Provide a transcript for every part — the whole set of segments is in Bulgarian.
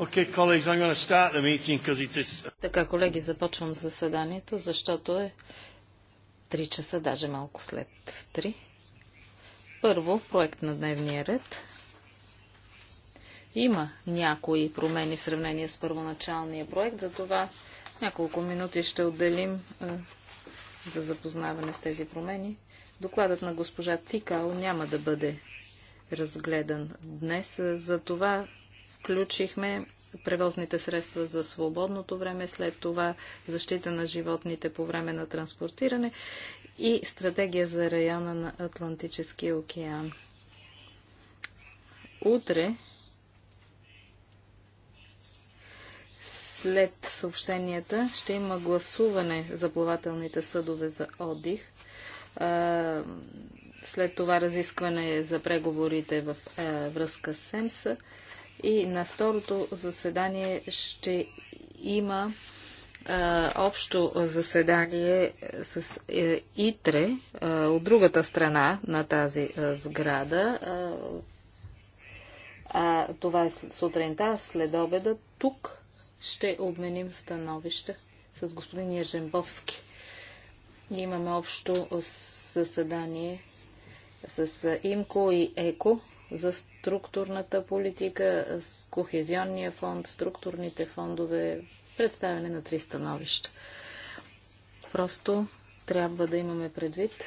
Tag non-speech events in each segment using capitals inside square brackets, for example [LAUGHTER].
Okay, colleagues, I'm going to start the meeting because it is... Така, колеги, започвам заседанието, защото е 3 часа, даже малко след 3. Първо, проект на дневния ред. Има някои промени в сравнение с първоначалния проект, затова няколко минути ще отделим е, за запознаване с тези промени. Докладът на госпожа Цикал няма да бъде разгледан днес. За това включихме превозните средства за свободното време, след това защита на животните по време на транспортиране и стратегия за района на Атлантическия океан. Утре след съобщенията ще има гласуване за плавателните съдове за отдих. След това разискване за преговорите в връзка с СЕМСА. И на второто заседание ще има а, общо заседание с а, е, ИТРЕ а, от другата страна на тази а, сграда. А, това е сутринта, след обеда. Тук ще обменим становище с господин Ежембовски. Имаме общо заседание с ИМКО и ЕКО за структурната политика, кохезионния фонд, структурните фондове, представяне на три становища. Просто трябва да имаме предвид,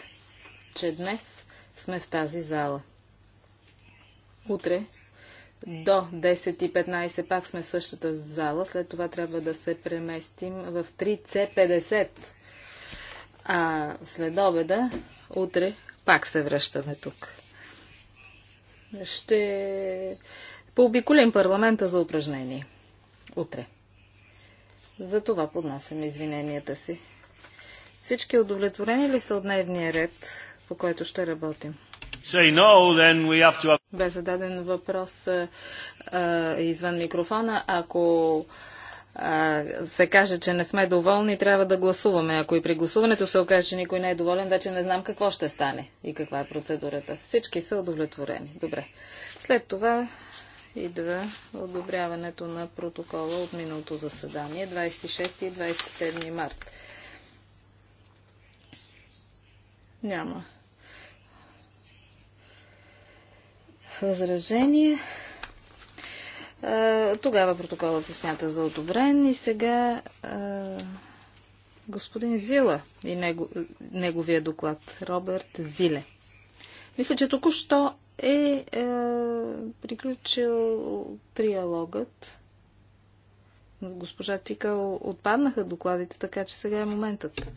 че днес сме в тази зала. Утре до 10.15 пак сме в същата зала, след това трябва да се преместим в 3C50. А след обеда, утре, пак се връщаме тук. Ще пообиколим парламента за упражнение. Утре. За това поднасям извиненията си. Всички удовлетворени ли са от дневния ред, по който ще работим? No, to... Бе зададен въпрос а, извън микрофона. Ако а, се каже, че не сме доволни, трябва да гласуваме. Ако и при гласуването се окаже, че никой не е доволен, вече не знам какво ще стане и каква е процедурата. Всички са удовлетворени. Добре. След това идва одобряването на протокола от миналото заседание, 26 и 27 март. Няма. Възражение. Тогава протоколът се смята за одобрен и сега господин Зила и него, неговия доклад Робърт Зиле. Мисля, че току-що е, е приключил триалогът. госпожа Тикал отпаднаха докладите, така че сега е моментът.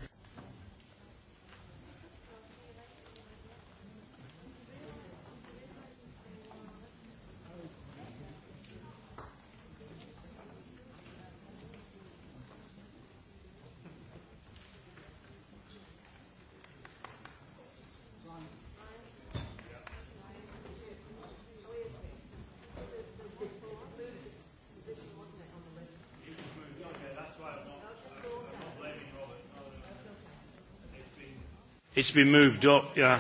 It's been moved up, yeah.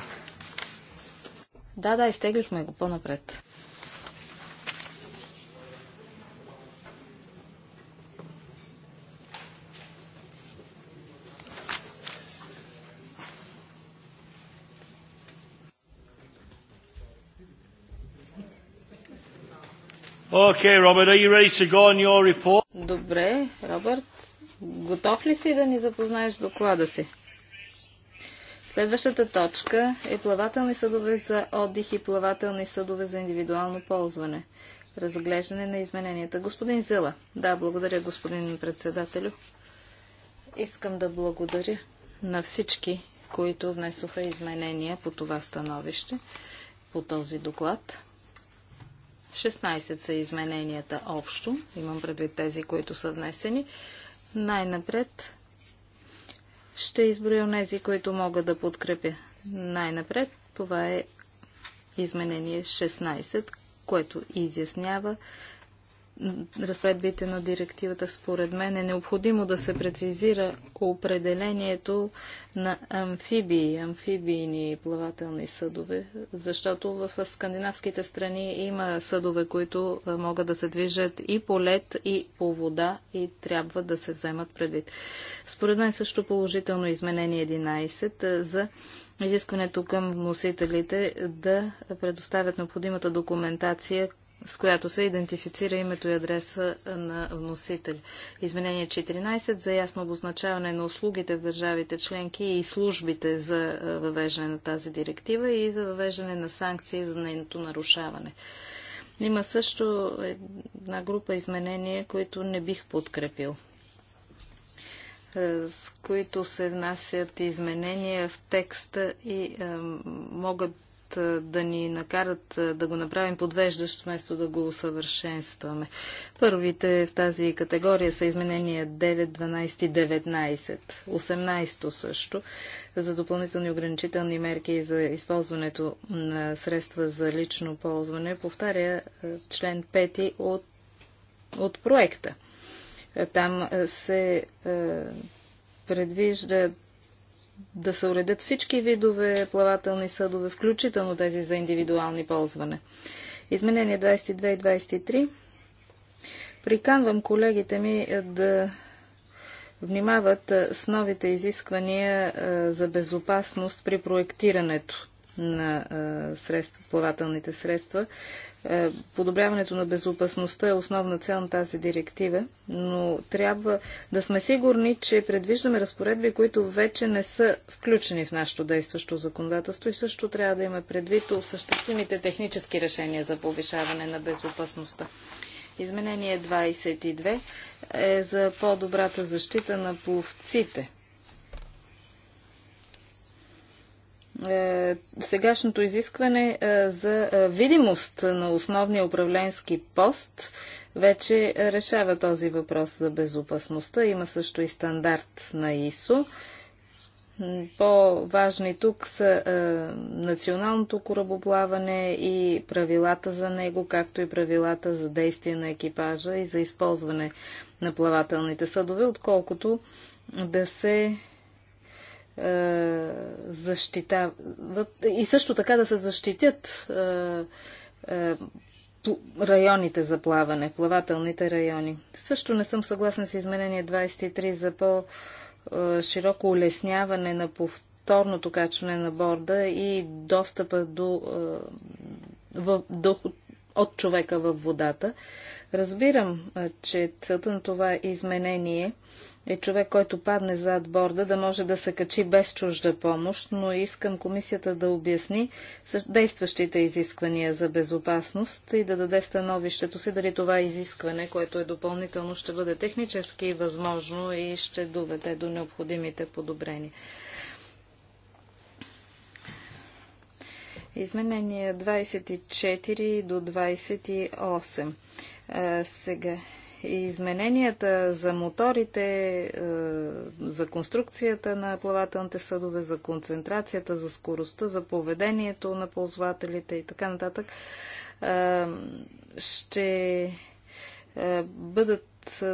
Да, да, изтеглихме го по-напред. Okay, Robert, are you ready to go on your report? Добре, Робърт, готов ли си да ни запознаеш доклада си? Следващата точка е плавателни съдове за отдих и плавателни съдове за индивидуално ползване. Разглеждане на измененията. Господин Зила. Да, благодаря, господин председателю. Искам да благодаря на всички, които внесоха изменения по това становище, по този доклад. 16 са измененията общо, имам предвид тези, които са внесени. Най-напред ще изброя нези, които мога да подкрепя. Най-напред това е изменение 16, което изяснява разследбите на директивата, според мен е необходимо да се прецизира определението на амфибии, амфибийни плавателни съдове, защото в скандинавските страни има съдове, които могат да се движат и по лед, и по вода и трябва да се вземат предвид. Според мен също положително изменение 11 за изискването към вносителите да предоставят необходимата документация с която се идентифицира името и адреса на вносител. Изменение 14 за ясно обозначаване на услугите в държавите членки и службите за въвеждане на тази директива и за въвеждане на санкции за нейното нарушаване. Има също една група изменения, които не бих подкрепил с които се внасят изменения в текста и е, могат е, да ни накарат е, да го направим подвеждащ, вместо да го усъвършенстваме. Първите в тази категория са изменения 9, 12 и 19. 18 също за допълнителни ограничителни мерки за използването на средства за лично ползване. Повтаря е, член 5 от, от проекта. Там се предвиждат да се уредят всички видове плавателни съдове, включително тези за индивидуални ползване. Изменение 22 и 23. Приканвам колегите ми е, да внимават е, с новите изисквания е, за безопасност при проектирането на средства, плавателните средства, е, подобряването на безопасността е основна цел на тази директива, но трябва да сме сигурни, че предвиждаме разпоредби, които вече не са включени в нашето действащо законодателство и също трябва да има предвид осъществимите технически решения за повишаване на безопасността. Изменение 22 е за по-добрата защита на пловците. Е, сегашното изискване е, за е, видимост на основния управленски пост вече решава този въпрос за безопасността. Има също и стандарт на ИСО. По-важни тук са националното корабоплаване и правилата за него, както и правилата за действие на екипажа и за използване на плавателните съдове, отколкото да се е, защитават и също така да се защитят е, е, районите за плаване, плавателните райони. Също не съм съгласна с изменение 23 за по-широко улесняване на повторното качване на борда и достъпа до, до, от човека във водата. Разбирам, че целта на това изменение е човек, който падне зад борда, да може да се качи без чужда помощ, но искам комисията да обясни действащите изисквания за безопасност и да даде становището си дали това изискване, което е допълнително, ще бъде технически възможно и ще доведе до необходимите подобрения. Изменения 24 до 28. Сега, измененията за моторите, за конструкцията на плавателните съдове, за концентрацията, за скоростта, за поведението на ползвателите и така нататък ще бъдат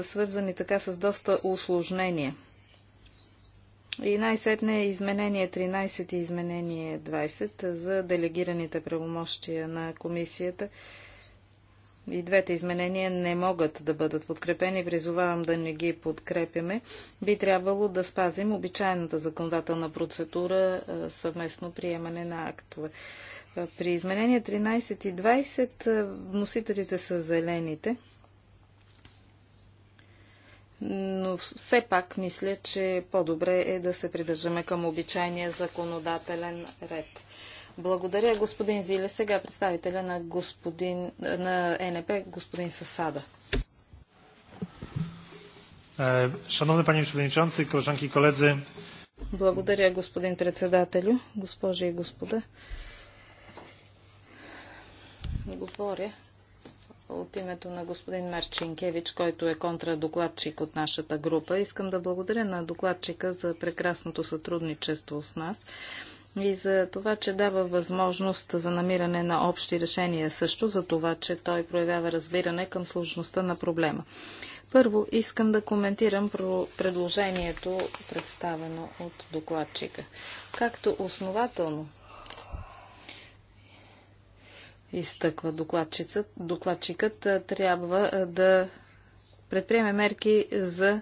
свързани така с доста усложнения. И най-сетне е изменение 13 и изменение 20 за делегираните правомощия на комисията и двете изменения не могат да бъдат подкрепени. Призовавам да не ги подкрепяме. Би трябвало да спазим обичайната законодателна процедура съвместно приемане на актове. При изменения 13 и 20 носителите са зелените. Но все пак мисля, че по-добре е да се придържаме към обичайния законодателен ред. Благодаря, господин Зиле. Сега представителя на, господин, на ЕНП, господин Сасада. Е, шановни пани Przewodniczący, koleżanki и koledzy. Благодаря, господин председателю, госпожи и господа. Говоря от името на господин Марчинкевич, който е контрадокладчик от нашата група. Искам да благодаря на докладчика за прекрасното сътрудничество с нас и за това, че дава възможност за намиране на общи решения също, за това, че той проявява разбиране към сложността на проблема. Първо искам да коментирам про предложението, представено от докладчика. Както основателно изтъква докладчикът, трябва да предприеме мерки за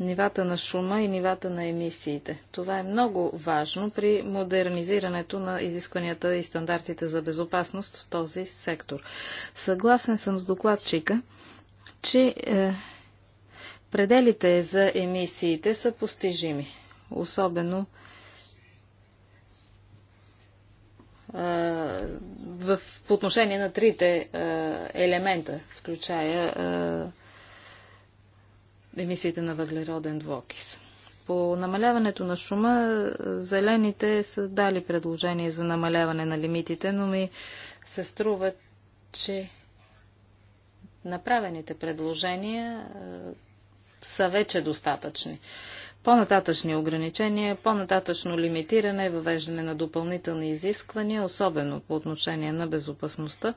нивата на шума и нивата на емисиите. Това е много важно при модернизирането на изискванията и стандартите за безопасност в този сектор. Съгласен съм с докладчика, че е, пределите за емисиите са постижими, особено е, в, по отношение на трите е, елемента, включая е, емисиите на въглероден двокис. По намаляването на шума, зелените са дали предложение за намаляване на лимитите, но ми се струва, че направените предложения е, са вече достатъчни. По-нататъчни ограничения, по-нататъчно лимитиране, въвеждане на допълнителни изисквания, особено по отношение на безопасността,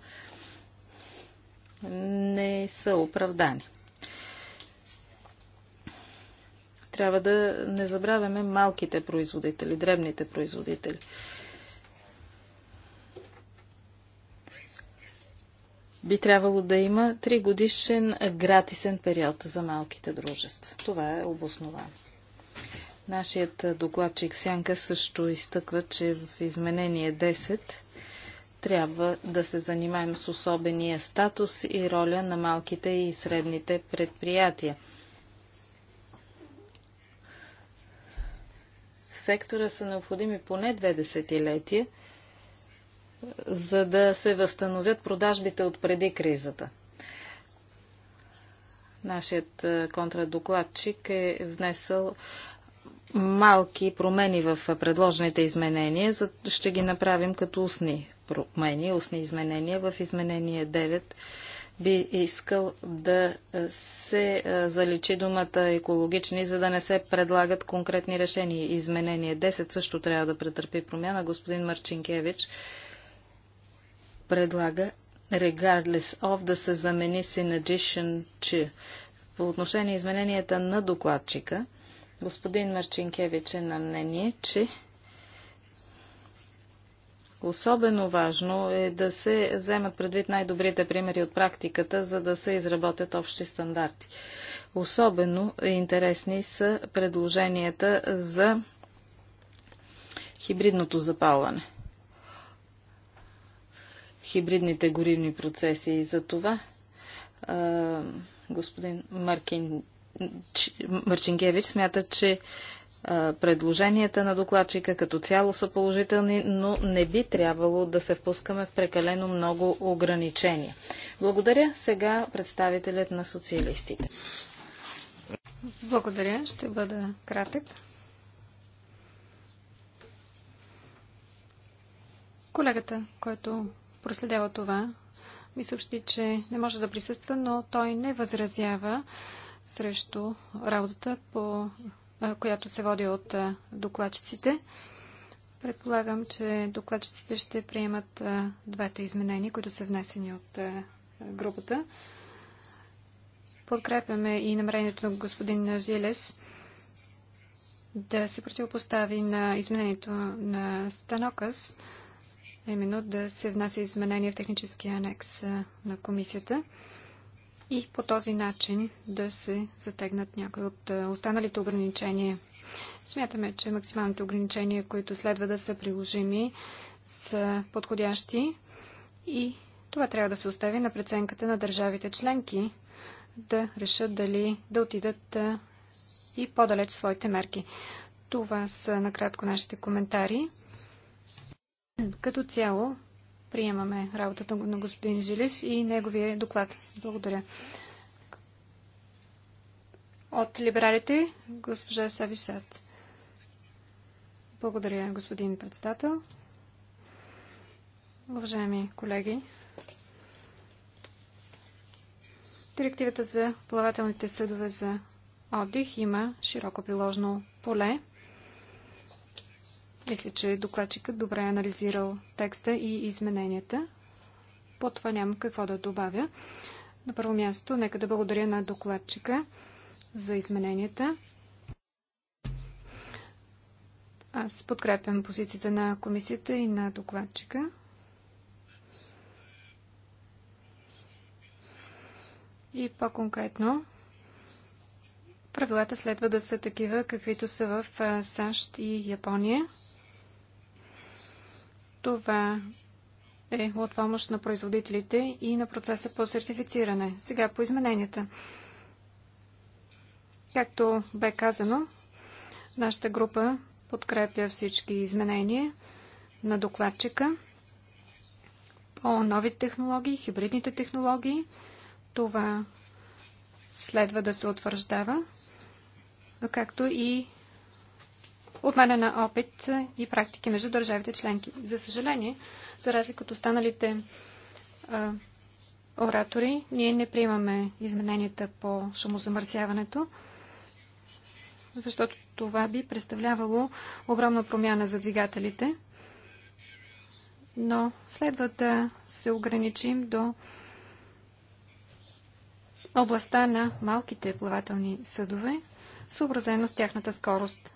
не са оправдани. трябва да не забравяме малките производители, дребните производители. Би трябвало да има 3 годишен гратисен период за малките дружества. Това е обосновано. Нашият докладчик Сянка също изтъква, че в изменение 10 трябва да се занимаем с особения статус и роля на малките и средните предприятия – сектора са необходими поне две десетилетия, за да се възстановят продажбите от преди кризата. Нашият е, контрадокладчик е внесъл малки промени в предложените изменения. Ще ги направим като устни промени, устни изменения в изменение 9 би искал да е, се е, заличи думата екологични, за да не се предлагат конкретни решения. Изменение 10 също трябва да претърпи промяна. Господин Марчинкевич предлага regardless of да се замени с in addition to. По отношение измененията на докладчика, господин Марчинкевич е на мнение, че Особено важно е да се вземат предвид най-добрите примери от практиката, за да се изработят общи стандарти. Особено интересни са предложенията за хибридното запалване. Хибридните горивни процеси и за това господин Маркин Марчингевич смята, че Предложенията на докладчика като цяло са положителни, но не би трябвало да се впускаме в прекалено много ограничения. Благодаря сега представителят на социалистите. Благодаря, ще бъда кратък. Колегата, който проследява това, ми съобщи, че не може да присъства, но той не възразява срещу работата по която се води от докладчиците. Предполагам, че докладчиците ще приемат двете изменения, които са внесени от групата. Подкрепяме и намерението на господин Жилес да се противопостави на изменението на Станокас, именно да се внася изменение в техническия анекс на комисията и по този начин да се затегнат някои от е, останалите ограничения. Смятаме, че максималните ограничения, които следва да са приложими, са подходящи и това трябва да се остави на преценката на държавите членки да решат дали да отидат е, и по-далеч своите мерки. Това са накратко нашите коментари. Като цяло приемаме работата на господин Жилис и неговия доклад. Благодаря. От либералите, госпожа Сависат. Благодаря, господин председател. Уважаеми колеги, директивата за плавателните съдове за отдих има широко приложено поле. Мисля, че докладчикът добре е анализирал текста и измененията. По това няма какво да добавя. На първо място, нека да благодаря на докладчика за измененията. Аз подкрепям позицията на комисията и на докладчика. И по-конкретно, правилата следва да са такива, каквито са в САЩ и Япония. Това е от помощ на производителите и на процеса по сертифициране. Сега по измененията. Както бе казано, нашата група подкрепя всички изменения на докладчика по нови технологии, хибридните технологии. Това следва да се утвърждава, както и обмена на опит и практики между държавите членки. За съжаление, за разлика от останалите а, оратори, ние не приемаме измененията по шумозамърсяването, защото това би представлявало огромна промяна за двигателите. Но следва да се ограничим до областта на малките плавателни съдове, съобразено с тяхната скорост.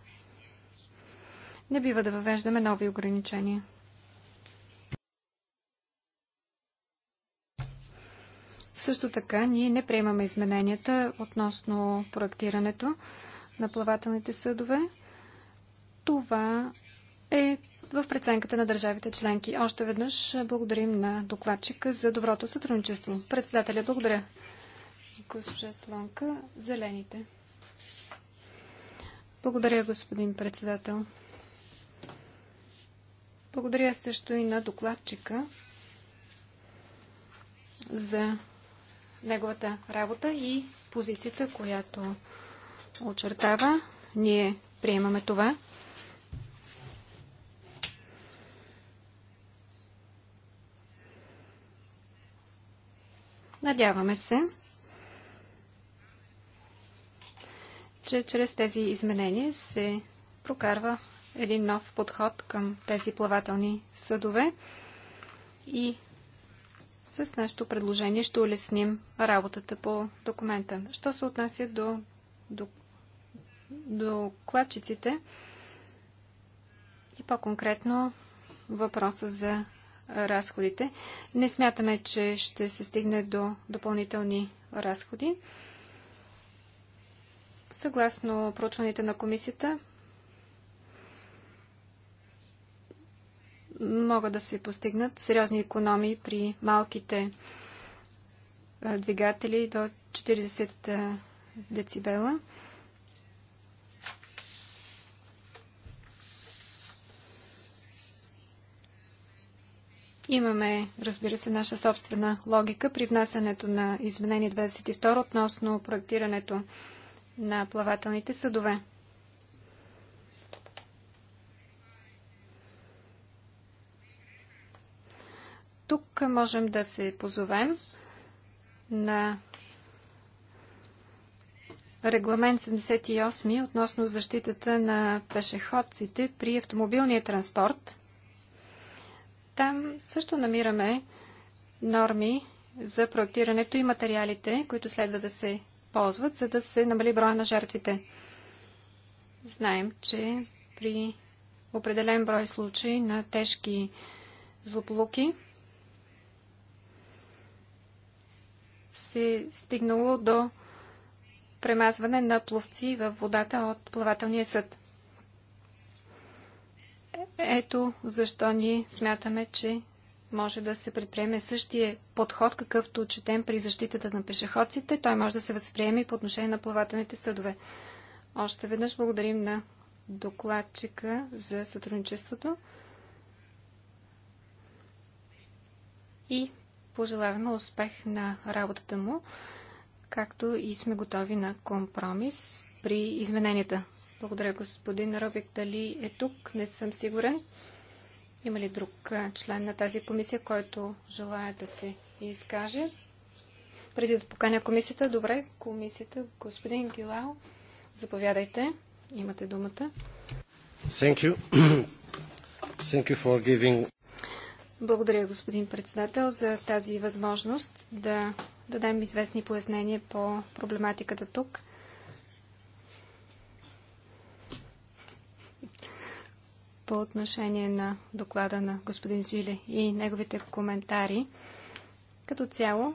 Не бива да въвеждаме нови ограничения. Също така, ние не приемаме измененията относно проектирането на плавателните съдове. Това е в преценката на държавите членки. Още веднъж благодарим на докладчика за доброто сътрудничество. Председателя, благодаря. Госпожа Слонка, зелените. Благодаря, господин председател. Благодаря също и на докладчика за неговата работа и позицията, която очертава. Ние приемаме това. Надяваме се, че чрез тези изменения се прокарва един нов подход към тези плавателни съдове и с нашето предложение ще улесним работата по документа. Що се отнася до, до, до кладчиците и по-конкретно въпроса за разходите, не смятаме, че ще се стигне до допълнителни разходи. Съгласно проучваните на комисията, могат да се постигнат сериозни економии при малките двигатели до 40 децибела. Имаме, разбира се, наша собствена логика при внасянето на изменение 22 относно проектирането на плавателните съдове. Тук можем да се позовем на Регламент 78 относно защитата на пешеходците при автомобилния транспорт. Там също намираме норми за проектирането и материалите, които следва да се ползват, за да се намали броя на жертвите. Знаем, че при определен брой случаи на тежки злополуки се стигнало до премазване на пловци във водата от плавателния съд. Ето защо ние смятаме, че може да се предприеме същия подход, какъвто четем при защитата на пешеходците. Той може да се възприеме и по отношение на плавателните съдове. Още веднъж благодарим на докладчика за сътрудничеството. И Пожелаваме успех на работата му, както и сме готови на компромис при измененията. Благодаря, господин Робик. Дали е тук? Не съм сигурен. Има ли друг член на тази комисия, който желая да се изкаже? Преди да поканя комисията, добре, комисията, господин Гилао, заповядайте, имате думата. Thank you. [CLEARS THROAT] Thank you for giving... Благодаря, господин председател, за тази възможност да дадем известни пояснения по проблематиката тук. По отношение на доклада на господин Зиле и неговите коментари, като цяло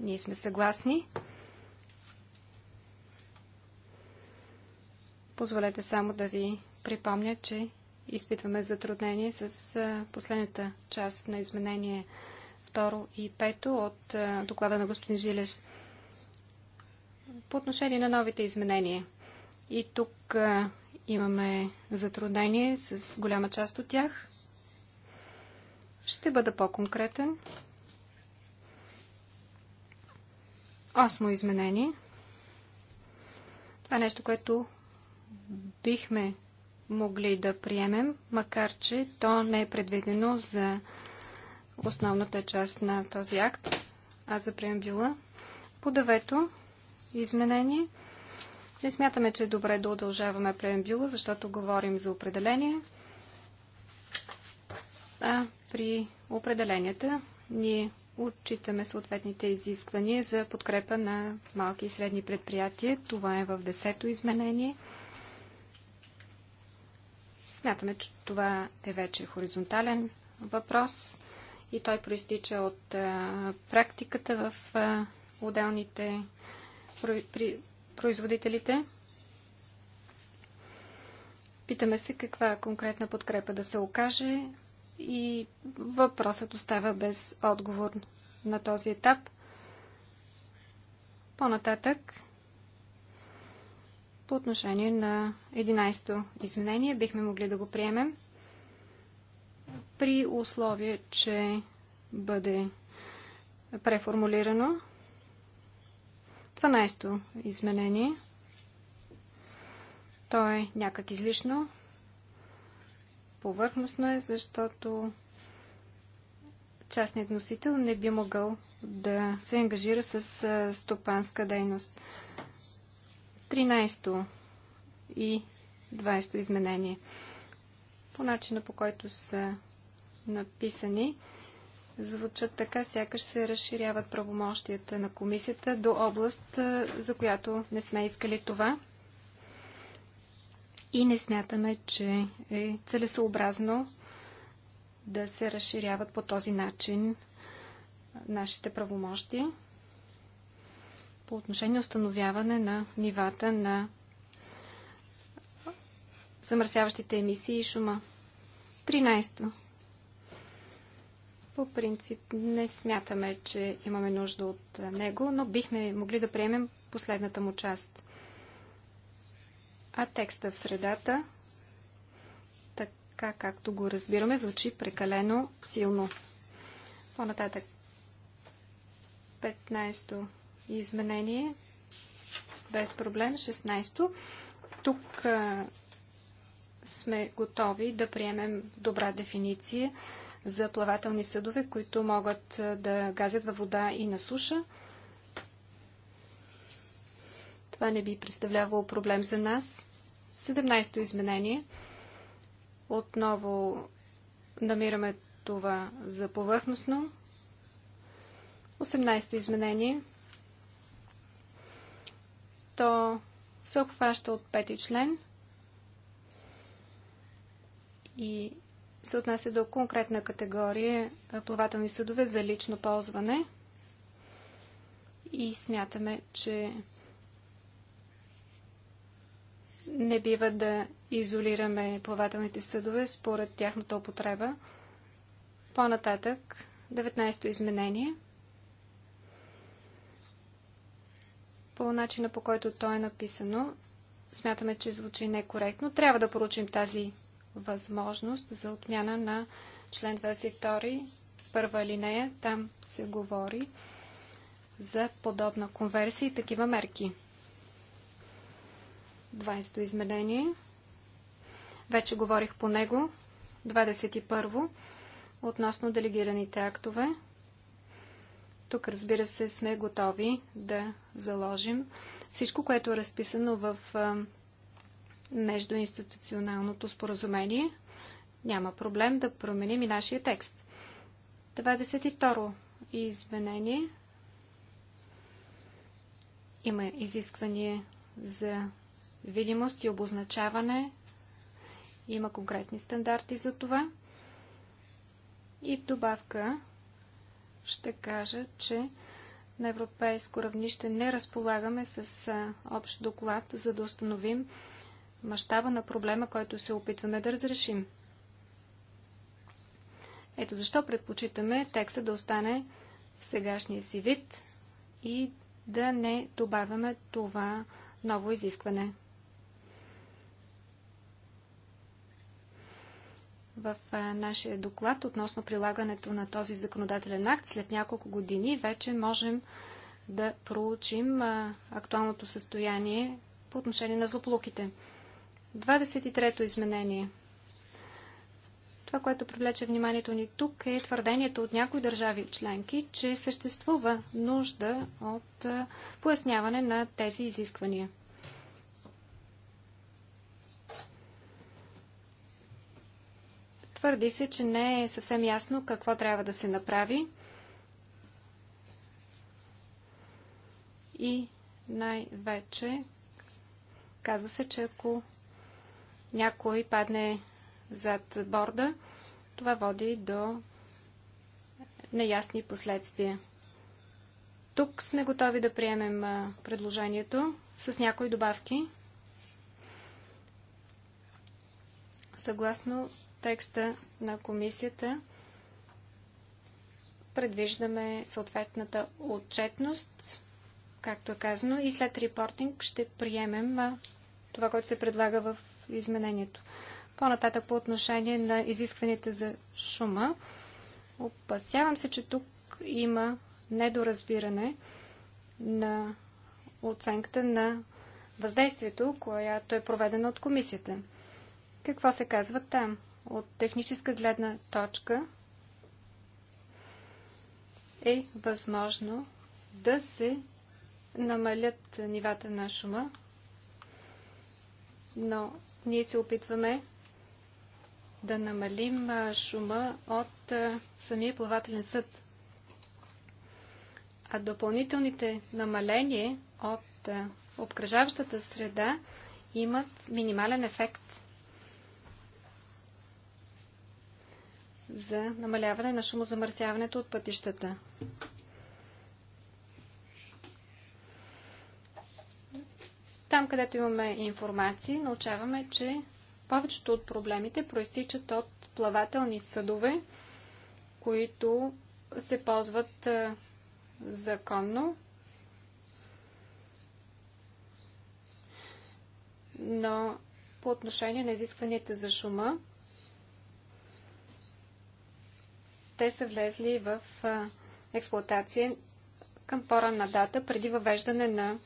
ние сме съгласни. Позволете само да ви припомня, че изпитваме затруднение с последната част на изменение 2 и 5 от доклада на господин Жилес. По отношение на новите изменения. И тук имаме затруднение с голяма част от тях. Ще бъда по-конкретен. Осмо изменение. Това е нещо, което бихме могли да приемем, макар че то не е предвидено за основната част на този акт, а за преамбюла. Подавето изменение не смятаме, че е добре да удължаваме преамбюла, защото говорим за определение. А при определенията ние отчитаме съответните изисквания за подкрепа на малки и средни предприятия. Това е в десето изменение. Смятаме, че това е вече хоризонтален въпрос и той проистича от а, практиката в а, отделните про, при, производителите. Питаме се каква конкретна подкрепа да се окаже и въпросът остава без отговор на този етап. По-нататък по отношение на 11-то изменение бихме могли да го приемем при условие, че бъде преформулирано. 12-то изменение. То е някак излишно. Повърхностно е, защото частният носител не би могъл да се ангажира с стопанска дейност. 13 и 20 изменение. По начина по който са написани, звучат така, сякаш се разширяват правомощията на комисията до област, за която не сме искали това. И не смятаме, че е целесообразно да се разширяват по този начин нашите правомощи по отношение установяване на нивата на замърсяващите емисии и шума. 13. По принцип не смятаме, че имаме нужда от него, но бихме могли да приемем последната му част. А текста в средата, така както го разбираме, звучи прекалено силно. По-нататък. 15 изменение. Без проблем. 16-то. Тук сме готови да приемем добра дефиниция за плавателни съдове, които могат да газят във вода и на суша. Това не би представлявало проблем за нас. 17-то изменение. Отново намираме това за повърхностно. 18-то изменение. То се обхваща от пети член и се отнася до конкретна категория е, плавателни съдове за лично ползване. И смятаме, че не бива да изолираме плавателните съдове според тяхната употреба. По-нататък, 19-то изменение – по начина по който то е написано. Смятаме, че звучи некоректно. Трябва да поручим тази възможност за отмяна на член 22, първа линия. Там се говори за подобна конверсия и такива мерки. 20-то изменение. Вече говорих по него. 21-во относно делегираните актове. Тук, разбира се, сме готови да заложим всичко, което е разписано в междуинституционалното споразумение. Няма проблем да променим и нашия текст. 22 изменение. Има изискване за видимост и обозначаване. Има конкретни стандарти за това. И добавка ще кажа, че на европейско равнище не разполагаме с общ доклад, за да установим мащаба на проблема, който се опитваме да разрешим. Ето защо предпочитаме текста да остане в сегашния си вид и да не добавяме това ново изискване. в нашия доклад относно прилагането на този законодателен акт. След няколко години вече можем да проучим актуалното състояние по отношение на злополуките. 23-то изменение. Това, което привлече вниманието ни тук е твърдението от някои държави членки, че съществува нужда от поясняване на тези изисквания. Твърди се, че не е съвсем ясно какво трябва да се направи. И най-вече казва се, че ако някой падне зад борда, това води до неясни последствия. Тук сме готови да приемем предложението с някои добавки. Съгласно текста на комисията предвиждаме съответната отчетност, както е казано, и след репортинг ще приемем това, което се предлага в изменението. По-нататък по отношение на изискваните за шума, опасявам се, че тук има недоразбиране на оценката на въздействието, която е проведена от комисията. Какво се казва там? от техническа гледна точка е възможно да се намалят нивата на шума, но ние се опитваме да намалим шума от самия плавателен съд. А допълнителните намаления от обкръжаващата среда имат минимален ефект. за намаляване на шумозамърсяването от пътищата. Там, където имаме информации, научаваме, че повечето от проблемите проистичат от плавателни съдове, които се ползват законно, но по отношение на изискванията за шума, те са влезли в експлоатация към по-ранна дата, преди въвеждане на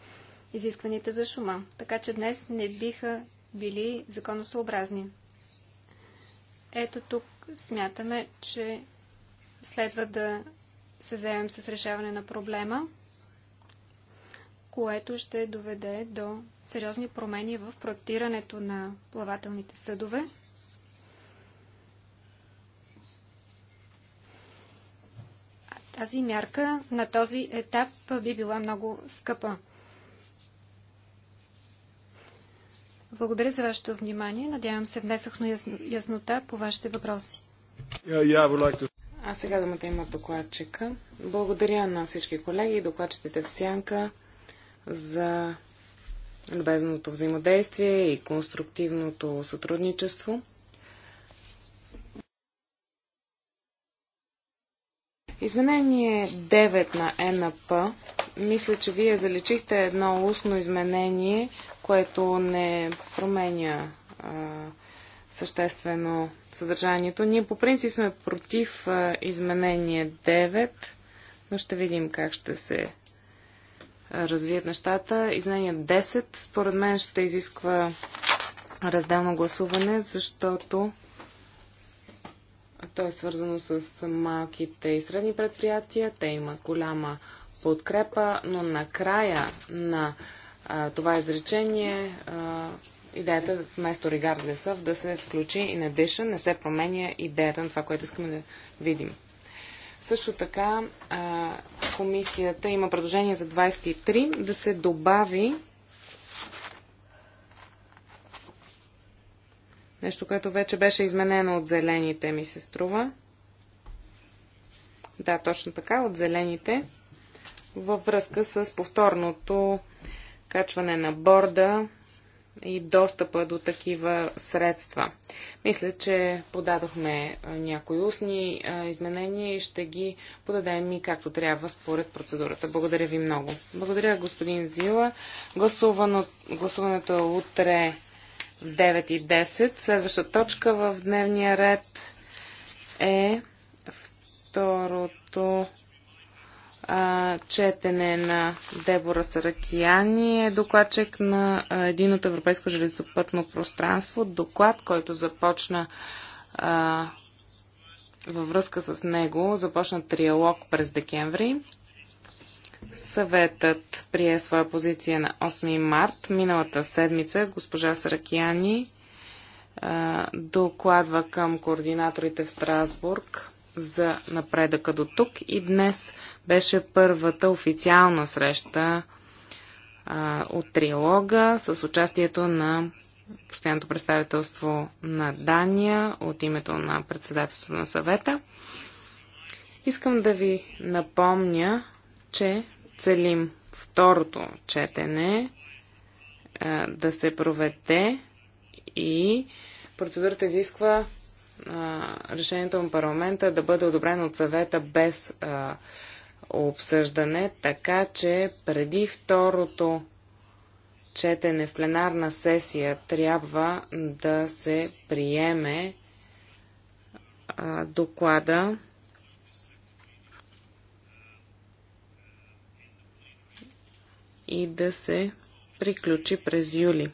изискваните за шума. Така че днес не биха били законосообразни. Ето тук смятаме, че следва да се заемем с решаване на проблема, което ще доведе до сериозни промени в проектирането на плавателните съдове. Тази мярка на този етап би била много скъпа. Благодаря за вашето внимание. Надявам се, внесох на яснота по вашите въпроси. А сега думата има докладчика. Благодаря на всички колеги и докладчетите в Сянка за любезното взаимодействие и конструктивното сътрудничество. Изменение 9 на НП. Мисля, че вие заличихте едно устно изменение, което не променя а, съществено съдържанието. Ние по принцип сме против а, изменение 9, но ще видим как ще се развият нещата. Изменение 10 според мен ще изисква разделно гласуване, защото то е свързано с малките и средни предприятия. Те имат голяма подкрепа, но накрая на а, това изречение а, идеята вместо regardless да се включи и на addition, не се променя идеята на това, което искаме да видим. Също така а, комисията има предложение за 23 да се добави Нещо, което вече беше изменено от зелените, ми се струва. Да, точно така, от зелените. Във връзка с повторното качване на борда и достъпа до такива средства. Мисля, че подадохме някои устни изменения и ще ги подадем и както трябва според процедурата. Благодаря ви много. Благодаря, господин Зила. Гласувано... Гласуването е утре 9 и 10. Следваща точка в дневния ред е второто а, четене на Дебора Саракияни е докладчик на един от Европейско железопътно пространство. Доклад, който започна а, във връзка с него, започна триалог през декември. Съветът прие своя позиция на 8 март. Миналата седмица госпожа Саракияни а, докладва към координаторите в Страсбург за напредъка до тук и днес беше първата официална среща а, от трилога с участието на постоянното представителство на Дания от името на председателството на съвета. Искам да ви напомня, че целим второто четене да се проведе и процедурата изисква решението на парламента да бъде одобрено от съвета без обсъждане, така че преди второто четене в пленарна сесия трябва да се приеме доклада и да се приключи през юли.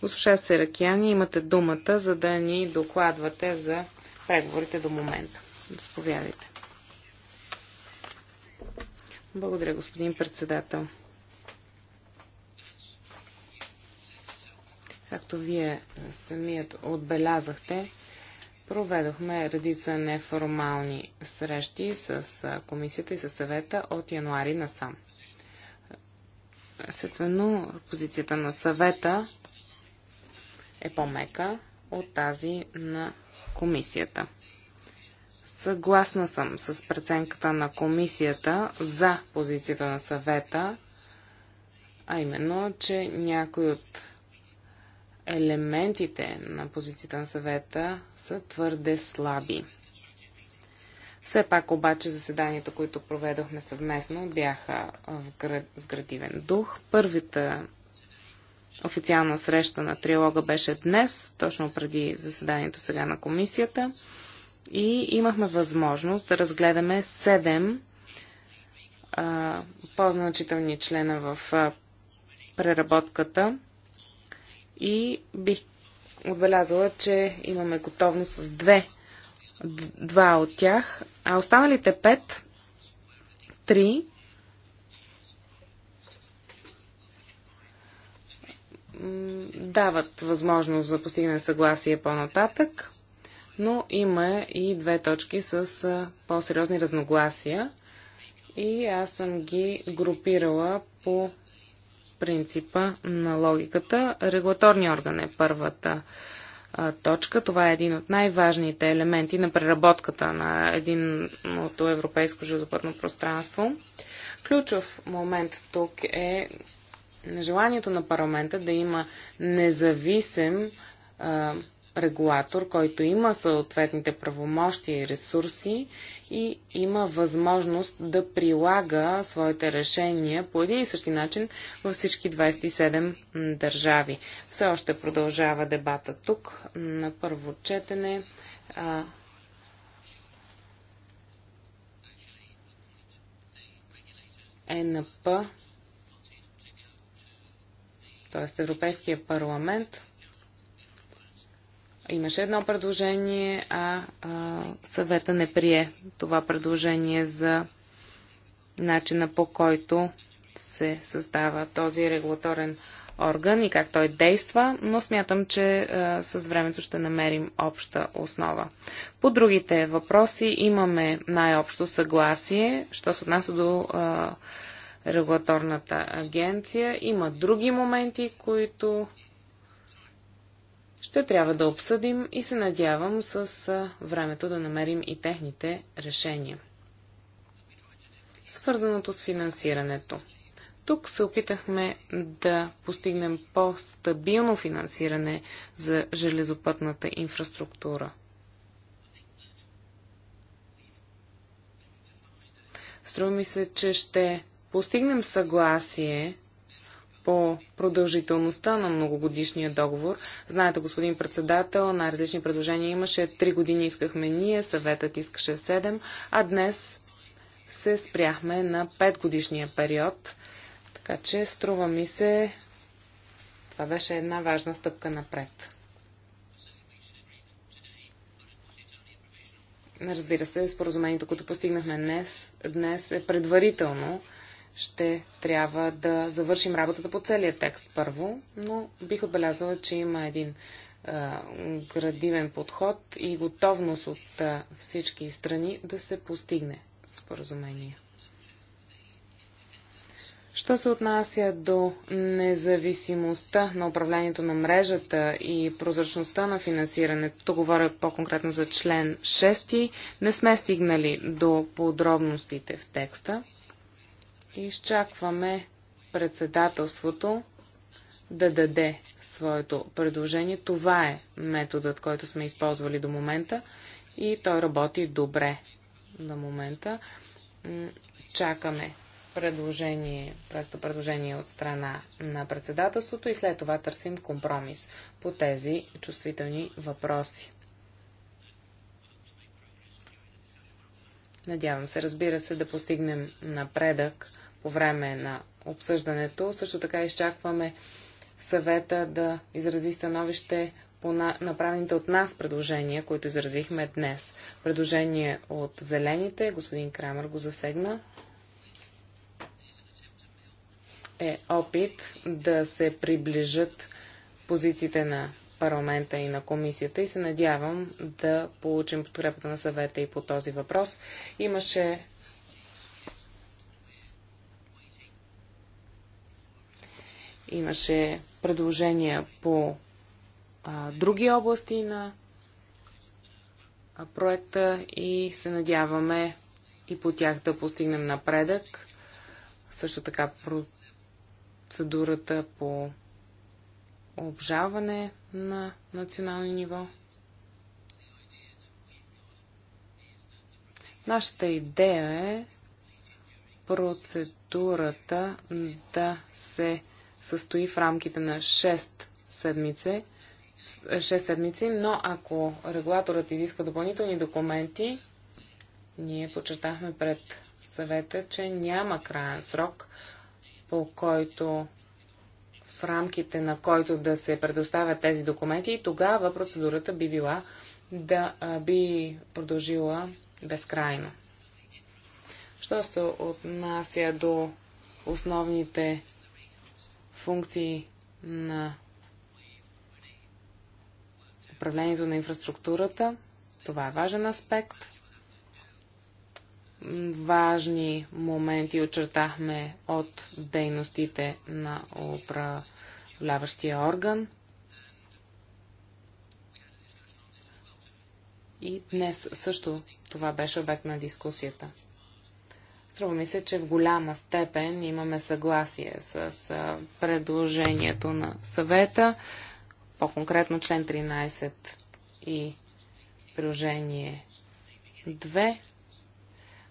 Госпожа Серакяни, имате думата, за да ни докладвате за преговорите до момента. Заповядайте. Благодаря, господин председател. Както вие самият отбелязахте, проведохме редица неформални срещи с комисията и със съвета от януари насам. Естествено, позицията на съвета е по-мека от тази на комисията. Съгласна съм с преценката на комисията за позицията на съвета, а именно, че някои от елементите на позицията на съвета са твърде слаби. Все пак обаче заседанията, които проведохме съвместно, бяха в сградивен градивен дух. Първата официална среща на триалога беше днес, точно преди заседанието сега на комисията. И имахме възможност да разгледаме седем по-значителни члена в а, преработката и бих отбелязала, че имаме готовност с две два от тях, а останалите пет, три, дават възможност за постигане съгласие по-нататък, но има и две точки с по-сериозни разногласия и аз съм ги групирала по принципа на логиката. Регулаторния орган е първата точка. Това е един от най-важните елементи на преработката на единното европейско железопътно пространство. Ключов момент тук е желанието на парламента да има независим регулатор, който има съответните правомощия и ресурси и има възможност да прилага своите решения по един и същи начин във всички 27 държави. Все още продължава дебата тук на първо четене. ЕНП, т.е. Европейския парламент, Имаше едно предложение, а, а съвета не прие това предложение за начина по който се създава този регулаторен орган и как той действа, но смятам, че а, с времето ще намерим обща основа. По другите въпроси имаме най-общо съгласие, що се отнася до а, регулаторната агенция. Има други моменти, които ще трябва да обсъдим и се надявам с времето да намерим и техните решения. Свързаното с финансирането. Тук се опитахме да постигнем по-стабилно финансиране за железопътната инфраструктура. Струва ми се, че ще постигнем съгласие по продължителността на многогодишния договор. Знаете, господин председател, най-различни предложения имаше. Три години искахме ние, съветът искаше 7, а днес се спряхме на 5 годишния период. Така че струва ми се, това беше една важна стъпка напред. Разбира се, споразумението, което постигнахме днес, днес е предварително ще трябва да завършим работата по целия текст първо, но бих отбелязала, че има един а, градивен подход и готовност от а, всички страни да се постигне споразумение. Що се отнася до независимостта на управлението на мрежата и прозрачността на финансирането, то говоря по-конкретно за член 6, не сме стигнали до подробностите в текста. Изчакваме председателството да даде своето предложение. Това е методът, който сме използвали до момента и той работи добре на момента. Чакаме предложение, проекта предложение от страна на председателството и след това търсим компромис по тези чувствителни въпроси. Надявам се, разбира се, да постигнем напредък по време на обсъждането. Също така изчакваме съвета да изрази становище по направените от нас предложения, които изразихме днес. Предложение от зелените, господин Крамер го засегна, е опит да се приближат позициите на парламента и на комисията и се надявам да получим подкрепата на съвета и по този въпрос. Имаше Имаше предложения по а, други области на а, проекта и се надяваме и по тях да постигнем напредък. Също така процедурата по обжаване на национално ниво. Нашата идея е процедурата да се състои в рамките на 6 седмици, 6 седмици, но ако регулаторът изиска допълнителни документи, ние подчертахме пред съвета, че няма краен срок, по който в рамките на който да се предоставят тези документи и тогава процедурата би била да би продължила безкрайно. Що се отнася до основните функции на управлението на инфраструктурата. Това е важен аспект. Важни моменти очертахме от дейностите на управляващия орган. И днес също това беше обект на дискусията. Струва ми се, че в голяма степен имаме съгласие с предложението на съвета, по-конкретно член 13 и приложение 2,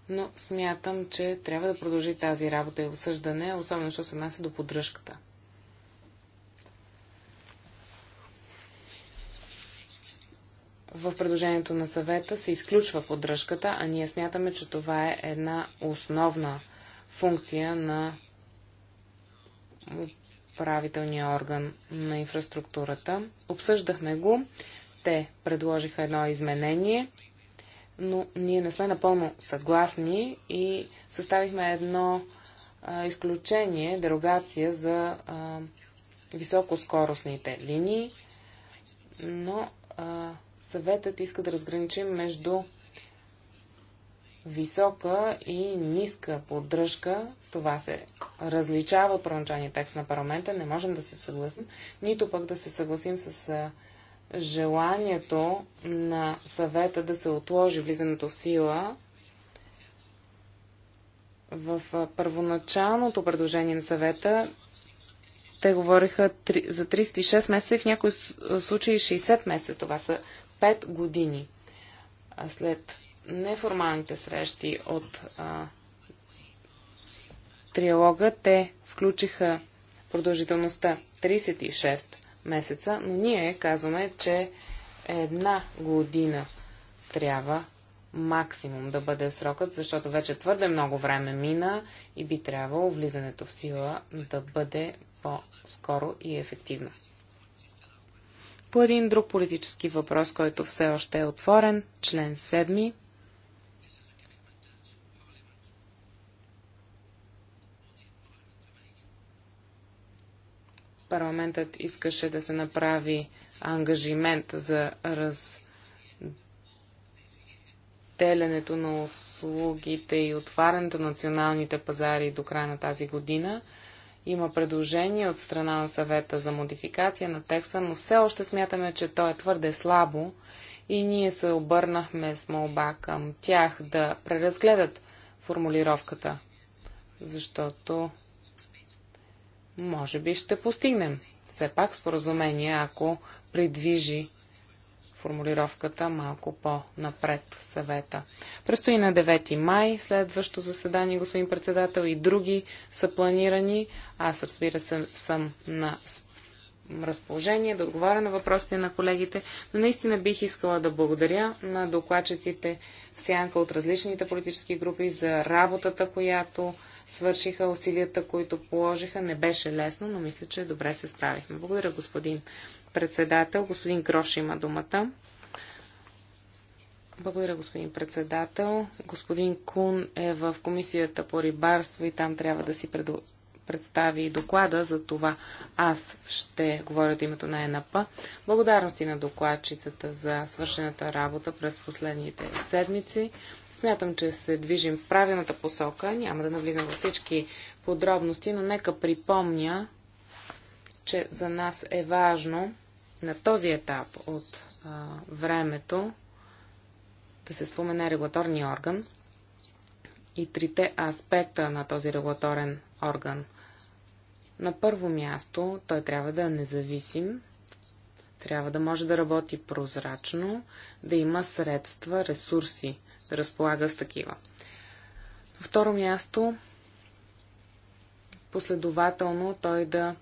но смятам, че трябва да продължи тази работа и обсъждане, особено що се отнася до поддръжката. в предложението на съвета се изключва поддръжката, а ние смятаме, че това е една основна функция на управителния орган на инфраструктурата. Обсъждахме го. Те предложиха едно изменение, но ние не сме напълно съгласни и съставихме едно изключение, дерогация за високоскоростните линии, но съветът иска да разграничим между висока и ниска поддръжка. Това се различава от първоначалния текст на парламента. Не можем да се съгласим, нито пък да се съгласим с желанието на съвета да се отложи влизането в сила в първоначалното предложение на съвета те говориха за 36 месеца и в някои случаи 60 месеца. Това са Пет години. След неформалните срещи от а, триалога, те включиха продължителността 36 месеца, но ние казваме, че една година трябва максимум да бъде срокът, защото вече твърде много време мина и би трябвало влизането в сила да бъде по-скоро и ефективно по един друг политически въпрос, който все още е отворен, член 7. Парламентът искаше да се направи ангажимент за разделянето на услугите и отварянето на националните пазари до края на тази година. Има предложение от страна на съвета за модификация на текста, но все още смятаме, че то е твърде слабо и ние се обърнахме с молба към тях да преразгледат формулировката, защото може би ще постигнем все пак споразумение, ако придвижи формулировката малко по-напред съвета. Престои на 9 май следващо заседание, господин председател, и други са планирани. Аз, разбира се, съм на разположение да отговаря на въпросите на колегите, но наистина бих искала да благодаря на докладчиците сянка от различните политически групи за работата, която свършиха усилията, които положиха. Не беше лесно, но мисля, че добре се справихме. Благодаря, господин председател. Господин Грош има думата. Благодаря, господин председател. Господин Кун е в комисията по рибарство и там трябва да си предо... представи доклада. За това аз ще говоря от името на ЕНАП. Благодарности на докладчицата за свършената работа през последните седмици. Смятам, че се движим в правилната посока. Няма да навлизам във всички подробности, но нека припомня, че за нас е важно на този етап от а, времето да се спомене регулаторния орган и трите аспекта на този регулаторен орган. На първо място той трябва да е независим, трябва да може да работи прозрачно, да има средства, ресурси, да разполага с такива. На второ място, последователно той да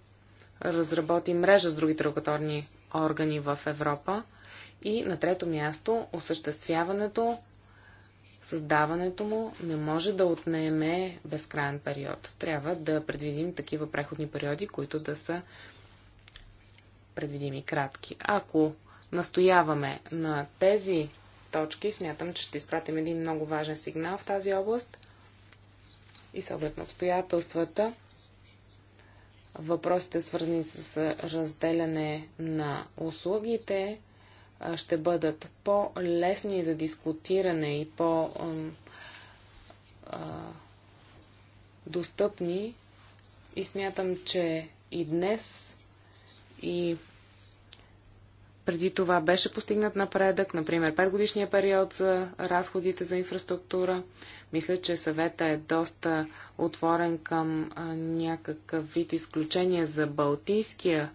разработи мрежа с другите регулаторни органи в Европа. И на трето място, осъществяването, създаването му не може да отнеме безкрайен период. Трябва да предвидим такива преходни периоди, които да са предвидими кратки. Ако настояваме на тези точки, смятам, че ще изпратим един много важен сигнал в тази област и с на обстоятелствата въпросите свързани с разделяне на услугите ще бъдат по-лесни за дискутиране и по- достъпни и смятам, че и днес и преди това беше постигнат напредък, например 5 годишния период за разходите за инфраструктура. Мисля, че съвета е доста отворен към а, някакъв вид изключение за Балтийския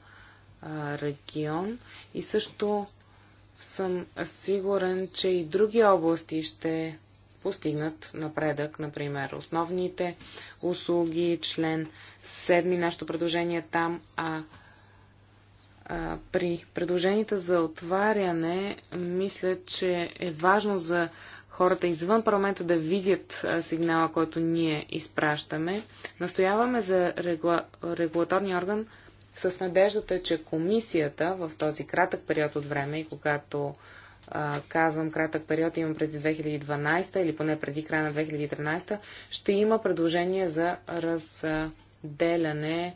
а, регион и също съм сигурен, че и други области ще постигнат напредък, например основните услуги, член 7, нашето предложение там, а а, при предложенията за отваряне, мисля, че е важно за хората извън парламента да видят а, сигнала, който ние изпращаме. Настояваме за регула... регулаторния орган с надеждата, че комисията в този кратък период от време и когато а, казвам кратък период, имам преди 2012 или поне преди края на 2013, ще има предложение за разделяне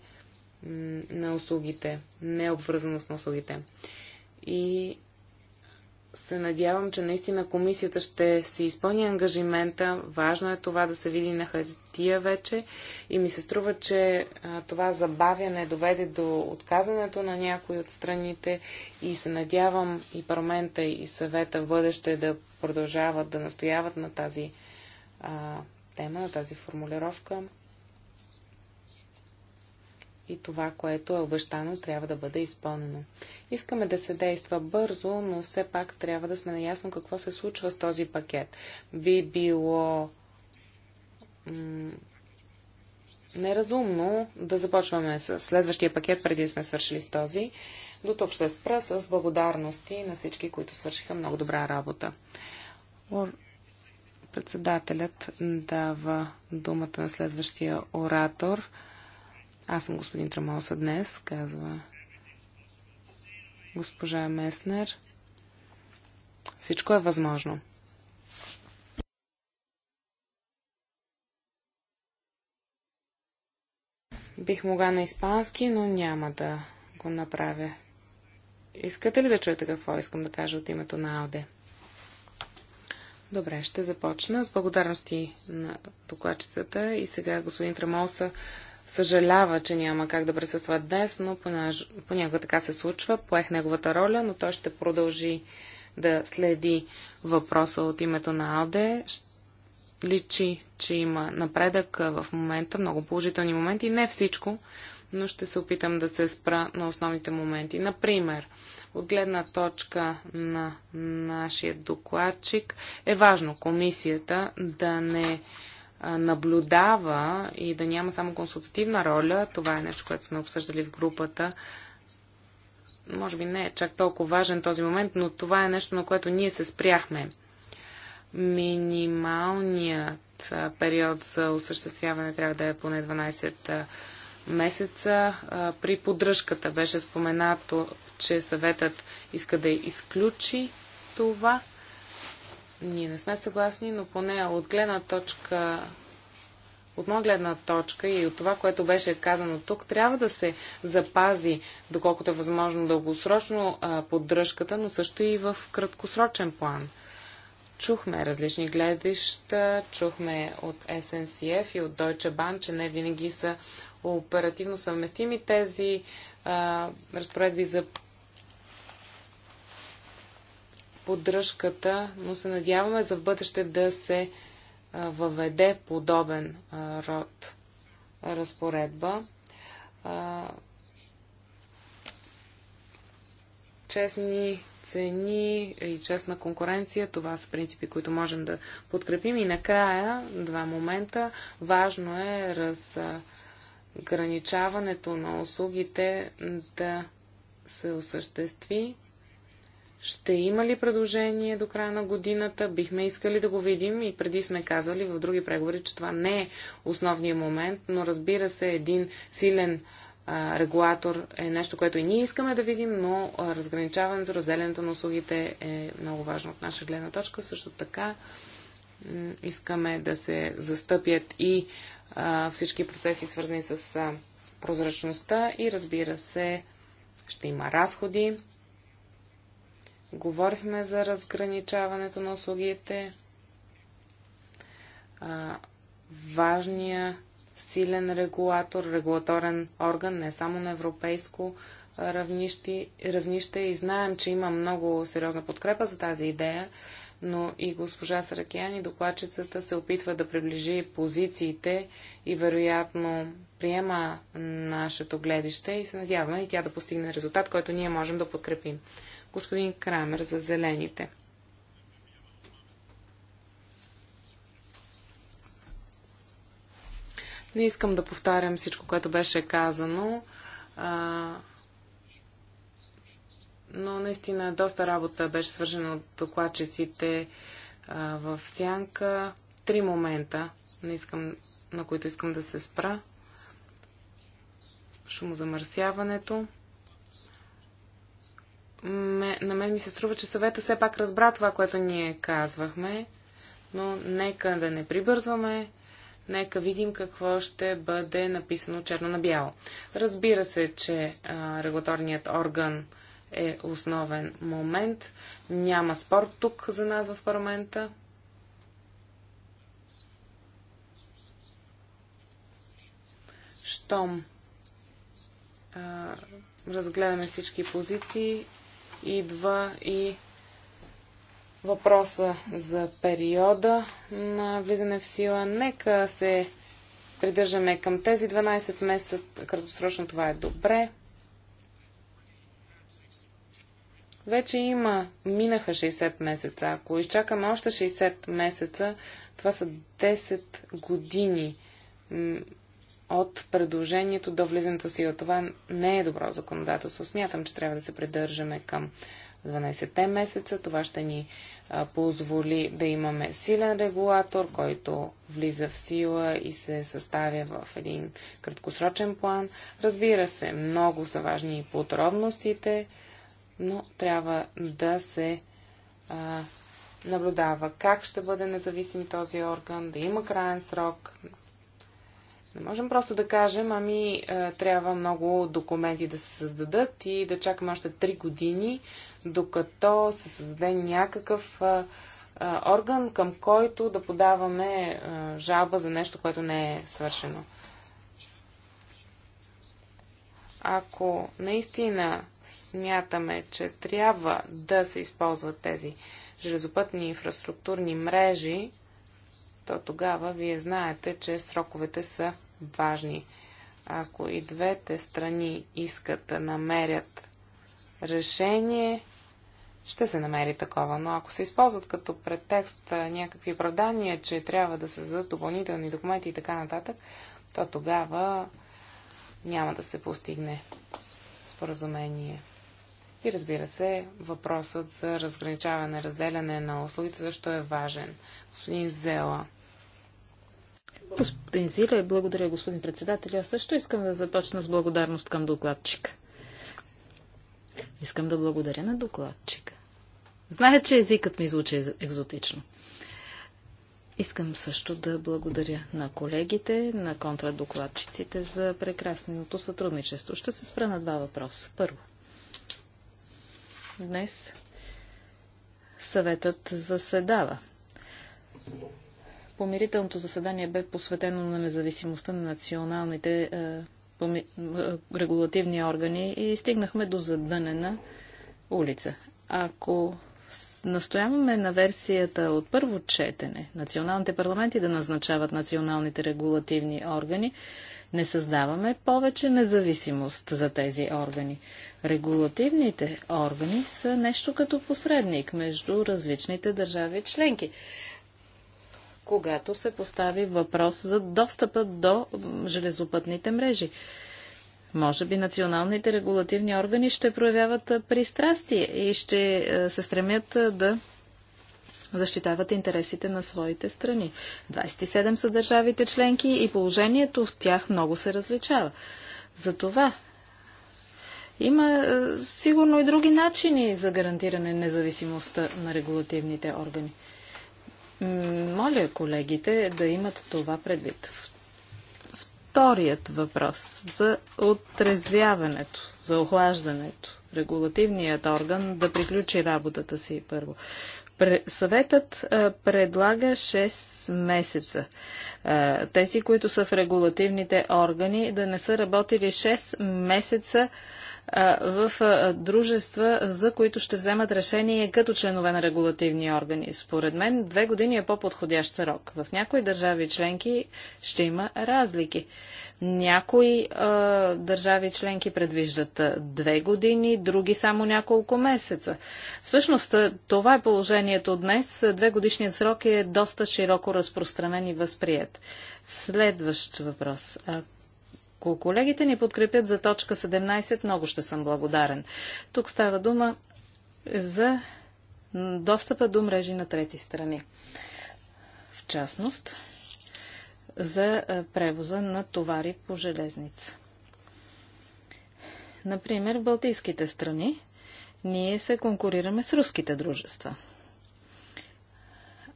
на услугите, необвързаност на услугите. И се надявам, че наистина комисията ще се изпълни ангажимента. Важно е това да се види на хартия вече. И ми се струва, че това забавяне доведе до отказането на някои от страните. И се надявам и парламента, и съвета в бъдеще да продължават да настояват на тази а, тема, на тази формулировка и това, което е обещано, трябва да бъде изпълнено. Искаме да се действа бързо, но все пак трябва да сме наясно какво се случва с този пакет. Би било неразумно да започваме с следващия пакет, преди сме свършили с този. До тук ще спра с благодарности на всички, които свършиха много добра работа. Председателят дава думата на следващия оратор. Аз съм господин Трамоса днес, казва госпожа Меснер. Всичко е възможно. Бих могла на испански, но няма да го направя. Искате ли да чуете какво искам да кажа от името на Ауде? Добре, ще започна с благодарности на докладчицата и сега господин Трамолса съжалява, че няма как да присъства днес, но понякога така се случва. Поех неговата роля, но той ще продължи да следи въпроса от името на Алде. Личи, че има напредък в момента, много положителни моменти, не всичко, но ще се опитам да се спра на основните моменти. Например, от гледна точка на нашия докладчик е важно комисията да не наблюдава и да няма само консултативна роля, това е нещо, което сме обсъждали в групата. Може би не е чак толкова важен този момент, но това е нещо, на което ние се спряхме. Минималният период за осъществяване трябва да е поне 12 месеца. При поддръжката беше споменато, че съветът иска да изключи това ние не сме съгласни, но поне от гледна точка от моя гледна точка и от това, което беше казано тук, трябва да се запази, доколкото е възможно дългосрочно поддръжката, но също и в краткосрочен план. Чухме различни гледища, чухме от SNCF и от Deutsche Bank, че не винаги са оперативно съвместими тези а, разпоредби за поддръжката, но се надяваме за бъдеще да се въведе подобен род разпоредба. Честни цени и честна конкуренция, това са принципи, които можем да подкрепим. И накрая, два момента, важно е разграничаването на услугите да се осъществи ще има ли предложение до края на годината? Бихме искали да го видим и преди сме казали в други преговори, че това не е основният момент, но разбира се, един силен а, регулатор е нещо, което и ние искаме да видим, но а, разграничаването, разделянето на услугите е много важно от наша гледна точка. Също така искаме да се застъпят и а, всички процеси, свързани с прозрачността и разбира се, ще има разходи Говорихме за разграничаването на услугите, а, важния силен регулатор, регулаторен орган, не само на европейско равнище, равнище и знаем, че има много сериозна подкрепа за тази идея, но и госпожа Саракияни, докладчицата, се опитва да приближи позициите и вероятно приема нашето гледище и се надяваме и тя да постигне резултат, който ние можем да подкрепим господин Крамер за зелените. Не искам да повтарям всичко, което беше казано, а, но наистина доста работа беше свържена от докладчиците в сянка. Три момента, не искам, на които искам да се спра. Шумозамърсяването на мен ми се струва, че съвета все пак разбра това, което ние казвахме, но нека да не прибързваме, нека видим какво ще бъде написано черно на бяло. Разбира се, че а, регулаторният орган е основен момент. Няма спор тук за нас в парламента. Щом а, разгледаме всички позиции, идва и въпроса за периода на влизане в сила. Нека се придържаме към тези 12 месеца. Краткосрочно това е добре. Вече има, минаха 60 месеца. Ако изчакаме още 60 месеца, това са 10 години от предложението до влизането си. От това не е добро законодателство. Смятам, че трябва да се придържаме към 12-те месеца. Това ще ни а, позволи да имаме силен регулатор, който влиза в сила и се съставя в един краткосрочен план. Разбира се, много са важни и подробностите, но трябва да се а, наблюдава как ще бъде независим този орган, да има крайен срок, не можем просто да кажем, ами е, трябва много документи да се създадат и да чакаме още 3 години, докато се създаде някакъв е, е, орган, към който да подаваме жалба за нещо, което не е свършено. Ако наистина смятаме, че трябва да се използват тези железопътни инфраструктурни мрежи, то тогава вие знаете, че сроковете са важни. Ако и двете страни искат да намерят решение, ще се намери такова. Но ако се използват като претекст някакви оправдания, че трябва да се зададат допълнителни документи и така нататък, то тогава няма да се постигне споразумение. И разбира се, въпросът за разграничаване, разделяне на услугите също е важен. Господин Зела Господин Зиле, благодаря, господин председател. Аз също искам да започна с благодарност към докладчика. Искам да благодаря на докладчика. Зная, че езикът ми звучи екзотично. Искам също да благодаря на колегите, на контрадокладчиците за прекрасното сътрудничество. Ще се спра на два въпроса. Първо. Днес съветът заседава. Помирителното заседание бе посветено на независимостта на националните е, поми... Е, регулативни органи и стигнахме до задънена улица. Ако настояваме на версията от първо четене, националните парламенти да назначават националните регулативни органи, не създаваме повече независимост за тези органи. Регулативните органи са нещо като посредник между различните държави членки когато се постави въпрос за достъпа до железопътните мрежи. Може би националните регулативни органи ще проявяват пристрастие и ще се стремят да защитават интересите на своите страни. 27 са държавите членки и положението в тях много се различава. Затова има сигурно и други начини за гарантиране независимостта на регулативните органи. Моля колегите да имат това предвид. Вторият въпрос за отрезвяването, за охлаждането. Регулативният орган да приключи работата си първо. Съветът предлага 6 месеца. тези, които са в регулативните органи, да не са работили 6 месеца в дружества, за които ще вземат решение като членове на регулативни органи. Според мен, две години е по-подходящ срок. В някои държави членки ще има разлики. Някои а, държави членки предвиждат две години, други само няколко месеца. Всъщност, това е положението днес. Две годишният срок е доста широко разпространен и възприят. Следващ въпрос. Ако колегите ни подкрепят за точка 17, много ще съм благодарен. Тук става дума за достъпа до мрежи на трети страни. В частност, за е, превоза на товари по железница. Например, в Балтийските страни ние се конкурираме с руските дружества.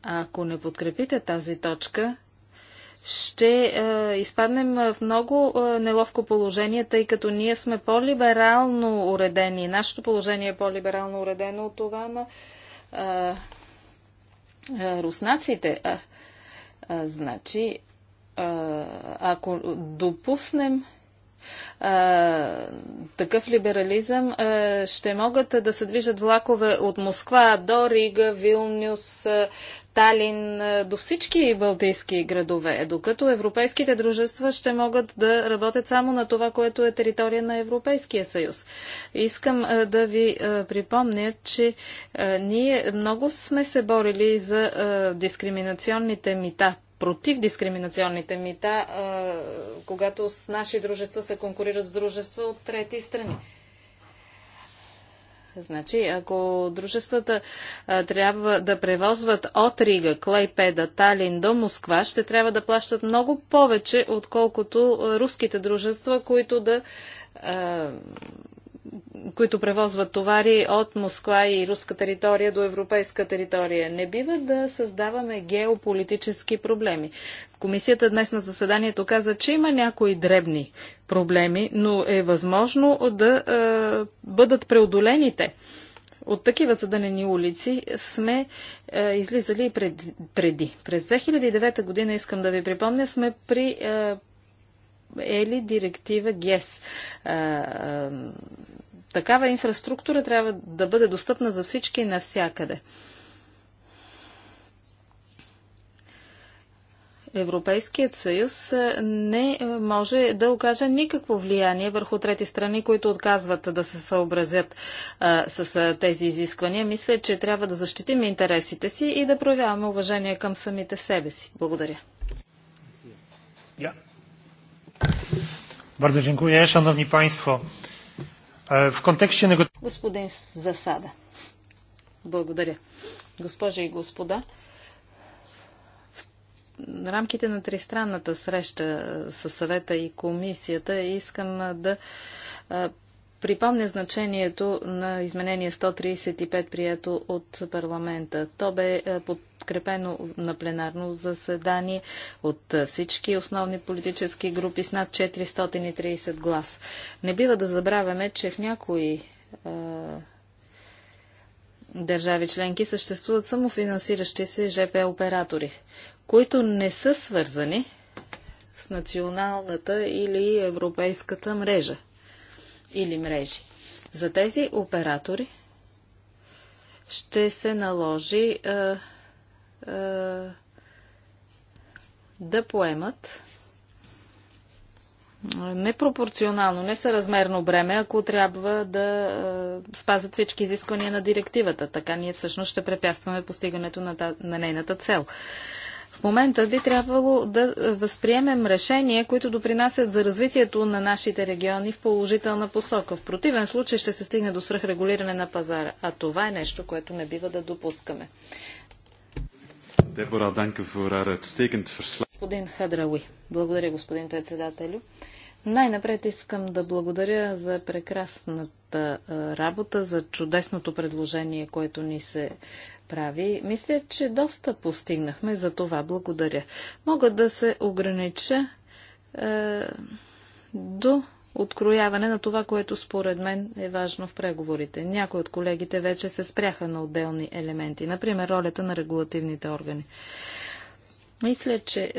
А ако не подкрепите тази точка, ще е, изпаднем в много е, неловко положение, тъй като ние сме по-либерално уредени. Нашето положение е по-либерално уредено от това на е, е, руснаците. А, а, значи, а, е, ако допуснем а, такъв либерализъм, а, ще могат да се движат влакове от Москва до Рига, Вилнюс, Талин, до всички балтийски градове, докато европейските дружества ще могат да работят само на това, което е територия на Европейския съюз. Искам а, да ви а, припомня, че а, ние много сме се борили за дискриминационните мита против дискриминационните мита, когато с наши дружества се конкурират с дружества от трети страни. Значи, ако дружествата а, трябва да превозват от Рига, Клайпеда, Талин до Москва, ще трябва да плащат много повече, отколкото а, руските дружества, които да а, които превозват товари от Москва и руска територия до европейска територия. Не бива да създаваме геополитически проблеми. Комисията днес на заседанието каза, че има някои дребни проблеми, но е възможно да е, бъдат преодолените. От такива задънени улици сме е, излизали пред, преди. През 2009 година, искам да ви припомня, сме при е, ели директива ГЕС. Е, е, Такава инфраструктура трябва да бъде достъпна за всички и навсякъде. Европейският съюз е, не може да окаже никакво влияние върху трети страни, които отказват да се съобразят а, е, с е, тези изисквания. Мисля, че трябва да защитим интересите си и да проявяваме уважение към самите себе си. Благодаря. Bardzo dziękuję, szanowni państwo. В контексте на... Господин Засада. Благодаря. Госпожи и господа, в рамките на тристранната среща със съвета и комисията искам да припомня значението на изменение 135, прието от парламента. То бе под подкрепено на пленарно заседание от всички основни политически групи с над 430 глас. Не бива да забравяме, че в някои е, държави членки съществуват само финансиращи се ЖП оператори, които не са свързани с националната или европейската мрежа или мрежи. За тези оператори ще се наложи е, е, да поемат непропорционално, несъразмерно бреме, ако трябва да е, спазят всички изисквания на директивата. Така ние всъщност ще препятстваме постигането на, та, на нейната цел. В момента би трябвало да възприемем решения, които допринасят за развитието на нашите региони в положителна посока. В противен случай ще се стигне до свръхрегулиране на пазара, а това е нещо, което не бива да допускаме. Господин Хадрауи, благодаря господин председателю. Най-напред искам да благодаря за прекрасната работа, за чудесното предложение, което ни се прави. Мисля, че доста постигнахме, за това благодаря. Мога да се огранича е, до открояване на това, което според мен е важно в преговорите. Някои от колегите вече се спряха на отделни елементи, например ролята на регулативните органи. Мисля, че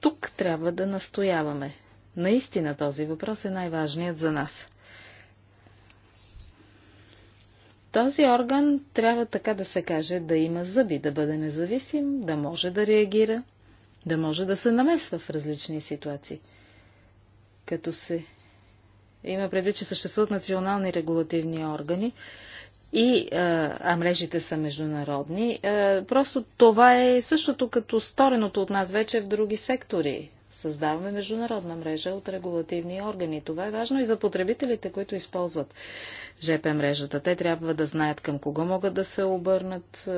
тук трябва да настояваме. Наистина този въпрос е най-важният за нас. Този орган трябва така да се каже да има зъби, да бъде независим, да може да реагира, да може да се намесва в различни ситуации като се има предвид, че съществуват национални регулативни органи и а мрежите са международни. А, просто това е същото като стореното от нас вече в други сектори. Създаваме международна мрежа от регулативни органи. Това е важно и за потребителите, които използват ЖП мрежата. Те трябва да знаят към кого могат да се обърнат,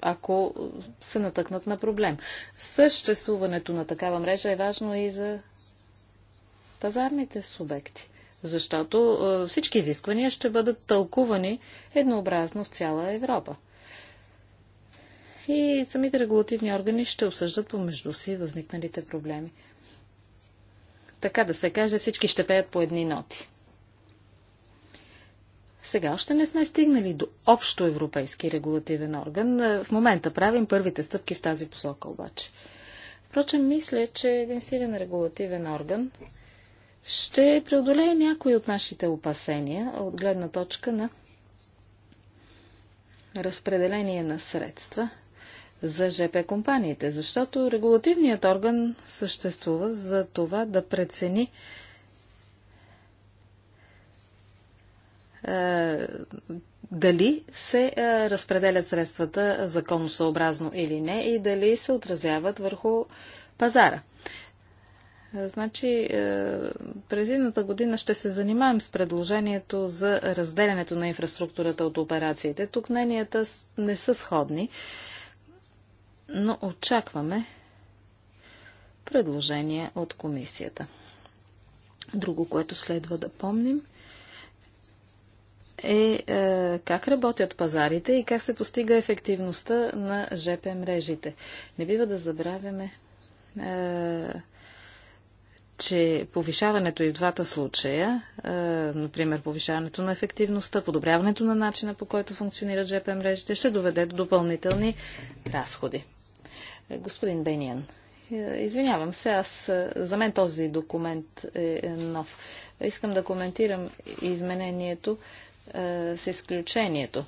ако се натъкнат на проблем. Съществуването на такава мрежа е важно и за пазарните субекти. Защото е, всички изисквания ще бъдат тълкувани еднообразно в цяла Европа. И самите регулативни органи ще обсъждат помежду си възникналите проблеми. Така да се каже, всички ще пеят по едни ноти. Сега още не сме стигнали до общо европейски регулативен орган. Е, в момента правим първите стъпки в тази посока обаче. Впрочем, мисля, че един силен регулативен орган ще преодолее някои от нашите опасения от гледна точка на разпределение на средства за ЖП компаниите, защото регулативният орган съществува за това да прецени е, дали се е, разпределят средствата законосъобразно или не и дали се отразяват върху пазара. Е, значи, е, през едната година ще се занимаем с предложението за разделянето на инфраструктурата от операциите. Тук мненията не са сходни, но очакваме предложения от комисията. Друго, което следва да помним, е, е как работят пазарите и как се постига ефективността на ЖП мрежите. Не бива да забравяме е, че повишаването и в двата случая, например повишаването на ефективността, подобряването на начина по който функционират ЖП мрежите, ще доведе до допълнителни разходи. Е, господин Бениан, е, извинявам се, аз, е, за мен този документ е нов. Искам да коментирам изменението с изключението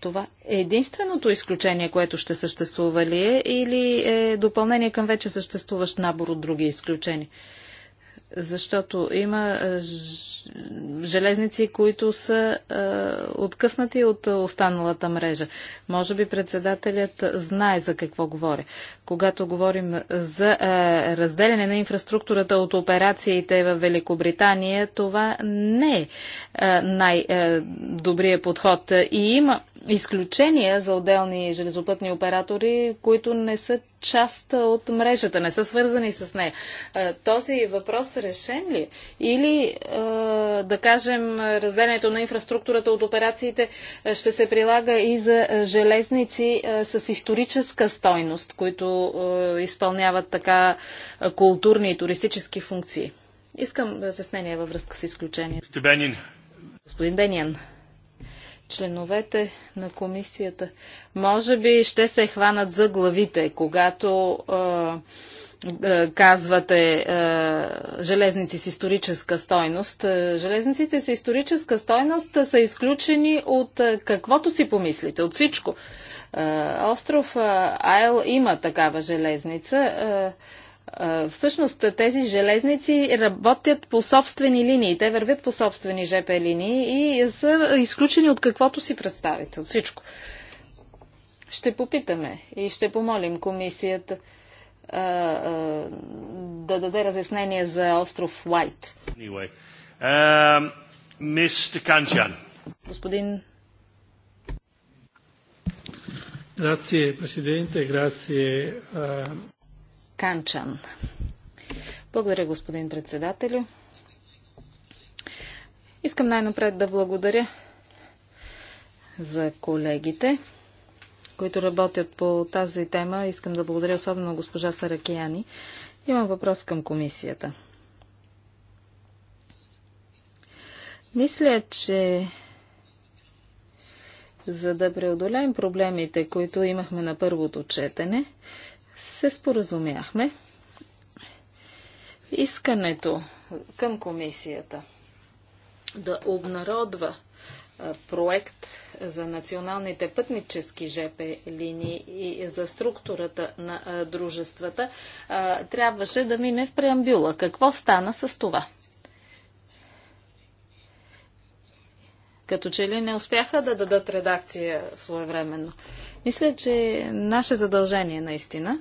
това е единственото изключение, което ще съществува ли е, или е допълнение към вече съществуващ набор от други изключения? Защото има железници, които са е, откъснати от останалата мрежа. Може би председателят знае за какво говоря. Когато говорим за е, разделяне на инфраструктурата от операциите в Великобритания, това не е, е най-добрият подход. И има изключения за отделни железопътни оператори, които не са част от мрежата, не са свързани с нея. Този въпрос решен ли? Или, да кажем, разделението на инфраструктурата от операциите ще се прилага и за железници с историческа стойност, които изпълняват така културни и туристически функции? Искам разяснение във връзка с изключение. Господин Бениан членовете на комисията може би ще се хванат за главите, когато е, е, казвате е, железници с историческа стойност. Железниците с историческа стойност са изключени от каквото си помислите, от всичко. Остров Айл има такава железница Всъщност тези железници работят по собствени линии, те вървят по собствени ЖП линии и са изключени от каквото си представите, от всичко. Ще попитаме и ще помолим комисията а, а, да даде разяснение за остров Уайт. Anyway. Uh, Господин Grazie Presidente, grazie. Uh... Канчан. Благодаря, господин председателю. Искам най-напред да благодаря за колегите, които работят по тази тема. Искам да благодаря особено госпожа Саракияни. Имам въпрос към комисията. Мисля, че за да преодолеем проблемите, които имахме на първото четене, се споразумяхме искането към комисията да обнародва проект за националните пътнически ЖП линии и за структурата на дружествата, трябваше да мине в преамбюла. Какво стана с това? Като че ли не успяха да дадат редакция своевременно. Мисля, че е наше задължение наистина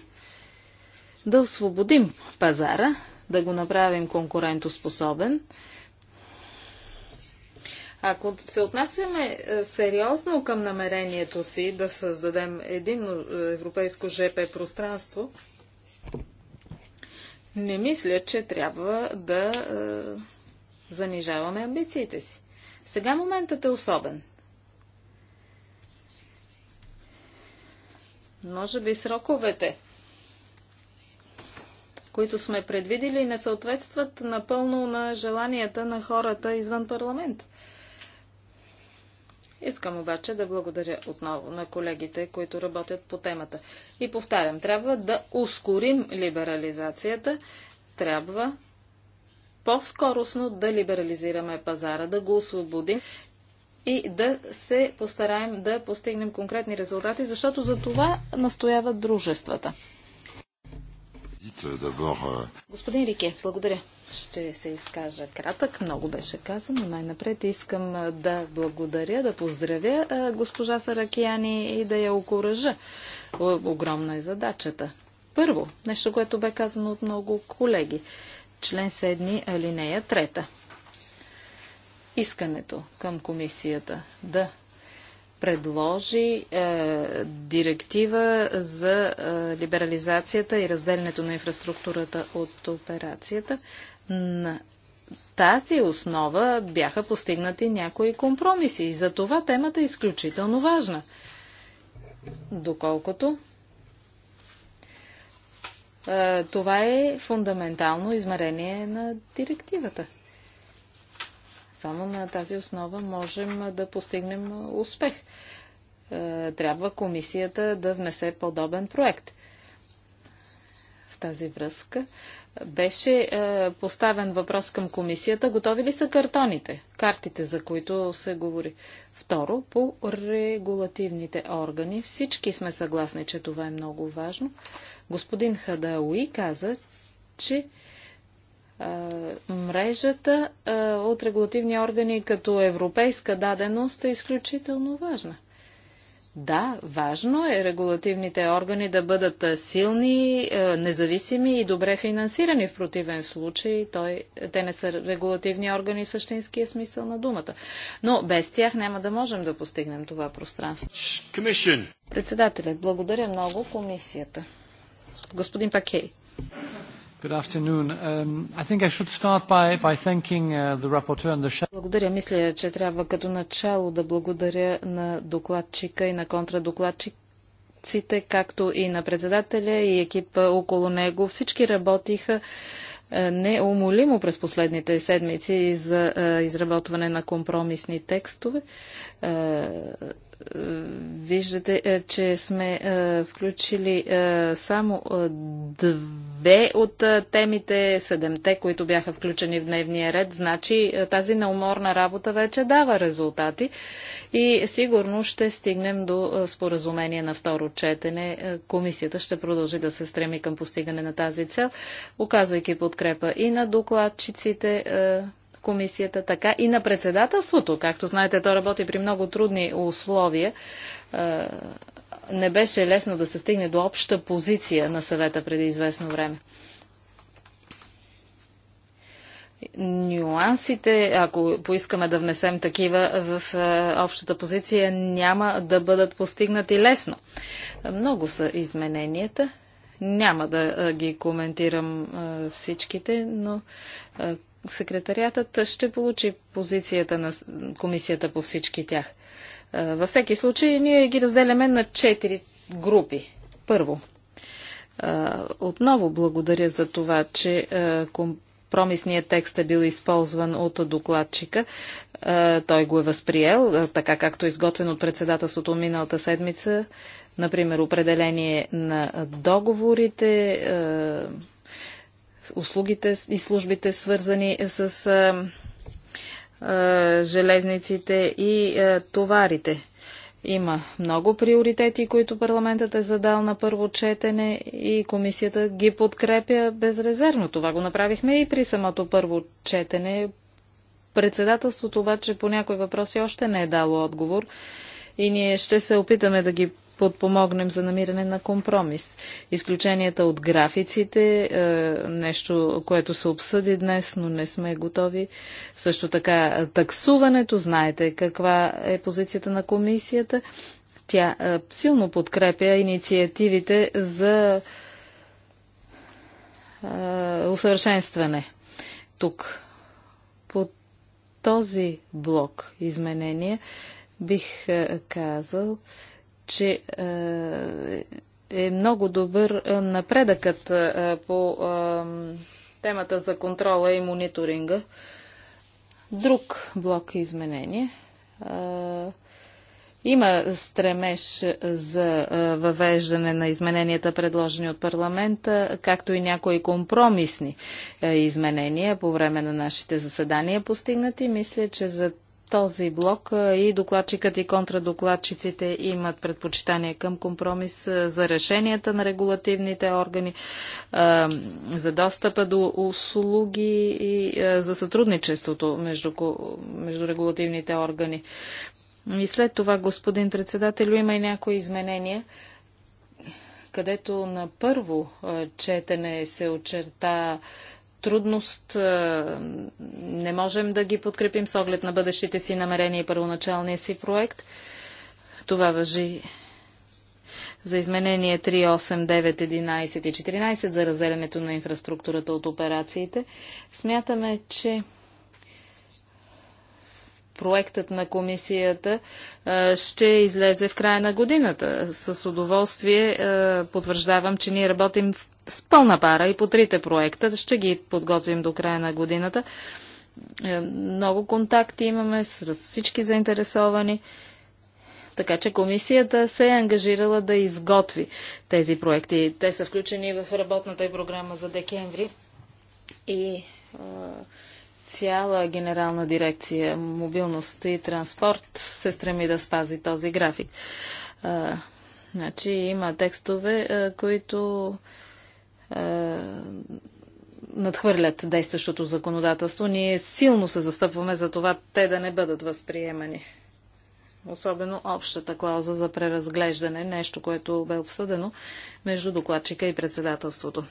да освободим пазара, да го направим конкурентоспособен. Ако се отнасяме е, сериозно към намерението си да създадем един е, европейско ЖП пространство, не мисля, че трябва да е, занижаваме амбициите си. Сега моментът е особен. Може би сроковете, които сме предвидили, не съответстват напълно на желанията на хората извън парламент. Искам обаче да благодаря отново на колегите, които работят по темата. И повтарям, трябва да ускорим либерализацията, трябва по-скоростно да либерализираме пазара, да го освободим и да се постараем да постигнем конкретни резултати, защото за това настояват дружествата. Господин Рике, благодаря. Ще се изкажа кратък. Много беше казано. Най-напред искам да благодаря, да поздравя госпожа Саракияни и да я окоръжа. Огромна е задачата. Първо, нещо, което бе казано от много колеги. Член 7, алинея искането към комисията да предложи е, директива за е, либерализацията и разделянето на инфраструктурата от операцията. На тази основа бяха постигнати някои компромиси и за това темата е изключително важна. Доколкото е, това е фундаментално измерение на директивата – само на тази основа можем да постигнем успех. Е, трябва комисията да внесе подобен проект. В тази връзка беше е, поставен въпрос към комисията. Готови ли са картоните, картите, за които се говори? Второ, по регулативните органи. Всички сме съгласни, че това е много важно. Господин Хадауи каза, че е, мрежата е, от регулативни органи като европейска даденост е изключително важна. Да, важно е регулативните органи да бъдат силни, е, независими и добре финансирани. В противен случай той, те не са регулативни органи в същинския смисъл на думата. Но без тях няма да можем да постигнем това пространство. Commission. Председателят, благодаря много комисията. Господин Пакей. Благодаря. Мисля, че трябва като начало да благодаря на докладчика и на контрадокладчиците, както и на председателя и екипа около него. Всички работиха е, неумолимо през последните седмици за е, изработване на компромисни текстове. Е, Виждате, е, че сме е, включили е, само две от темите, седемте, които бяха включени в дневния ред. Значи тази неуморна работа вече дава резултати и сигурно ще стигнем до споразумение на второ четене. Комисията ще продължи да се стреми към постигане на тази цел, оказвайки подкрепа и на докладчиците комисията, така и на председателството. Както знаете, то работи при много трудни условия. Е, не беше лесно да се стигне до обща позиция на съвета преди известно време нюансите, ако поискаме да внесем такива в е, общата позиция, няма да бъдат постигнати лесно. Много са измененията. Няма да е, ги коментирам всичките, но секретариатът ще получи позицията на комисията по всички тях. Във всеки случай ние ги разделяме на четири групи. Първо, отново благодаря за това, че компромисният текст е бил използван от докладчика. Той го е възприел, така както е изготвен от председателството миналата седмица. Например, определение на договорите, услугите и службите, свързани с железниците и товарите. Има много приоритети, които парламентът е задал на първо четене и комисията ги подкрепя безрезервно. Това го направихме и при самото първо четене. Председателството обаче по някои въпроси още не е дало отговор и ние ще се опитаме да ги подпомогнем за намиране на компромис. Изключенията от графиците, е, нещо, което се обсъди днес, но не сме готови. Също така таксуването, знаете каква е позицията на комисията. Тя е, силно подкрепя инициативите за е, усъвършенстване. Тук по този блок изменения бих казал, че е, е много добър е, напредъкът е, по темата за контрола и мониторинга. Друг блок изменение. Има стремеж за въвеждане на измененията, предложени от парламента, както и някои компромисни изменения по време на нашите заседания постигнати. Мисля, че за този блок и докладчикът и контрадокладчиците имат предпочитание към компромис за решенията на регулативните органи, за достъпа до услуги и за сътрудничеството между, между регулативните органи. И след това, господин председател, има и някои изменения, където на първо четене се очерта трудност. Не можем да ги подкрепим с оглед на бъдещите си намерения и първоначалния си проект. Това въжи за изменение 3, 8, 9, 11 и 14 за разделянето на инфраструктурата от операциите. Смятаме, че проектът на комисията ще излезе в края на годината. С удоволствие потвърждавам, че ние работим в с пълна пара и по трите проекта. Ще ги подготвим до края на годината. Е, много контакти имаме с всички заинтересовани. Така че комисията се е ангажирала да изготви тези проекти. Те са включени в работната и програма за декември. И е, цяла генерална дирекция мобилност и транспорт се стреми да спази този график. А, е, значи има текстове, а, които е, надхвърлят действащото законодателство. Ние силно се застъпваме за това те да не бъдат възприемани. Особено общата клауза за преразглеждане, нещо, което бе обсъдено между докладчика и председателството.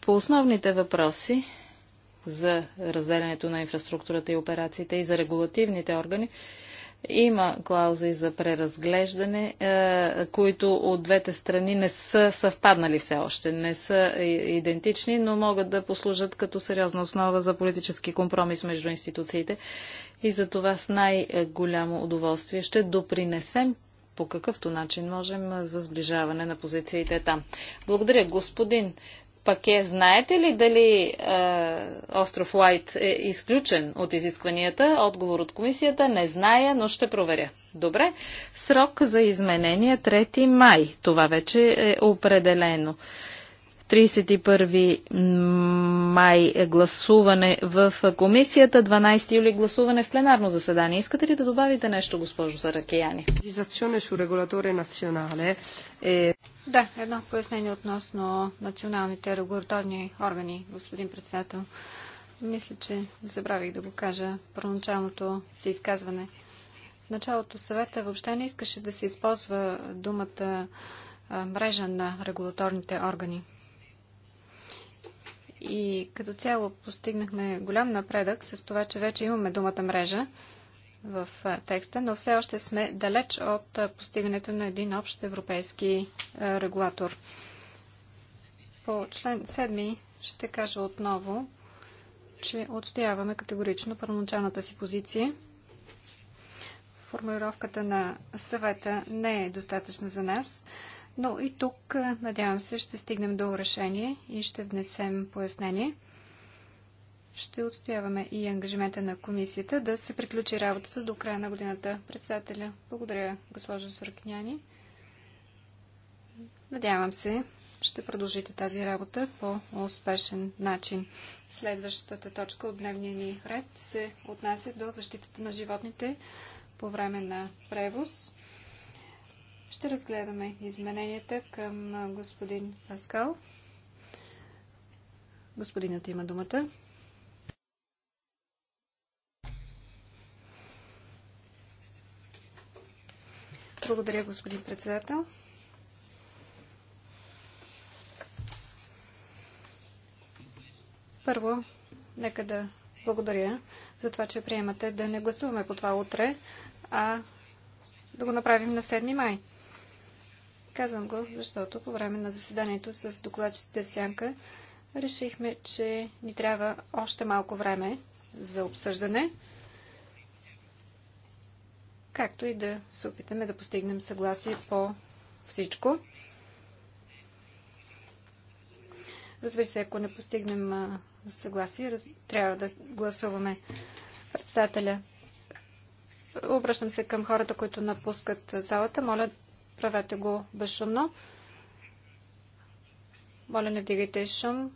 По основните въпроси за разделянето на инфраструктурата и операциите и за регулативните органи, има клаузи за преразглеждане, е, които от двете страни не са съвпаднали все още, не са идентични, но могат да послужат като сериозна основа за политически компромис между институциите. И за това с най-голямо удоволствие ще допринесем по какъвто начин можем за сближаване на позициите там. Благодаря, господин пък е Знаете ли дали е, остров Лайт е изключен от изискванията? Отговор от комисията не зная, но ще проверя. Добре. Срок за изменение 3 е май. Това вече е определено. 31 май е гласуване в комисията, 12 юли гласуване в пленарно заседание. Искате ли да добавите нещо, госпожо Саракияни? Да, едно пояснение относно националните регуляторни органи, господин председател. Мисля, че забравих да го кажа първоначалното си изказване. В началото съвета въобще не искаше да се използва думата мрежа на регулаторните органи. И като цяло постигнахме голям напредък с това, че вече имаме думата мрежа в текста, но все още сме далеч от постигането на един общ европейски регулатор. По член 7 ще кажа отново, че отстояваме категорично първоначалната си позиция. Формулировката на съвета не е достатъчна за нас, но и тук, надявам се, ще стигнем до решение и ще внесем пояснение ще отстояваме и ангажимента на комисията да се приключи работата до края на годината. Председателя, благодаря, госпожа Суркняни. Надявам се, ще продължите тази работа по успешен начин. Следващата точка от дневния ни ред се отнася до защитата на животните по време на превоз. Ще разгледаме измененията към господин Паскал. Господинът има думата. Благодаря, господин председател. Първо, нека да благодаря за това, че приемате да не гласуваме по това утре, а да го направим на 7 май. Казвам го, защото по време на заседанието с докладчиците в Сянка решихме, че ни трябва още малко време за обсъждане както и да се опитаме да постигнем съгласие по всичко. Разбира се, ако не постигнем съгласие, трябва да гласуваме председателя. Обръщам се към хората, които напускат залата. Моля, правете го безшумно. Моля, не вдигайте шум.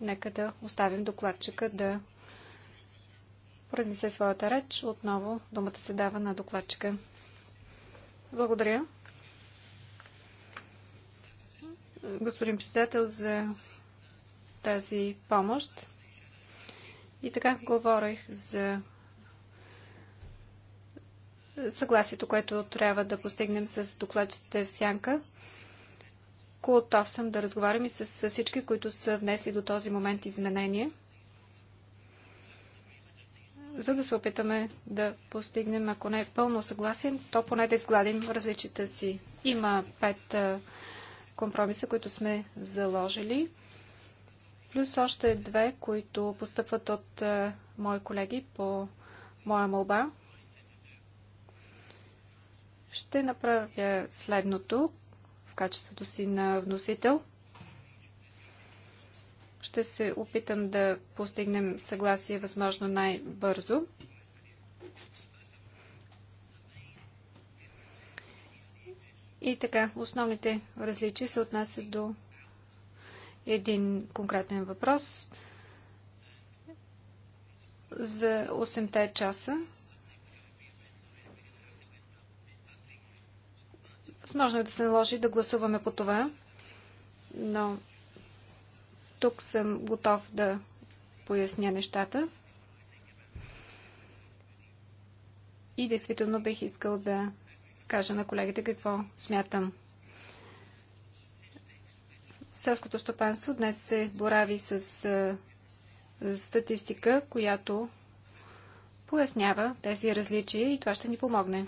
Нека да оставим докладчика да произнесе своята реч. Отново думата се дава на докладчика. Благодаря. Господин председател, за тази помощ. И така говорих за съгласието, което трябва да постигнем с докладчите в Сянка. Готов съм да разговарям и с всички, които са внесли до този момент изменения – за да се опитаме да постигнем, ако не е пълно съгласен, то поне да изгладим различите си. Има пет компромиса, които сме заложили, плюс още две, които постъпват от мои колеги по моя молба. Ще направя следното в качеството си на вносител. Ще се опитам да постигнем съгласие възможно най-бързо. И така, основните различия се отнасят до един конкретен въпрос за 8-те часа. Възможно е да се наложи да гласуваме по това, но тук съм готов да поясня нещата. И действително бих искал да кажа на колегите какво смятам. Селското стопанство днес се борави с статистика, която пояснява тези различия и това ще ни помогне.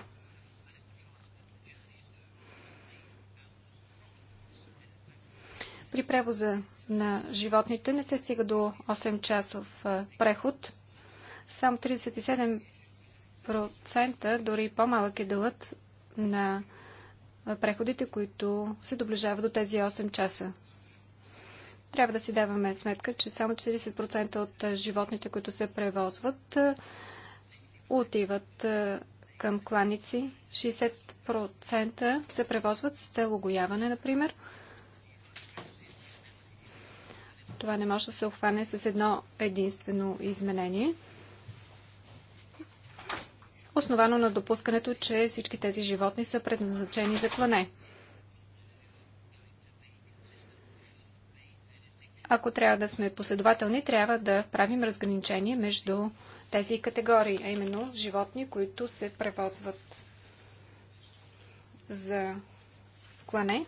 При превоза на животните не се стига до 8-часов преход. Сам 37% дори по-малък е делът на преходите, които се доближават до тези 8 часа. Трябва да си даваме сметка, че само 40% от животните, които се превозват, отиват към кланици. 60% се превозват с цел огояване, например. Това не може да се охване с едно единствено изменение, основано на допускането, че всички тези животни са предназначени за клане. Ако трябва да сме последователни, трябва да правим разграничение между тези категории, а именно животни, които се превозват за клане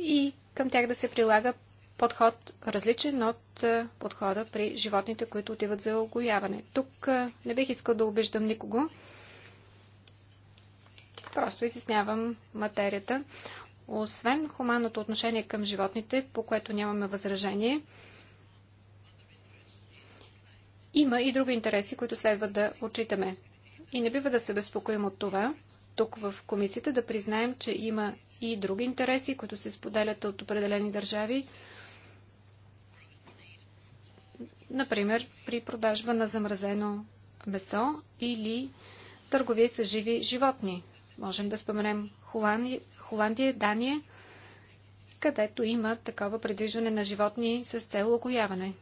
и към тях да се прилага подход различен от е, подхода при животните, които отиват за огояване. Тук е, не бих искал да обиждам никого. Просто изяснявам материята. Освен хуманното отношение към животните, по което нямаме възражение, има и други интереси, които следва да отчитаме. И не бива да се безпокоим от това, тук в комисията да признаем, че има и други интереси, които се споделят от определени държави. Например, при продажба на замразено месо или търговия с живи животни. Можем да споменем Холандия, Холандия Дания, където има такова предвижване на животни с цел огояване.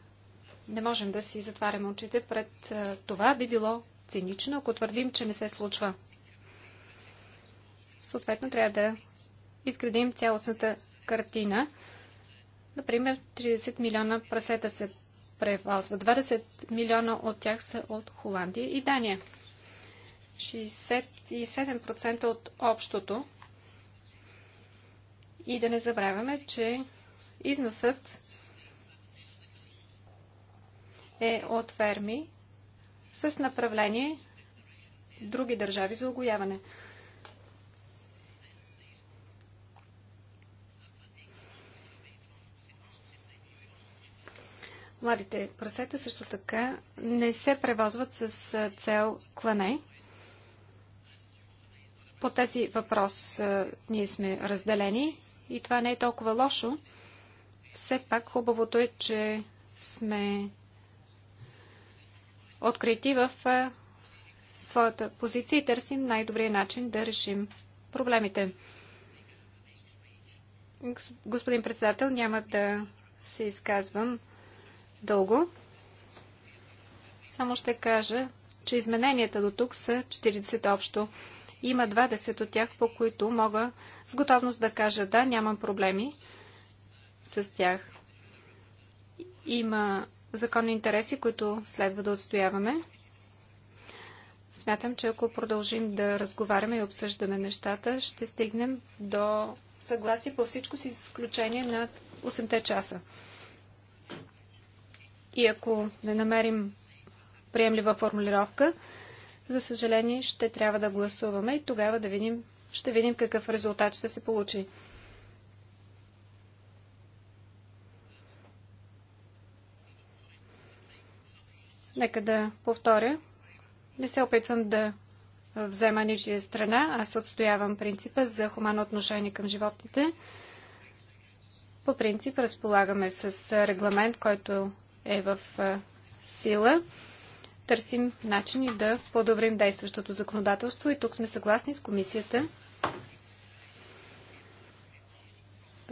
Не можем да си затваряме очите пред това. Би било цинично, ако твърдим, че не се случва. Съответно, трябва да изградим цялостната картина. Например, 30 милиона прасета се превозват. 20 милиона от тях са от Холандия и Дания. 67% от общото. И да не забравяме, че износът е от ферми с направление други държави за огояване. Младите прасета също така не се превозват с цел клане. По тези въпрос ние сме разделени и това не е толкова лошо. Все пак хубавото е, че сме открити в своята позиция и търсим най-добрия начин да решим проблемите. Господин председател, няма да се изказвам дълго. Само ще кажа, че измененията до тук са 40 общо. Има 20 от тях, по които мога с готовност да кажа да, нямам проблеми с тях. Има законни интереси, които следва да отстояваме. Смятам, че ако продължим да разговаряме и обсъждаме нещата, ще стигнем до съгласие по всичко с изключение на 8 часа. И ако не намерим приемлива формулировка, за съжаление ще трябва да гласуваме и тогава да видим, ще видим какъв резултат ще се получи. Нека да повторя. Не се опитвам да взема ничия страна. Аз отстоявам принципа за хуманно отношение към животните. По принцип разполагаме с регламент, който е в сила. Търсим начини да подобрим действащото законодателство и тук сме съгласни с комисията.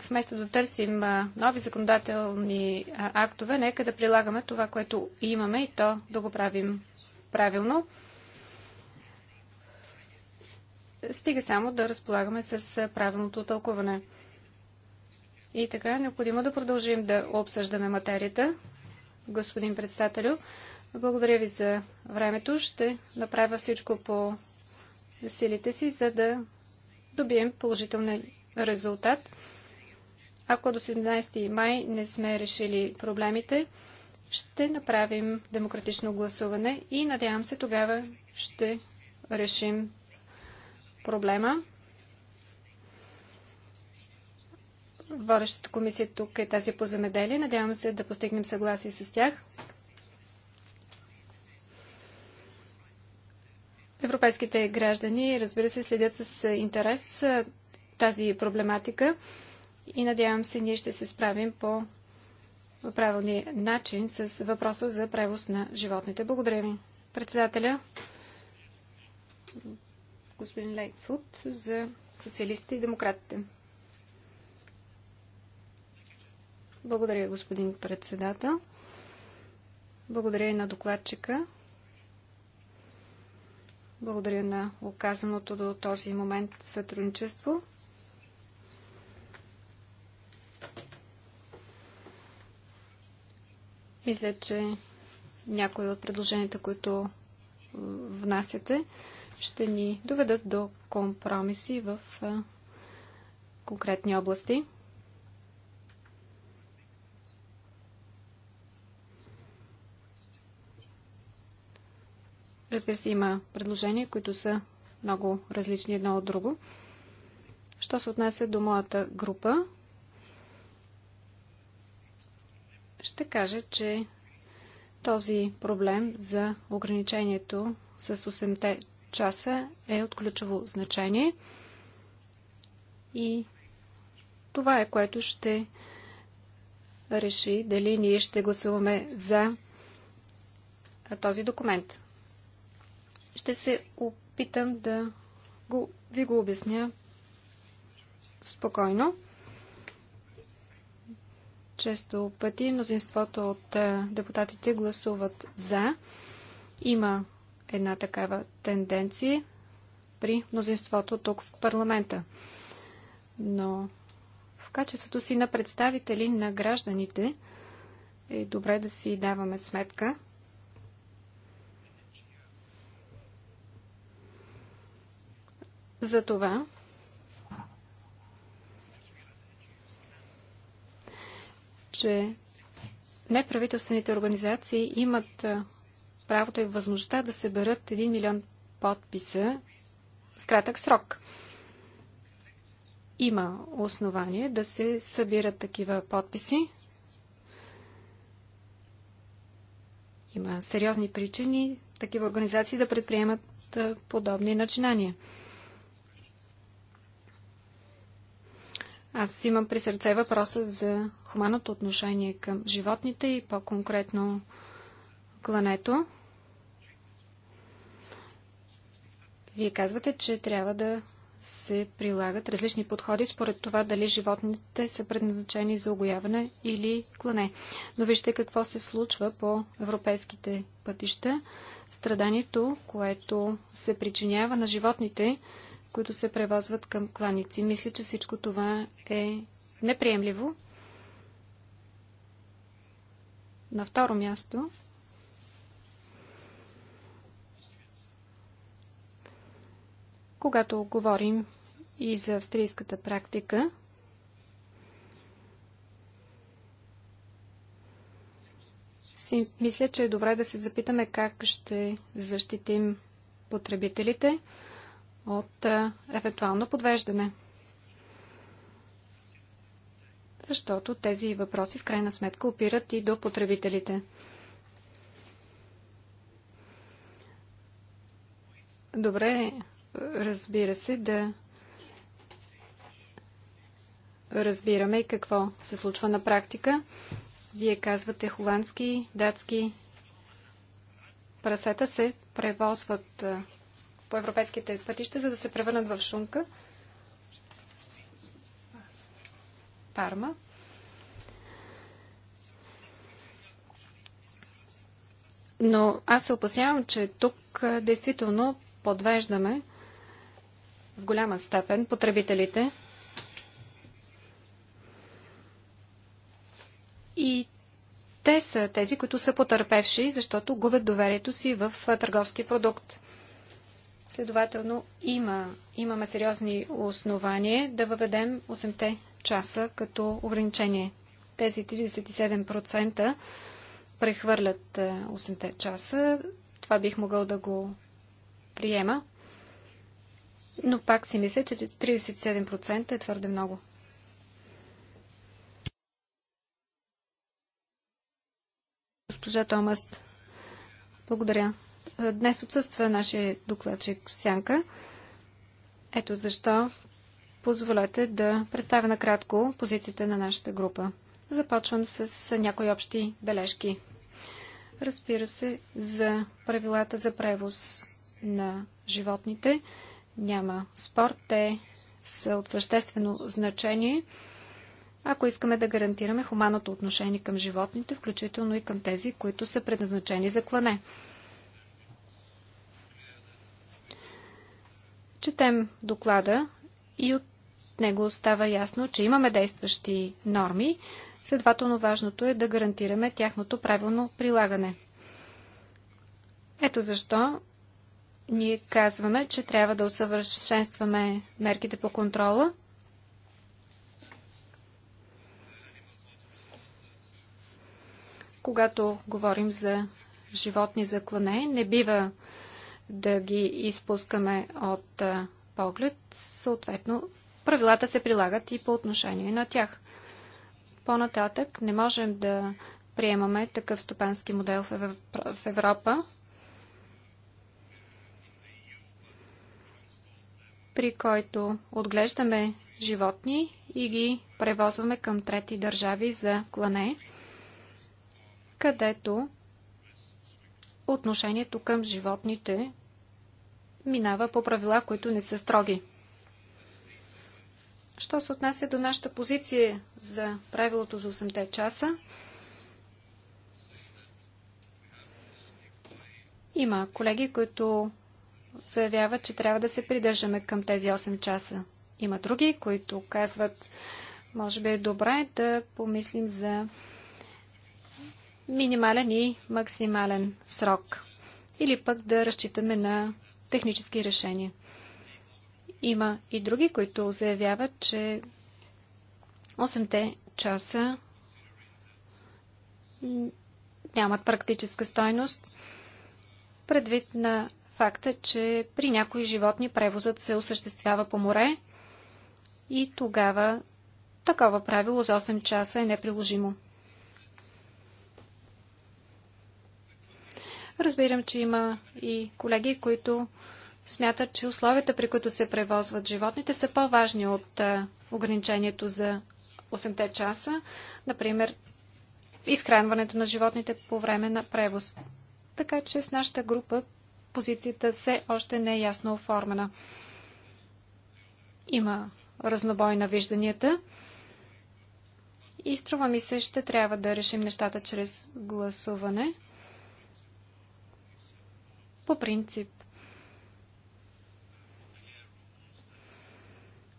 Вместо да търсим нови законодателни актове, нека да прилагаме това, което имаме и то да го правим правилно. Стига само да разполагаме с правилното тълкуване. И така е необходимо да продължим да обсъждаме материята господин председателю. Благодаря ви за времето. Ще направя всичко по силите си, за да добием положителен резултат. Ако до 17 май не сме решили проблемите, ще направим демократично гласуване и надявам се тогава ще решим проблема. Водещата комисия тук е тази по замеделие. Надявам се да постигнем съгласие с тях. Европейските граждани, разбира се, следят с интерес тази проблематика и надявам се ние ще се справим по правилни начин с въпроса за превоз на животните. Благодаря ви. Председателя господин Лейкфуд за социалистите и демократите. Благодаря, господин председател. Благодаря и на докладчика. Благодаря на оказаното до този момент сътрудничество. Мисля, че някои от предложенията, които внасяте, ще ни доведат до компромиси в конкретни области. Разбира се, има предложения, които са много различни едно от друго. Що се отнася до моята група, ще кажа, че този проблем за ограничението с 8 часа е от ключово значение и това е което ще реши дали ние ще гласуваме за този документ. Ще се опитам да го, ви го обясня спокойно. Често пъти мнозинството от е, депутатите гласуват за. Има една такава тенденция при мнозинството тук в парламента. Но в качеството си на представители на гражданите е добре да си даваме сметка – за това, че неправителствените организации имат правото и възможността да съберат 1 милион подписа в кратък срок. Има основание да се събират такива подписи. Има сериозни причини такива организации да предприемат подобни начинания. Аз имам при сърце въпроса за хуманното отношение към животните и по-конкретно клането. Вие казвате, че трябва да се прилагат различни подходи според това дали животните са предназначени за огояване или клане. Но вижте какво се случва по европейските пътища. Страданието, което се причинява на животните, които се превозват към кланици. Мисля, че всичко това е неприемливо. На второ място когато говорим и за австрийската практика, си мисля, че е добре да се запитаме как ще защитим потребителите от е, евентуално подвеждане. Защото тези въпроси в крайна сметка опират и до потребителите. Добре, разбира се, да разбираме какво се случва на практика. Вие казвате холандски, датски прасета се превозват е, по европейските пътища, за да се превърнат в шунка. Парма. Но аз се опасявам, че тук действително подвеждаме в голяма степен потребителите. И те са тези, които са потърпевши, защото губят доверието си в търговски продукт. Следователно има, имаме сериозни основания да въведем 8-те часа като ограничение. Тези 37% прехвърлят 8-те е, часа. Това бих могъл да го приема. Но пак си мисля, че 37% е твърде много. Госпожа Томас, благодаря. Днес отсъства нашия докладчик Сянка. Ето защо позволете да представя накратко позицията на нашата група. Започвам с някои общи бележки. Разбира се, за правилата за превоз на животните няма спор. Те са от съществено значение, ако искаме да гарантираме хуманото отношение към животните, включително и към тези, които са предназначени за клане. четем доклада и от него става ясно, че имаме действащи норми, следователно важното е да гарантираме тяхното правилно прилагане. Ето защо ние казваме, че трябва да усъвършенстваме мерките по контрола. Когато говорим за животни за клане, не бива да ги изпускаме от поглед, съответно правилата се прилагат и по отношение на тях. По-нататък не можем да приемаме такъв стопански модел в Европа, при който отглеждаме животни и ги превозваме към трети държави за клане, където отношението към животните минава по правила, които не са строги. Що се отнася до нашата позиция за правилото за 8 часа, има колеги, които заявяват, че трябва да се придържаме към тези 8 часа. Има други, които казват, може би е добре да помислим за минимален и максимален срок. Или пък да разчитаме на технически решения. Има и други, които заявяват, че 8-те часа нямат практическа стойност, предвид на факта, че при някои животни превозът се осъществява по море и тогава такова правило за 8 часа е неприложимо. Разбирам, че има и колеги, които смятат, че условията, при които се превозват животните, са по-важни от ограничението за 8 часа. Например, изхранването на животните по време на превоз. Така че в нашата група позицията все още не е ясно оформена. Има разнобой на вижданията и струва ми се, ще трябва да решим нещата чрез гласуване по принцип.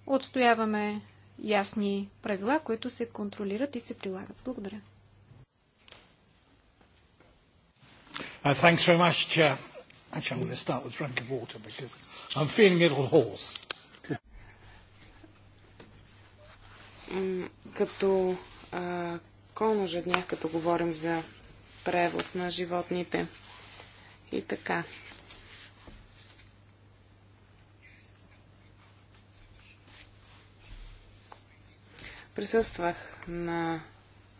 Отстояваме ясни правила, които се контролират и се прилагат. Благодаря. Uh, thanks very much, Chair. Actually, I'm going to start with water because I'm feeling a little hoarse. Като uh, коножа днях, като говорим за превоз на животните. И така. Присъствах на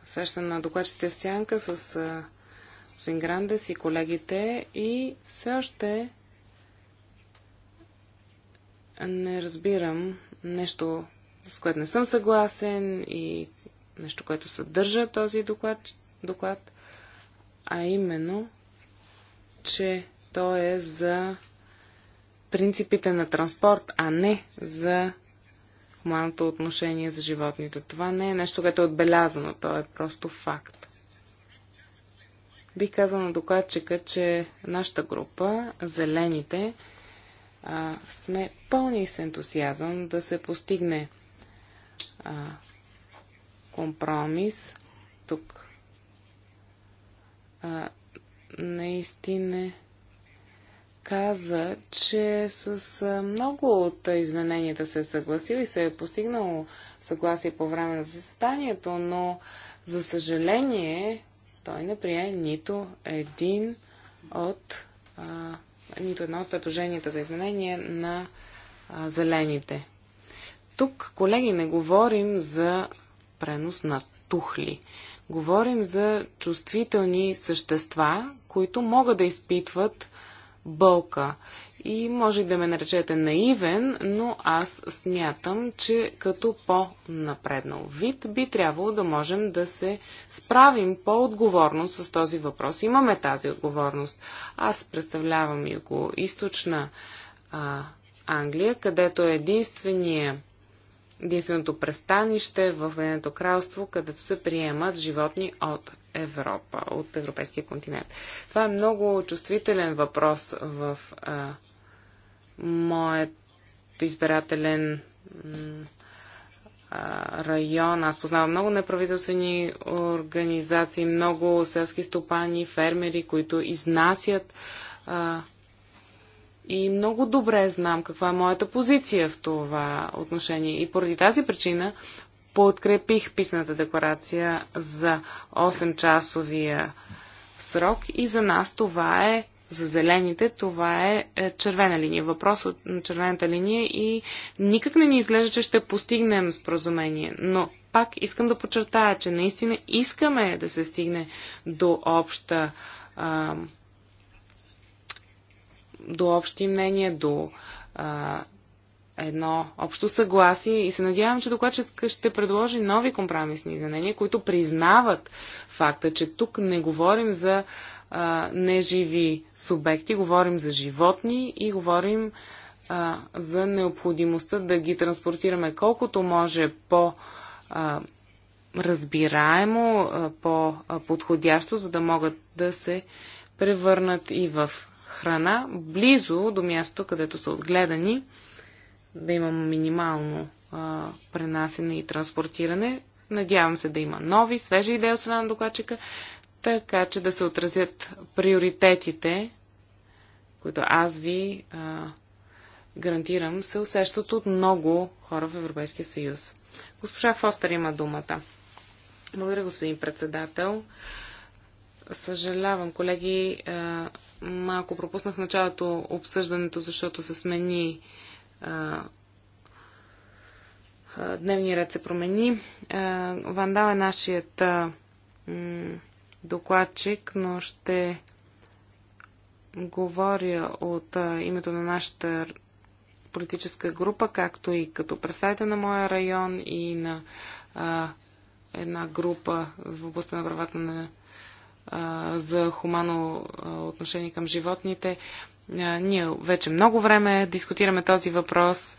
среща на докладчите в Сянка с Жен Грандес и колегите и все още не разбирам нещо, с което не съм съгласен и нещо, което съдържа този доклад, доклад а именно че то е за принципите на транспорт, а не за хуманното отношение за животните. Това не е нещо, което е отбелязано, то е просто факт. Бих казал на докладчика, че нашата група, зелените, сме пълни с ентусиазъм да се постигне компромис. Тук наистина каза, че с много от измененията се е съгласил и се е постигнало съгласие по време на заседанието, но за съжаление той не прие нито един от а, нито едно от предложенията за изменение на а, зелените. Тук, колеги, не говорим за пренос на тухли. Говорим за чувствителни същества, които могат да изпитват болка. И може да ме наречете наивен, но аз смятам, че като по-напреднал вид би трябвало да можем да се справим по-отговорно с този въпрос. Имаме тази отговорност. Аз представлявам и го източна а, Англия, където е единствения единственото престанище в Венето кралство, където се приемат животни от Европа, от европейския континент. Това е много чувствителен въпрос в а, моят избирателен район. Аз познавам много неправителствени организации, много селски стопани, фермери, които изнасят а, и много добре знам каква е моята позиция в това отношение. И поради тази причина подкрепих писната декларация за 8-часовия срок и за нас това е, за зелените, това е, е, червена линия. Въпрос от червената линия и никак не ни изглежда, че ще постигнем споразумение. Но пак искам да подчертая, че наистина искаме да се стигне до обща до общи мнения, до едно общо съгласие и се надявам, че докладчетка ще предложи нови компромисни изменения, които признават факта, че тук не говорим за а, неживи субекти, говорим за животни и говорим а, за необходимостта да ги транспортираме колкото може по- а, разбираемо, по-подходящо, за да могат да се превърнат и в храна, близо до мястото, където са отгледани да имам минимално а, пренасене и транспортиране. Надявам се да има нови, свежи идеи от страна на докладчика, така че да се отразят приоритетите, които аз ви а, гарантирам, се усещат от много хора в Европейския съюз. Госпожа Фостер има думата. Благодаря, господин председател. Съжалявам, колеги, малко пропуснах началото обсъждането, защото се смени дневният дневния ред се промени. Вандал е нашият докладчик, но ще говоря от името на нашата политическа група, както и като представител на моя район и на а, една група в областта на правата на, а, за хумано отношение към животните. Ние вече много време дискутираме този въпрос.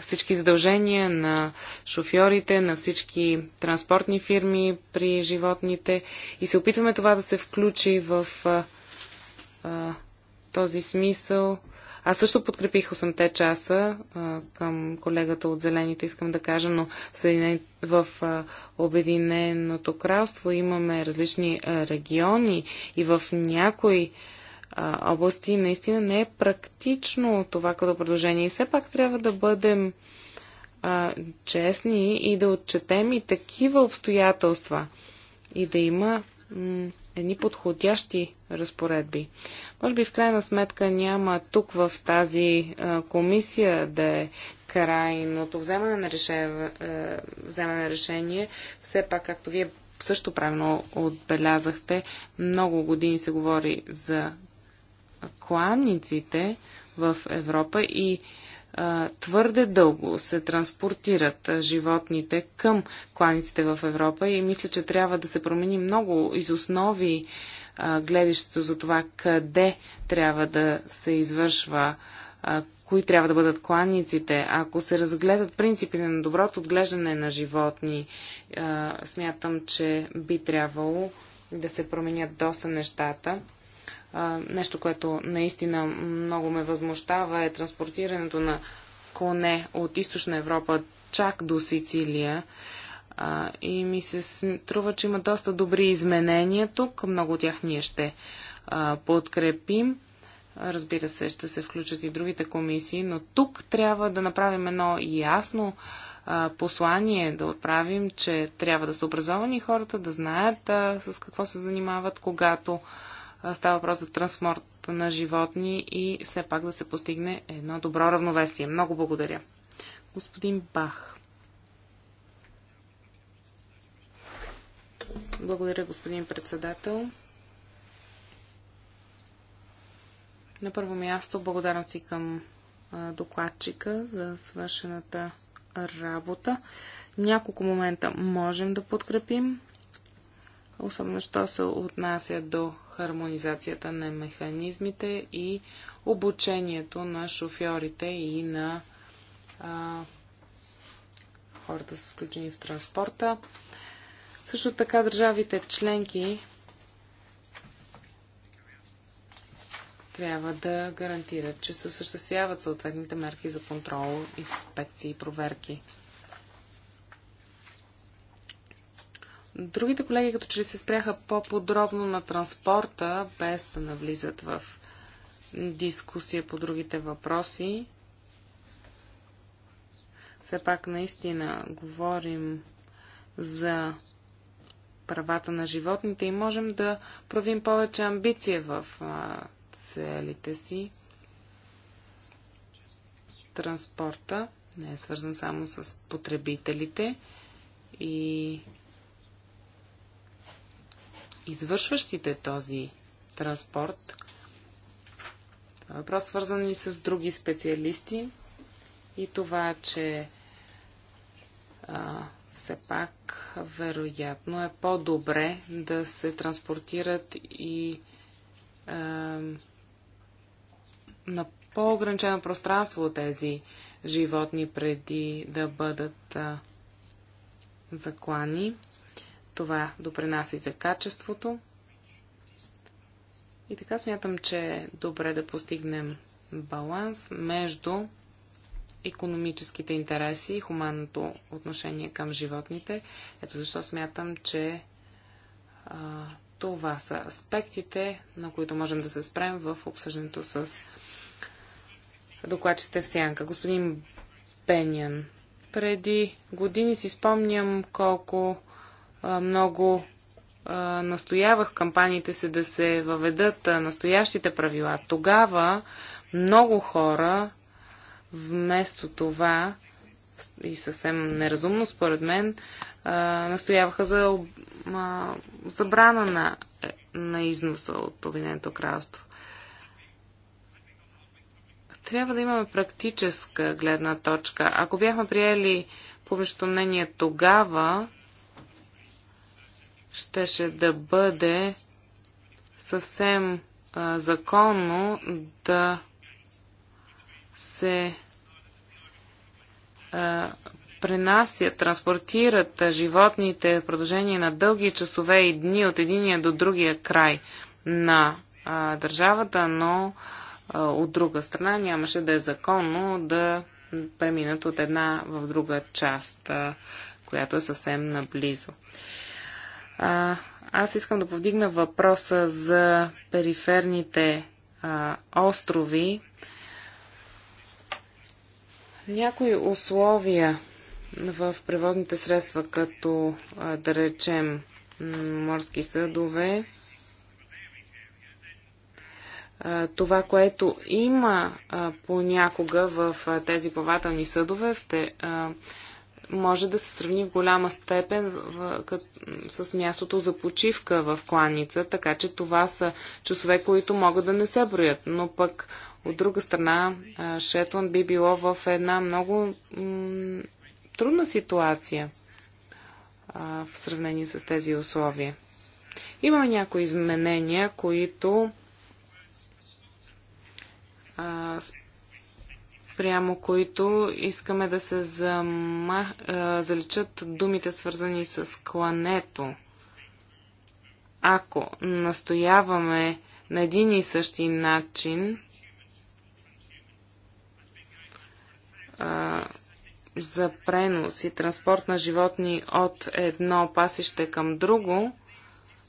Всички задължения на шофьорите, на всички транспортни фирми при животните и се опитваме това да се включи в този смисъл. Аз също подкрепих 8-те часа а, към колегата от Зелените, искам да кажа, но в а, Обединеното кралство имаме различни а, региони и в някои а, области наистина не е практично това като предложение. И все пак трябва да бъдем а, честни и да отчетем и такива обстоятелства и да има едни подходящи разпоредби. Може би в крайна сметка няма тук в тази а, комисия да е крайното вземане на, решение, а, вземане на решение. Все пак, както вие също правилно отбелязахте, много години се говори за кланниците в Европа и а, твърде дълго се транспортират животните към кланиците в Европа и мисля, че трябва да се промени много из основи а, гледището за това къде трябва да се извършва а, кои трябва да бъдат кланниците, ако се разгледат принципите на доброто отглеждане на животни, смятам, че би трябвало да се променят доста нещата нещо, което наистина много ме възмущава е транспортирането на коне от източна Европа чак до Сицилия. А, и ми се струва, че има доста добри изменения тук. Много от тях ние ще а, подкрепим. Разбира се, ще се включат и другите комисии, но тук трябва да направим едно ясно а, послание, да отправим, че трябва да са образовани хората, да знаят а, с какво се занимават, когато става въпрос за транспорт на животни и все пак да се постигне едно добро равновесие. Много благодаря. Господин Бах. Благодаря, господин председател. На първо място благодарам си към докладчика за свършената работа. Няколко момента можем да подкрепим, особено що се отнася до хармонизацията на механизмите и обучението на шофьорите и на а, хората са включени в транспорта. Също така държавите членки трябва да гарантират, че се осъществяват съответните мерки за контрол, инспекции и проверки. Другите колеги като че ли се спряха по-подробно на транспорта, без да навлизат в дискусия по другите въпроси. Все пак наистина говорим за правата на животните и можем да правим повече амбиция в а, целите си. Транспорта не е свързан само с потребителите и извършващите този транспорт. Това е въпрос свързан и с други специалисти и това, че а, все пак вероятно е по-добре да се транспортират и а, на по-ограничено пространство тези животни преди да бъдат а, заклани. Това допринася и за качеството. И така смятам, че е добре да постигнем баланс между економическите интереси и хуманното отношение към животните. Ето защо смятам, че а, това са аспектите, на които можем да се спрем в обсъждането с докладчите в сянка. Господин Пенян, преди години си спомням колко много настоявах кампаниите се да се въведат настоящите правила. Тогава много хора вместо това и съвсем неразумно според мен, настояваха за забрана на, на износа от Обединеното кралство. Трябва да имаме практическа гледна точка. Ако бяхме приели публичното мнение тогава, щеше да бъде съвсем а, законно да се а, пренасят, транспортират животните в продължение на дълги часове и дни от единия до другия край на а, държавата, но а, от друга страна нямаше да е законно да преминат от една в друга част, а, която е съвсем наблизо. А, аз искам да повдигна въпроса за периферните а, острови. Някои условия в превозните средства, като а, да речем морски съдове, това, което има а, понякога в а, тези плавателни съдове, в те, а, може да се сравни в голяма степен в, в, с мястото за почивка в кланица, така че това са часове, които могат да не се броят. Но пък, от друга страна, Шетланд би било в една много трудна ситуация а, в сравнение с тези условия. Има някои изменения, които а, спрямо които искаме да се замах, заличат думите свързани с клането. Ако настояваме на един и същи начин, а, за пренос и транспорт на животни от едно пасище към друго,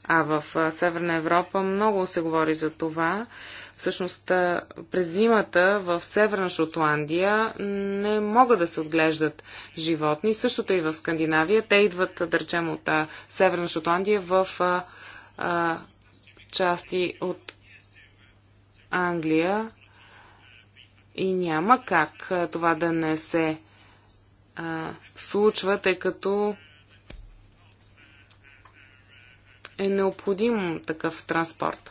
а в Северна Европа много се говори за това. Всъщност през зимата в Северна Шотландия не могат да се отглеждат животни. Същото и в Скандинавия. Те идват, да речем, от Северна Шотландия в а, а, части от Англия. И няма как това да не се а, случва, тъй като е необходим такъв транспорт.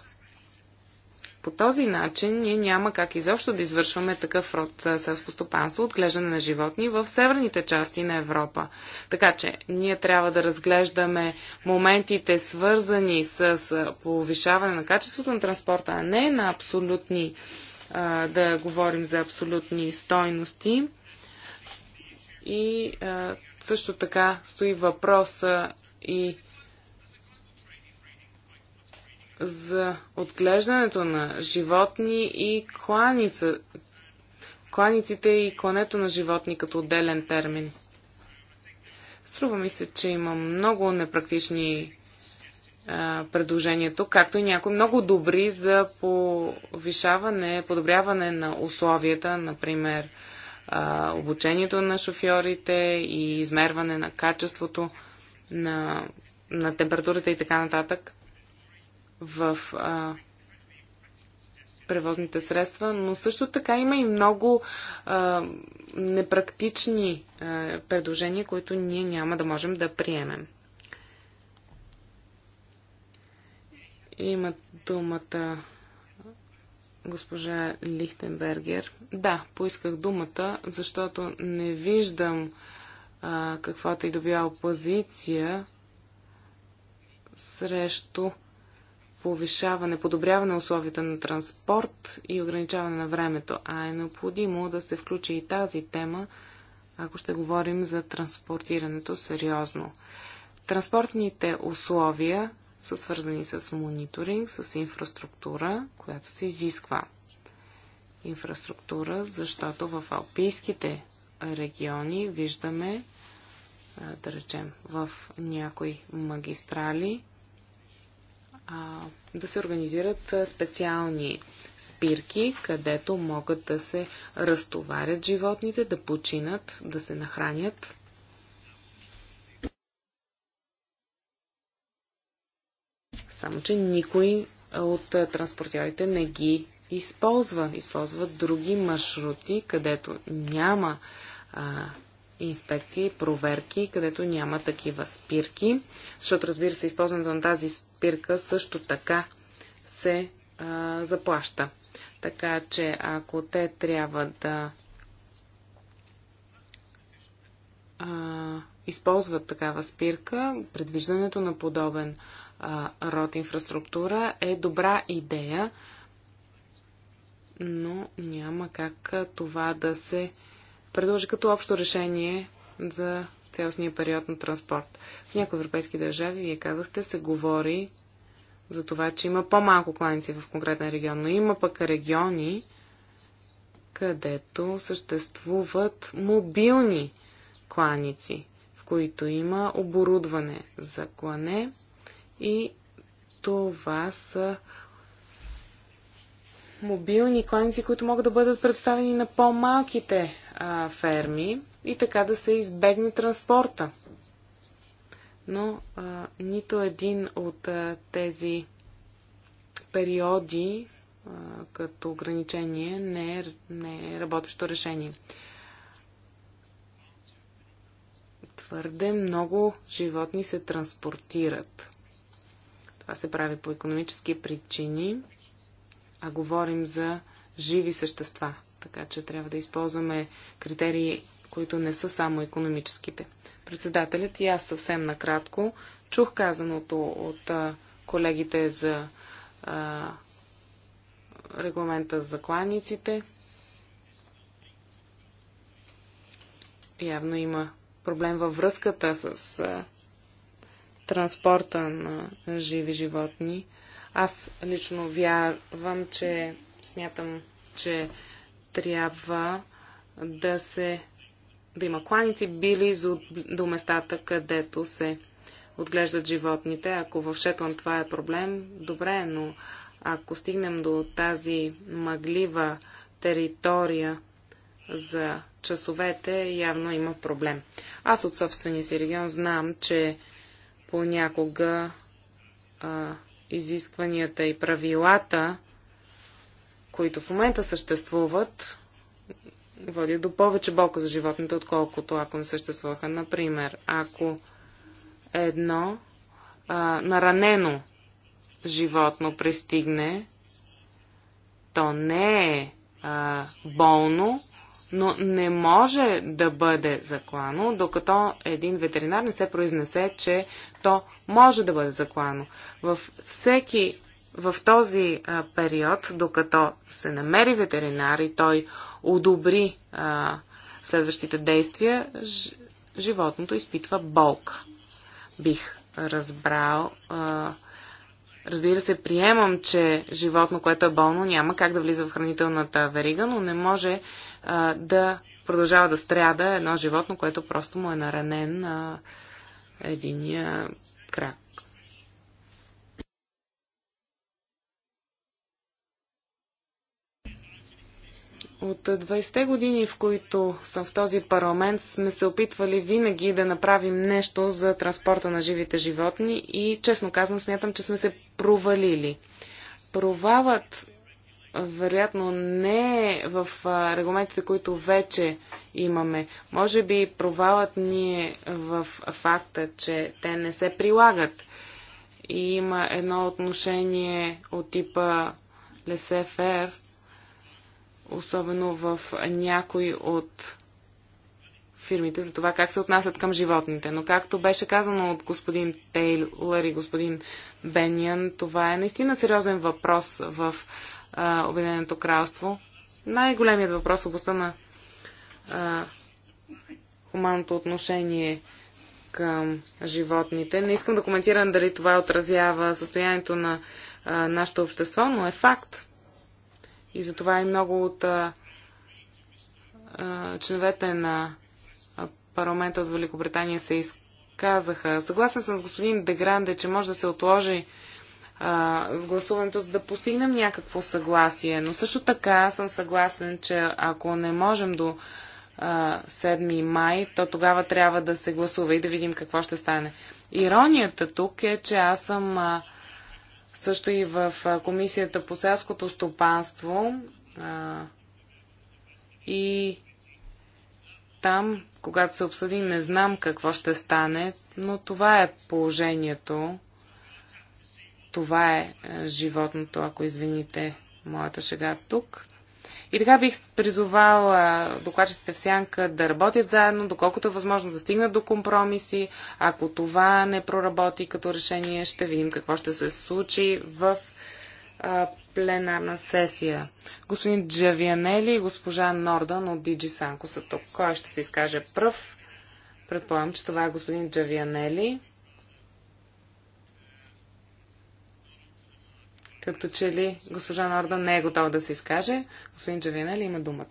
По този начин ние няма как изобщо да извършваме такъв род селско стопанство, отглеждане на животни в северните части на Европа. Така че ние трябва да разглеждаме моментите свързани с повишаване на качеството на транспорта, а не на абсолютни, да говорим за абсолютни стойности. И също така стои въпроса и за отглеждането на животни и кланица, кланиците и клането на животни като отделен термин. Струва ми се, че има много непрактични а, предложения тук, както и някои много добри за повишаване, подобряване на условията, например а, обучението на шофьорите и измерване на качеството на, на температурата и така нататък в а, превозните средства, но също така има и много а, непрактични а, предложения, които ние няма да можем да приемем. Има думата госпожа Лихтенбергер. Да, поисках думата, защото не виждам а, каквото и добива опозиция срещу повишаване, подобряване условията на транспорт и ограничаване на времето, а е необходимо да се включи и тази тема, ако ще говорим за транспортирането сериозно. Транспортните условия са свързани с мониторинг, с инфраструктура, която се изисква. Инфраструктура, защото в алпийските региони виждаме, да речем, в някои магистрали, а, да се организират специални спирки, където могат да се разтоварят животните, да починат, да се нахранят. Само, че никой от транспортьорите не ги използва. Използват други маршрути, където няма а, инспекции, проверки, където няма такива спирки. Защото, разбира се, използването на тази спирка спирка също така се а, заплаща. Така че ако те трябва да а, използват такава спирка, предвиждането на подобен а, род инфраструктура е добра идея, но няма как това да се предложи като общо решение за цялостния период на транспорт. В някои европейски държави, вие казахте, се говори за това, че има по-малко кланици в конкретен регион, но има пък региони, където съществуват мобилни кланици, в които има оборудване за клане и това са мобилни кланици, които могат да бъдат представени на по-малките ферми и така да се избегне транспорта. Но а, нито един от а, тези периоди а, като ограничение не е, не е работещо решение. Твърде много животни се транспортират. Това се прави по економически причини, а говорим за живи същества. Така че трябва да използваме критерии които не са само економическите. Председателят и аз съвсем накратко чух казаното от колегите за а, регламента за кланиците. Явно има проблем във връзката с а, транспорта на живи животни. Аз лично вярвам, че смятам, че трябва да се да има кланици, близо до местата, където се отглеждат животните. Ако в Шетланд това е проблем, добре, но ако стигнем до тази мъглива територия за часовете, явно има проблем. Аз от собствения си регион знам, че понякога а, изискванията и правилата, които в момента съществуват, води до повече болка за животните, отколкото ако не съществуваха. Например, ако едно а, наранено животно пристигне, то не е а, болно, но не може да бъде заклано, докато един ветеринар не се произнесе, че то може да бъде заклано. Във всеки в този а, период, докато се намери ветеринар и той одобри а, следващите действия, ж, животното изпитва болка. Бих разбрал. А, разбира се, приемам, че животно, което е болно, няма как да влиза в хранителната верига, но не може а, да продължава да страда едно животно, което просто му е наранен на единия крак. От 20-те години, в които съм в този парламент, сме се опитвали винаги да направим нещо за транспорта на живите животни и, честно казвам, смятам, че сме се провалили. Провалът вероятно не е в регламентите, които вече имаме. Може би провалът ни е в факта, че те не се прилагат. И има едно отношение от типа Лесефер, особено в някои от фирмите за това как се отнасят към животните. Но както беше казано от господин Тейлър и господин Бениан, това е наистина сериозен въпрос в а, Обединеното кралство. Най-големият въпрос в областта на а, хуманното отношение към животните. Не искам да коментирам дали това отразява състоянието на а, нашето общество, но е факт. И затова и много от а, а, членовете на парламента от Великобритания се изказаха. Съгласен съм с господин Дегранде, че може да се отложи в гласуването, за да постигнем някакво съгласие. Но също така съм съгласен, че ако не можем до 7 май, то тогава трябва да се гласува и да видим какво ще стане. Иронията тук е, че аз съм а, също и в Комисията по селското стопанство и там, когато се обсъди, не знам какво ще стане, но това е положението. Това е животното, ако извините моята шега тук. И така бих призовала докладчиците в сянка да работят заедно, доколкото е възможно да стигнат до компромиси. Ако това не проработи като решение, ще видим какво ще се случи в а, пленарна сесия. Господин Джавианели и госпожа Нордан от Диджи Санко са тук. Кой ще се изкаже пръв? Предполагам, че това е господин Джавианели. Като че ли госпожа Нордан не е готова да се изкаже, господин ли има думата.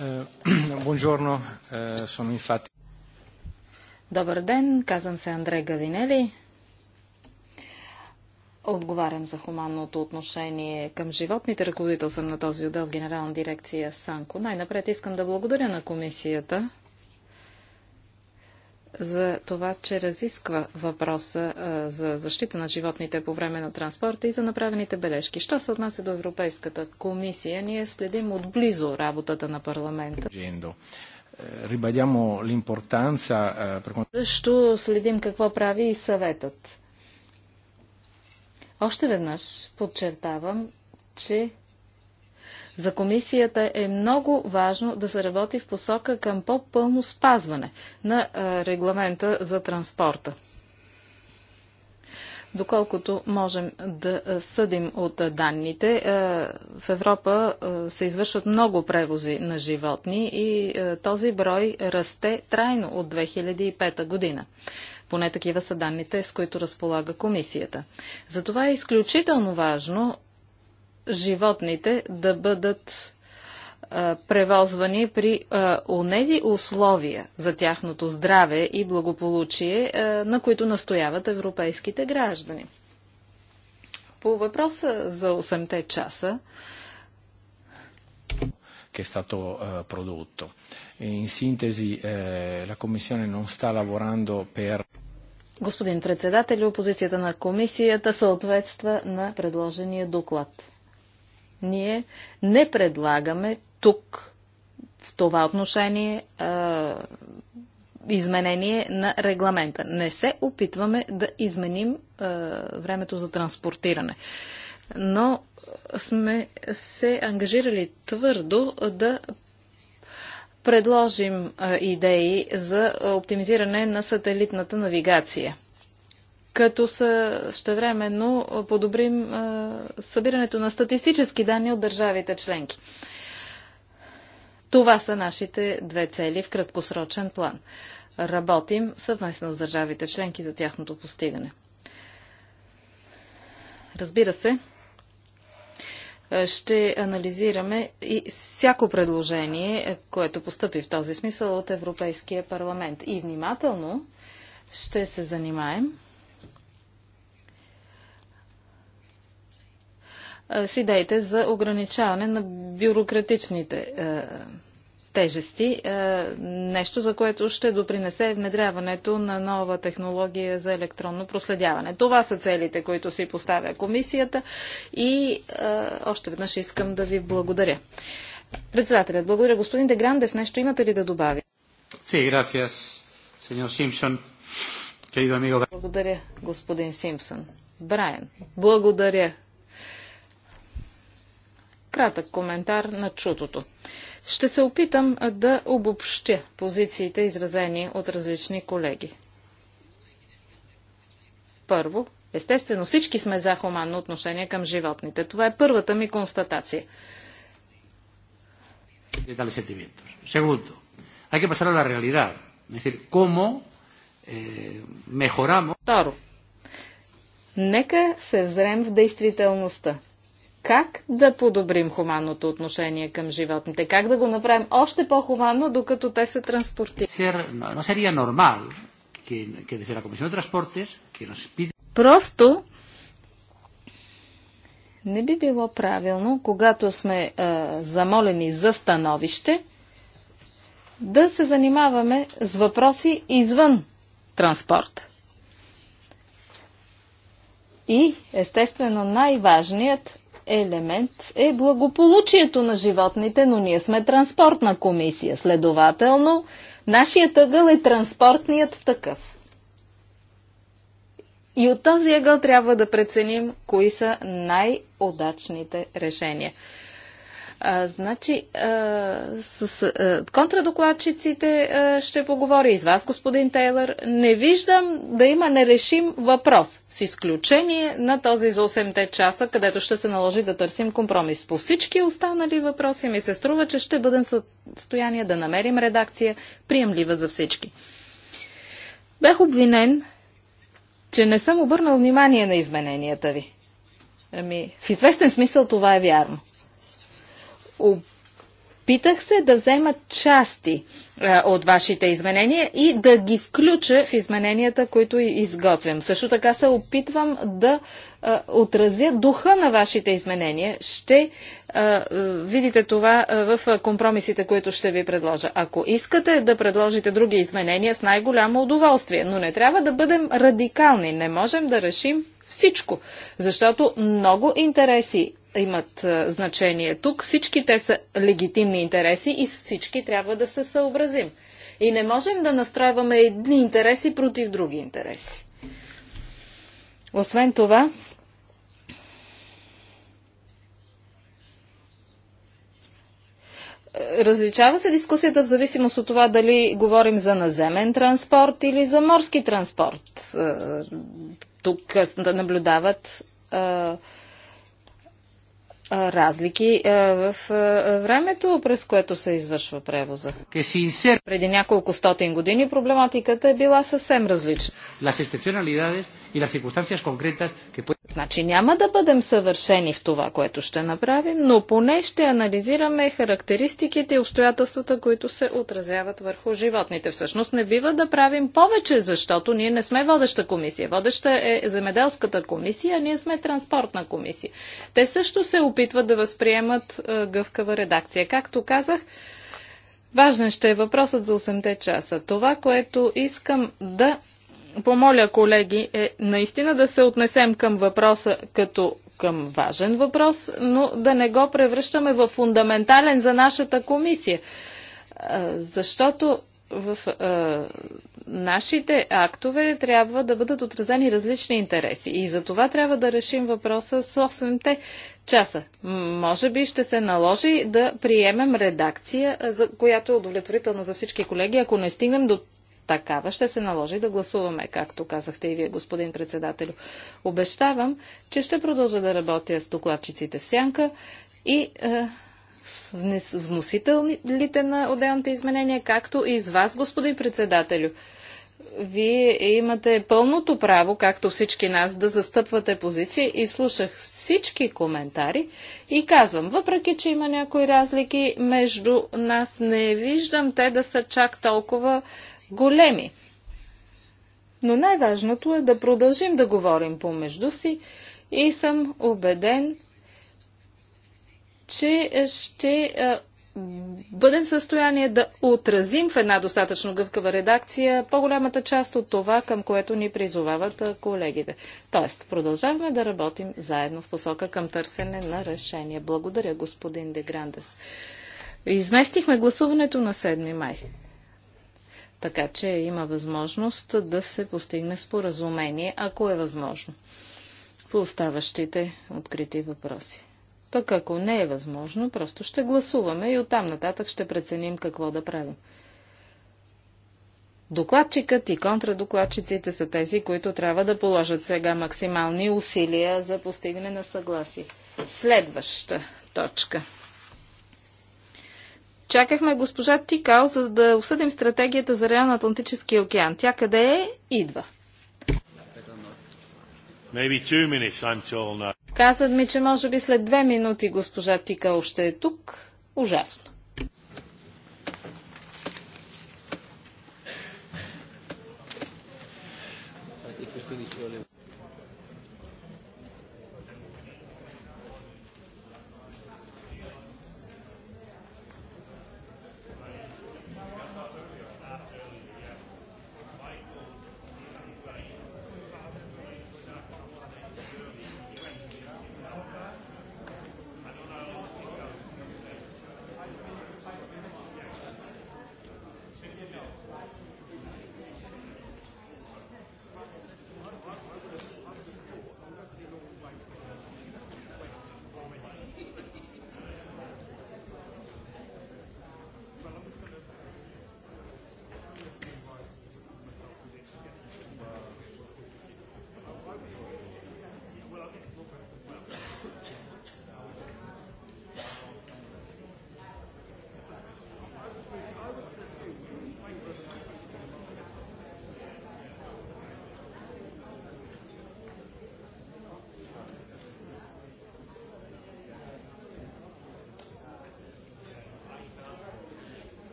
Е, [CLEARS THROAT] бонжорно, е, съм инфати. Добър ден, казвам се Андре Гавинели. Отговарям за хуманното отношение към животните. Ръководител съм на този отдел в Генерална дирекция Санко. Най-напред искам да благодаря на комисията за това, че разисква въпроса за защита на животните по време на транспорта и за направените бележки. Що се отнася до Европейската комисия, ние следим отблизо работата на парламента. Рибадямо э, э, Също следим какво прави и съветът. Още веднъж подчертавам, че за комисията е много важно да се работи в посока към по-пълно спазване на е, регламента за транспорта. Доколкото можем да е, съдим от е, данните, в Европа се извършват много превози на животни и този брой расте трайно от 2005 година. Поне такива са данните, с които разполага комисията. Затова е изключително важно животните да бъдат превозвани при онези условия за тяхното здраве и благополучие, на които настояват европейските граждани. По въпроса за 8-те часа, che è stato eh, prodotto. in sintesi eh, la Commissione non sta lavorando per. Господин председател, опозицията на комисията съответства на предложения доклад ние не предлагаме тук в това отношение а, изменение на регламента. Не се опитваме да изменим а, времето за транспортиране. Но сме се ангажирали твърдо да предложим а, идеи за оптимизиране на сателитната навигация – като същевременно подобрим а, събирането на статистически данни от държавите членки. Това са нашите две цели в краткосрочен план. Работим съвместно с държавите членки за тяхното постигане. Разбира се, ще анализираме и всяко предложение, което поступи в този смисъл от Европейския парламент. И внимателно ще се занимаем с идеите за ограничаване на бюрократичните тежести, нещо, за което ще допринесе внедряването на нова технология за електронно проследяване. Това са целите, които си поставя комисията и още веднъж искам да ви благодаря. Председателят, благодаря. Господин Деграндес, нещо имате ли да добави? Си, gracias, сеньор Симпсон. Благодаря, господин Симпсон. Брайан, благодаря кратък коментар на чутото. Ще се опитам да обобщя позициите, изразени от различни колеги. Първо, естествено всички сме за хуманно отношение към животните. Това е първата ми констатация. Segundo, hay que pasar a la realidad. Es decir, cómo eh, mejoramos. Второ, нека се взрем в действителността как да подобрим хуманното отношение към животните, как да го направим още по-хуманно, докато те се транспортират. Просто не би било правилно, когато сме е, замолени за становище, да се занимаваме с въпроси извън транспорт. И, естествено, най-важният елемент е благополучието на животните, но ние сме транспортна комисия. Следователно, нашият ъгъл е транспортният такъв. И от този ъгъл трябва да преценим кои са най-удачните решения. А, значи, а, с а, контрадокладчиците а, ще поговоря и с вас, господин Тейлър. Не виждам да има нерешим въпрос, с изключение на този за 8-те часа, където ще се наложи да търсим компромис. По всички останали въпроси ми се струва, че ще бъдем в състояние да намерим редакция, приемлива за всички. Бях обвинен, че не съм обърнал внимание на измененията ви. Ами, в известен смисъл това е вярно. Питах се да взема части а, е, от вашите изменения и да ги включа в измененията, които изготвям. Също така се опитвам да а, е, отразя духа на вашите изменения. Ще а, е, видите това в компромисите, които ще ви предложа. Ако искате да предложите други изменения, с най-голямо удоволствие, но не трябва да бъдем радикални. Не можем да решим всичко, защото много интереси имат значение тук. Всички те са легитимни интереси и всички трябва да се съобразим. И не можем да настройваме едни интереси против други интереси. Освен това, Различава се дискусията в зависимост от това дали говорим за наземен транспорт или за морски транспорт. Тук наблюдават разлики в времето, през което се извършва превоза. Преди няколко стотин години проблематиката е била съвсем различна и на ситуации concretas Значи няма да бъдем съвършени в това, което ще направим, но поне ще анализираме характеристиките и обстоятелствата, които се отразяват върху животните. Всъщност не бива да правим повече, защото ние не сме водеща комисия. Водеща е земеделската комисия, а ние сме транспортна комисия. Те също се опитват да възприемат е, гъвкава редакция. Както казах, Важен ще е въпросът за 8 часа. Това, което искам да помоля, колеги, е наистина да се отнесем към въпроса като към важен въпрос, но да не го превръщаме в фундаментален за нашата комисия. Защото в е, нашите актове трябва да бъдат отразени различни интереси. И за това трябва да решим въпроса с 8-те часа. Може би ще се наложи да приемем редакция, за която е удовлетворителна за всички колеги, ако не стигнем до такава, ще се наложи да гласуваме, както казахте и вие, господин председател. Обещавам, че ще продължа да работя с докладчиците в сянка и е, с вносителите на отделните изменения, както и с вас, господин председателю. Вие имате пълното право, както всички нас, да застъпвате позиции и слушах всички коментари и казвам, въпреки, че има някои разлики между нас, не виждам те да са чак толкова големи. Но най-важното е да продължим да говорим помежду си и съм убеден, че ще бъдем в състояние да отразим в една достатъчно гъвкава редакция по-голямата част от това, към което ни призовават колегите. Тоест, продължаваме да работим заедно в посока към търсене на решение. Благодаря, господин Деграндес. Изместихме гласуването на 7 май. Така че има възможност да се постигне споразумение, ако е възможно, по оставащите открити въпроси. Пък ако не е възможно, просто ще гласуваме и оттам нататък ще преценим какво да правим. Докладчикът и контрадокладчиците са тези, които трябва да положат сега максимални усилия за постигане на съгласие. Следваща точка – Чакахме госпожа Тикал, за да осъдим стратегията за район на Атлантическия океан. Тя къде е? Идва. Казват ми, че може би след две минути госпожа Тикал ще е тук. Ужасно.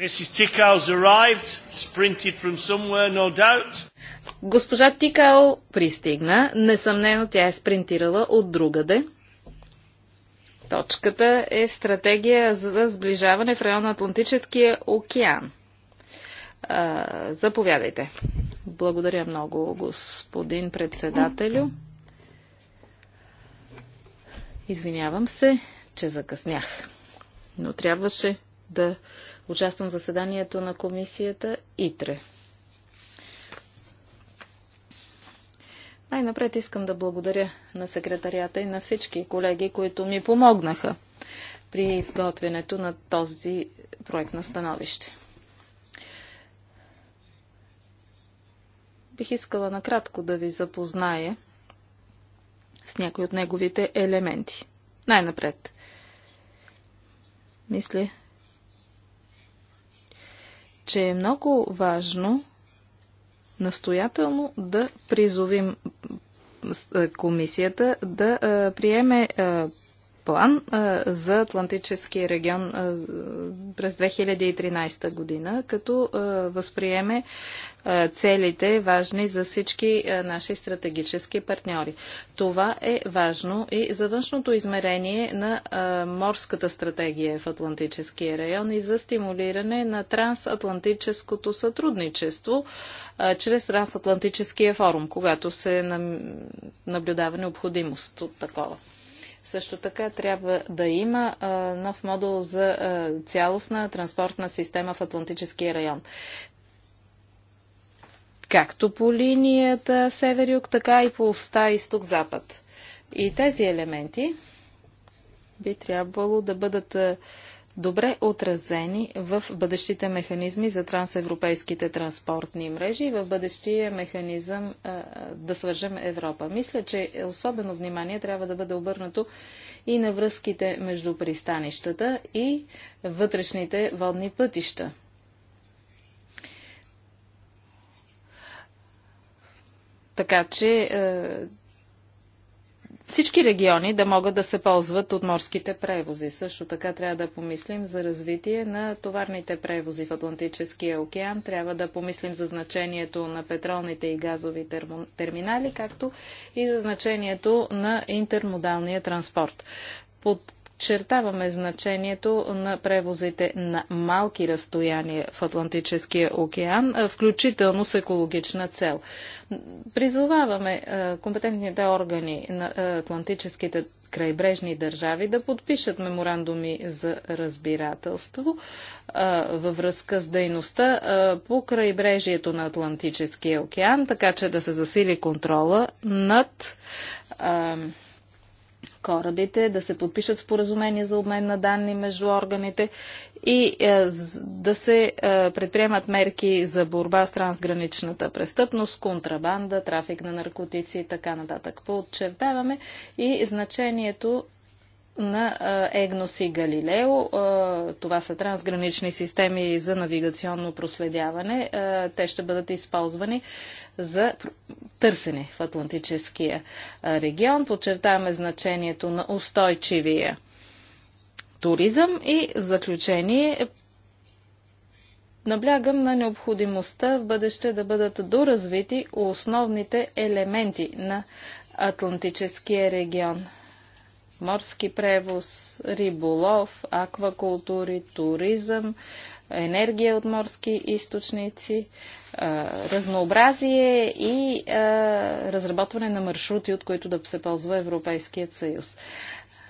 Mrs. Tickow's arrived, sprinted from somewhere, no doubt. Госпожа Тикао пристигна. Несъмнено тя е спринтирала от другаде. Точката е стратегия за сближаване в района на Атлантическия океан. А, заповядайте. Благодаря много, господин председателю. Извинявам се, че закъснях, но трябваше да Участвам в заседанието на комисията ИТРЕ. Най-напред искам да благодаря на секретарията и на всички колеги, които ми помогнаха при изготвянето на този проект на становище. Бих искала накратко да ви запозная с някои от неговите елементи. Най-напред. Мисля, че е много важно настоятелно да призовим е, комисията да е, приеме е, план за Атлантическия регион през 2013 година, като възприеме целите важни за всички наши стратегически партньори. Това е важно и за външното измерение на морската стратегия в Атлантическия район и за стимулиране на трансатлантическото сътрудничество чрез Трансатлантическия форум, когато се наблюдава необходимост от такова. Също така трябва да има а, нов модул за а, цялостна транспортна система в Атлантическия район. Както по линията север-юг, така и по и изток-запад. И тези елементи би трябвало да бъдат добре отразени в бъдещите механизми за трансевропейските транспортни мрежи и в бъдещия механизъм а, да свържем Европа. Мисля, че особено внимание трябва да бъде обърнато и на връзките между пристанищата и вътрешните водни пътища. Така че е, всички региони да могат да се ползват от морските превози. Също така трябва да помислим за развитие на товарните превози в Атлантическия океан. Трябва да помислим за значението на петролните и газови терминали, както и за значението на интермодалния транспорт. Под подчертаваме значението на превозите на малки разстояния в Атлантическия океан, включително с екологична цел. Призоваваме компетентните органи на Атлантическите крайбрежни държави да подпишат меморандуми за разбирателство а, във връзка с дейността а, по крайбрежието на Атлантическия океан, така че да се засили контрола над а, корабите, да се подпишат споразумения за обмен на данни между органите и е, да се е, предприемат мерки за борба с трансграничната престъпност, контрабанда, трафик на наркотици и така нататък. Подчертаваме и значението на Егнос и Галилео. Това са трансгранични системи за навигационно проследяване. Те ще бъдат използвани за търсене в Атлантическия регион. Подчертаваме значението на устойчивия туризъм и в заключение Наблягам на необходимостта в бъдеще да бъдат доразвити основните елементи на Атлантическия регион морски превоз, риболов, аквакултури, туризъм, енергия от морски източници, разнообразие и разработване на маршрути, от които да се ползва Европейският съюз.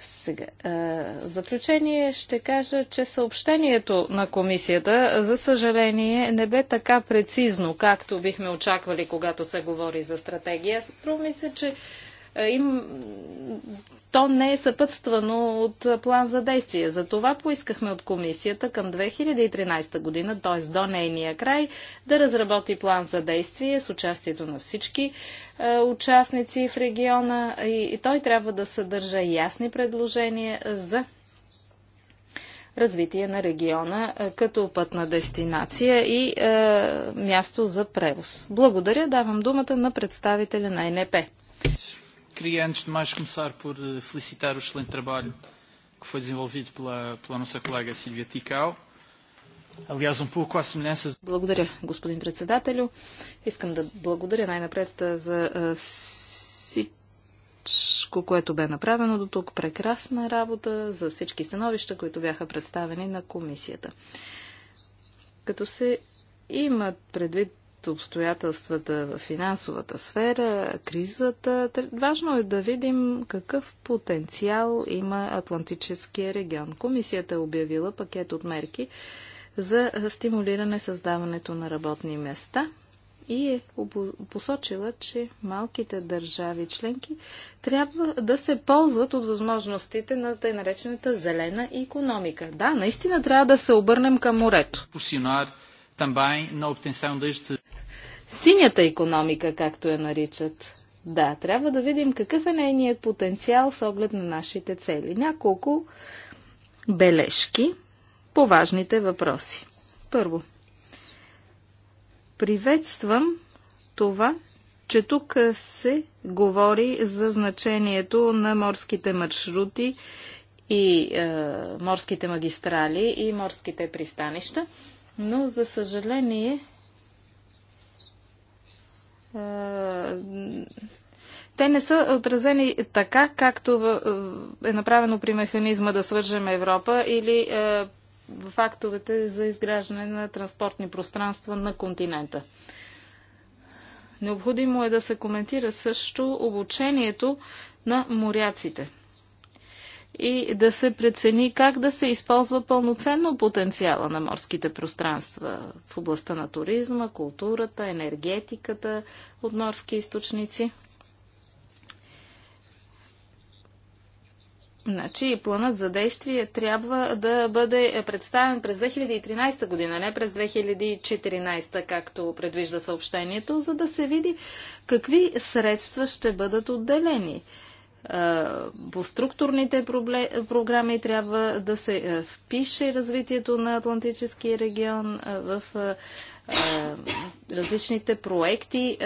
Сега, в заключение ще кажа, че съобщението на комисията, за съжаление, не бе така прецизно, както бихме очаквали, когато се говори за стратегия. Спроми се, че е, им, то не е съпътствано от план за действие. Затова поискахме от комисията към 2013 година, т.е. до нейния край, да разработи план за действие с участието на всички е, участници в региона и, и той трябва да съдържа ясни предложения за развитие на региона е, като пътна дестинация и е, място за превоз. Благодаря, давам думата на представителя на НП queria, antes de mais, começar por eh, felicitar o excelente trabalho que foi desenvolvido pela, pela nossa colega Silvia Силвия Aliás, um pouco à semelhança. Благодаря, господин председателю. Искам да благодаря най-напред за всичко, което бе направено до тук. Прекрасна работа за всички становища, които бяха представени на комисията. Като се имат предвид обстоятелствата в финансовата сфера, кризата. Важно е да видим какъв потенциал има Атлантическия регион. Комисията е обявила пакет от мерки за стимулиране създаването на работни места и е посочила, че малките държави членки трябва да се ползват от възможностите на тъй наречената зелена економика. Да, наистина трябва да се обърнем към морето também na obtenção deste синята економика, както я наричат. Да, трябва да видим какъв е нейният потенциал с оглед на нашите цели. Няколко бележки по важните въпроси. Първо, приветствам това, че тук се говори за значението на морските маршрути и е, морските магистрали и морските пристанища, но за съжаление е, те не са отразени така, както е направено при механизма да свържем Европа или е, в фактовете за изграждане на транспортни пространства на континента. Необходимо е да се коментира също обучението на моряците – и да се прецени как да се използва пълноценно потенциала на морските пространства в областта на туризма, културата, енергетиката от морски източници. Значи планът за действие трябва да бъде представен през 2013 година, не през 2014, както предвижда съобщението, за да се види какви средства ще бъдат отделени по структурните програми трябва да се впише развитието на Атлантическия регион в различните проекти,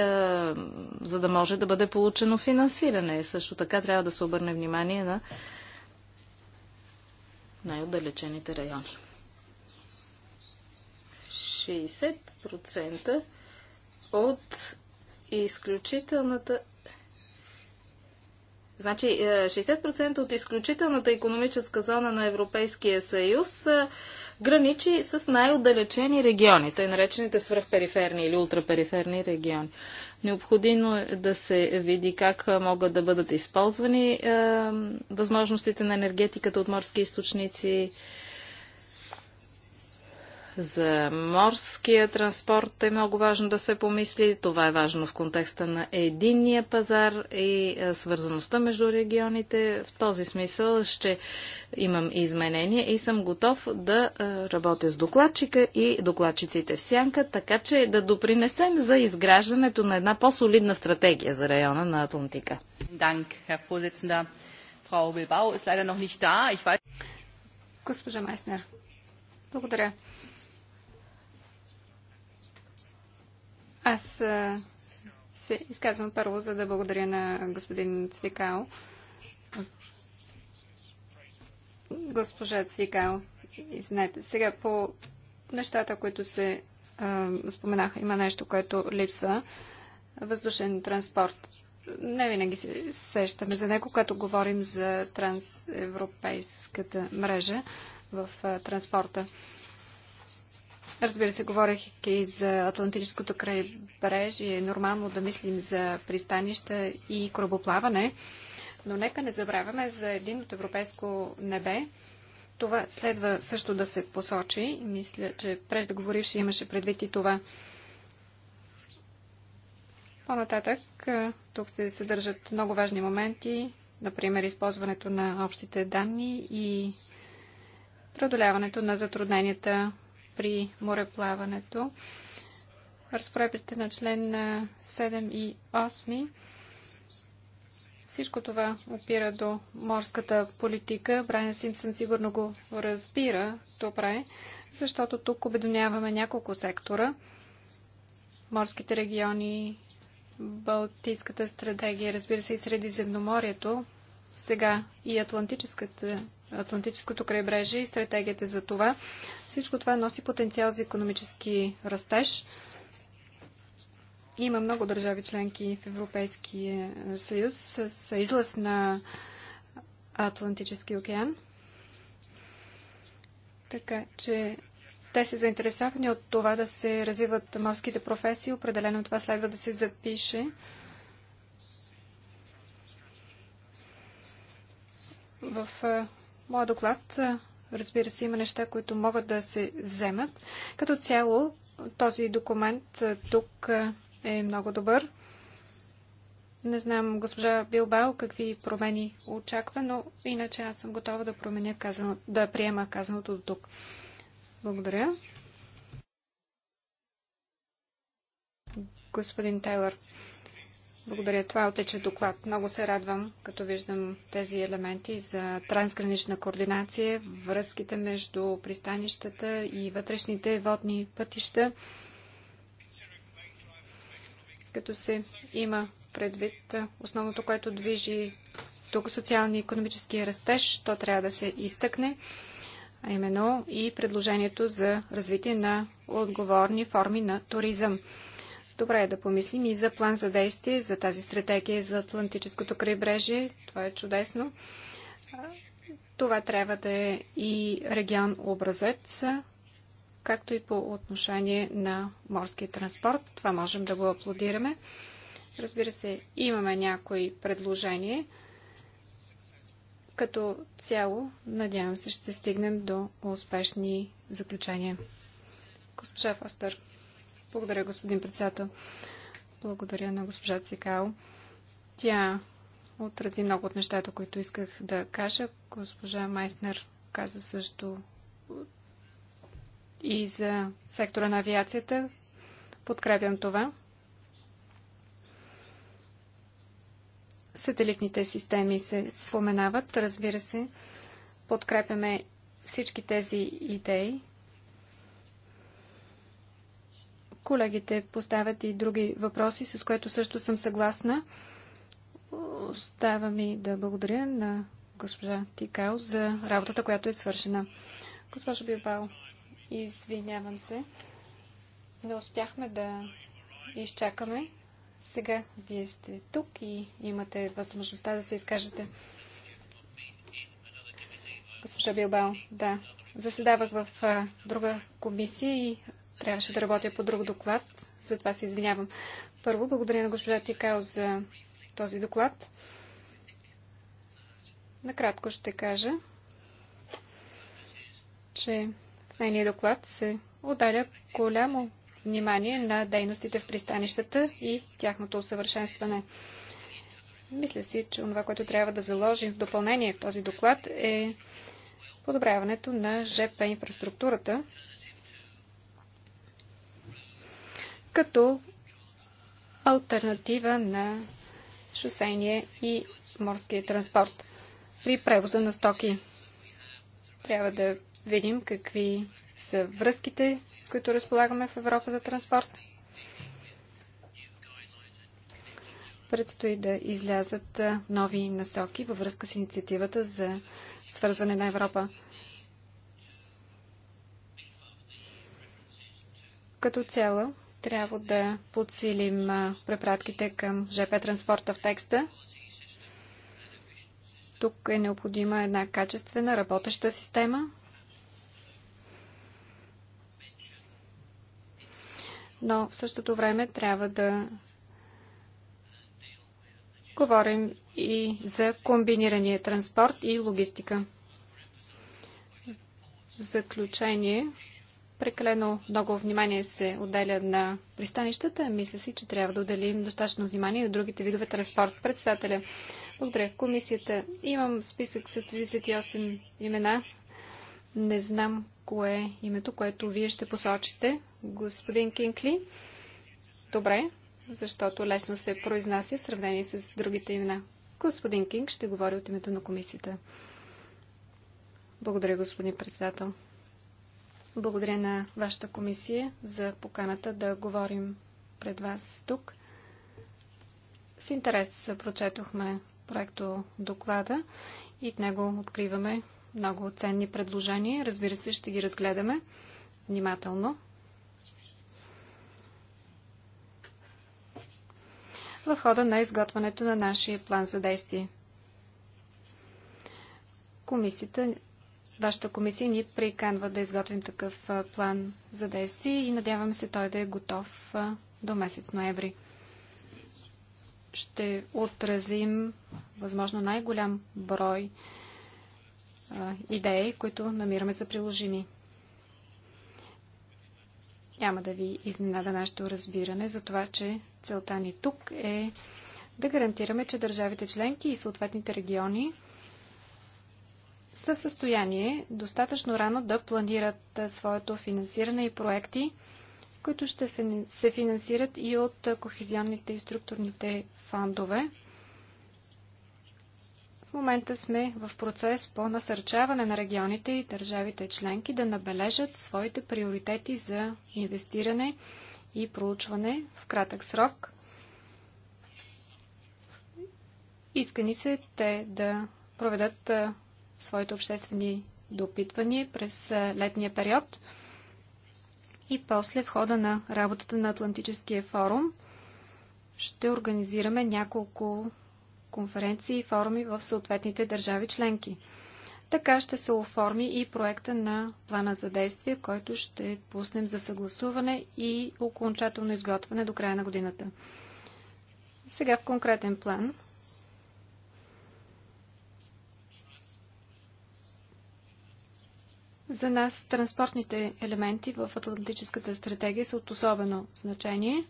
за да може да бъде получено финансиране. Също така трябва да се обърне внимание на най-отдалечените райони. 60% от изключителната Значи 60% е, от изключителната економическа зона на Европейския съюз е, граничи с най-отдалечени региони, тъй наречените свръхпериферни или ултрапериферни региони. Необходимо е да се види как е, могат да бъдат използвани възможностите на енергетиката от морски източници, за морския транспорт е много важно да се помисли. Това е важно в контекста на единния пазар и е, свързаността между регионите. В този смисъл ще имам изменения и съм готов да е, работя с докладчика и докладчиците в сянка, така че да допринесем за изграждането на една по-солидна стратегия за района на Атлантика. Госпожа Майснер, благодаря. Аз се изказвам първо, за да благодаря на господин Цвикал. Госпожа Цвикал, извинете. Сега по нещата, които се споменаха, има нещо, което липсва. Въздушен транспорт. Не винаги се сещаме за него, като говорим за трансевропейската мрежа в транспорта. Разбира се, говорех и за Атлантическото крайбрежие. Е нормално да мислим за пристанища и корабоплаване, но нека не забравяме за един от европейско небе. Това следва също да се посочи. Мисля, че преждеговоривши имаше предвид и това. По-нататък тук се съдържат много важни моменти, например използването на общите данни и преодоляването на затрудненията при мореплаването. Разпоредбите на член 7 и 8. Всичко това опира до морската политика. Брайан Симпсън сигурно го разбира добре, защото тук обедоняваме няколко сектора. Морските региони, Балтийската стратегия, разбира се и Средиземноморието, сега и Атлантическата Атлантическото крайбрежие и стратегията за това. Всичко това носи потенциал за економически растеж. Има много държави членки в Европейския съюз с излъз на Атлантически океан. Така че те са заинтересовани от това да се развиват морските професии. Определено това следва да се запише. в моя доклад, разбира се, има неща, които могат да се вземат. Като цяло, този документ тук е много добър. Не знам, госпожа Билбао, какви промени очаква, но иначе аз съм готова да променя казано, да приема казаното до тук. Благодаря. Господин Тайлър. Благодаря. Това е отечен доклад. Много се радвам, като виждам тези елементи за трансгранична координация, връзките между пристанищата и вътрешните водни пътища, като се има предвид основното, което движи тук социалния и економически растеж, то трябва да се изтъкне, а именно и предложението за развитие на отговорни форми на туризъм. Добре е да помислим и за план за действие, за тази стратегия за Атлантическото крайбрежие. Това е чудесно. Това трябва да е и регион образец, както и по отношение на морския транспорт. Това можем да го аплодираме. Разбира се, имаме някои предложения. Като цяло, надявам се, ще стигнем до успешни заключения. Госпожа Фостър. Благодаря, господин председател. Благодаря на госпожа Цикао. Тя отрази много от нещата, които исках да кажа. Госпожа Майснер каза също и за сектора на авиацията. Подкрепям това. Сателитните системи се споменават. Разбира се, подкрепяме всички тези идеи. Колегите поставят и други въпроси, с което също съм съгласна. Остава ми да благодаря на госпожа Тикао за работата, която е свършена. Госпожа Билбао, извинявам се. Не успяхме да изчакаме. Сега вие сте тук и имате възможността да се изкажете. Госпожа Билбао, да. Заседавах в друга комисия и Трябваше да работя по друг доклад, затова се извинявам. Първо, благодаря на госпожа Тикао за този доклад. Накратко ще кажа, че в нейния доклад се отдаля голямо внимание на дейностите в пристанищата и тяхното усъвършенстване. Мисля си, че това, което трябва да заложим в допълнение в този доклад е подобряването на ЖП инфраструктурата като альтернатива на шосейния и морския транспорт при превоза на стоки. Трябва да видим какви са връзките, с които разполагаме в Европа за транспорт. Предстои да излязат нови насоки във връзка с инициативата за свързване на Европа. Като цяло, трябва да подсилим препратките към ЖП транспорта в текста. Тук е необходима една качествена работеща система. Но в същото време трябва да говорим и за комбинирания транспорт и логистика. В заключение, Прекалено много внимание се отделя на пристанищата. Мисля си, че трябва да отделим достатъчно внимание на другите видове транспорт. Председателя. Благодаря. Комисията. Имам списък с 38 имена. Не знам кое е името, което вие ще посочите. Господин Кинкли. Добре, защото лесно се произнася в сравнение с другите имена. Господин Кинг ще говори от името на комисията. Благодаря, господин председател. Благодаря на вашата комисия за поканата да говорим пред вас тук. С интерес прочетохме проекто доклада и в него откриваме много ценни предложения. Разбира се, ще ги разгледаме внимателно. в хода на изготвянето на нашия план за действие. Комисията Вашата комисия ни приканва да изготвим такъв план за действие и надявам се той да е готов до месец ноември. Ще отразим възможно най-голям брой идеи, които намираме за приложими. Няма да ви изненада нашето разбиране за това, че целта ни тук е да гарантираме, че държавите членки и съответните региони са в състояние достатъчно рано да планират своето финансиране и проекти, които ще се финансират и от кохезионните и структурните фондове. В момента сме в процес по насърчаване на регионите и държавите членки да набележат своите приоритети за инвестиране и проучване в кратък срок. Искани се те да проведат своите обществени допитвания през летния период и после в хода на работата на Атлантическия форум ще организираме няколко конференции и форуми в съответните държави членки. Така ще се оформи и проекта на плана за действие, който ще пуснем за съгласуване и окончателно изготвяне до края на годината. Сега в конкретен план За нас транспортните елементи в Атлантическата стратегия са от особено значение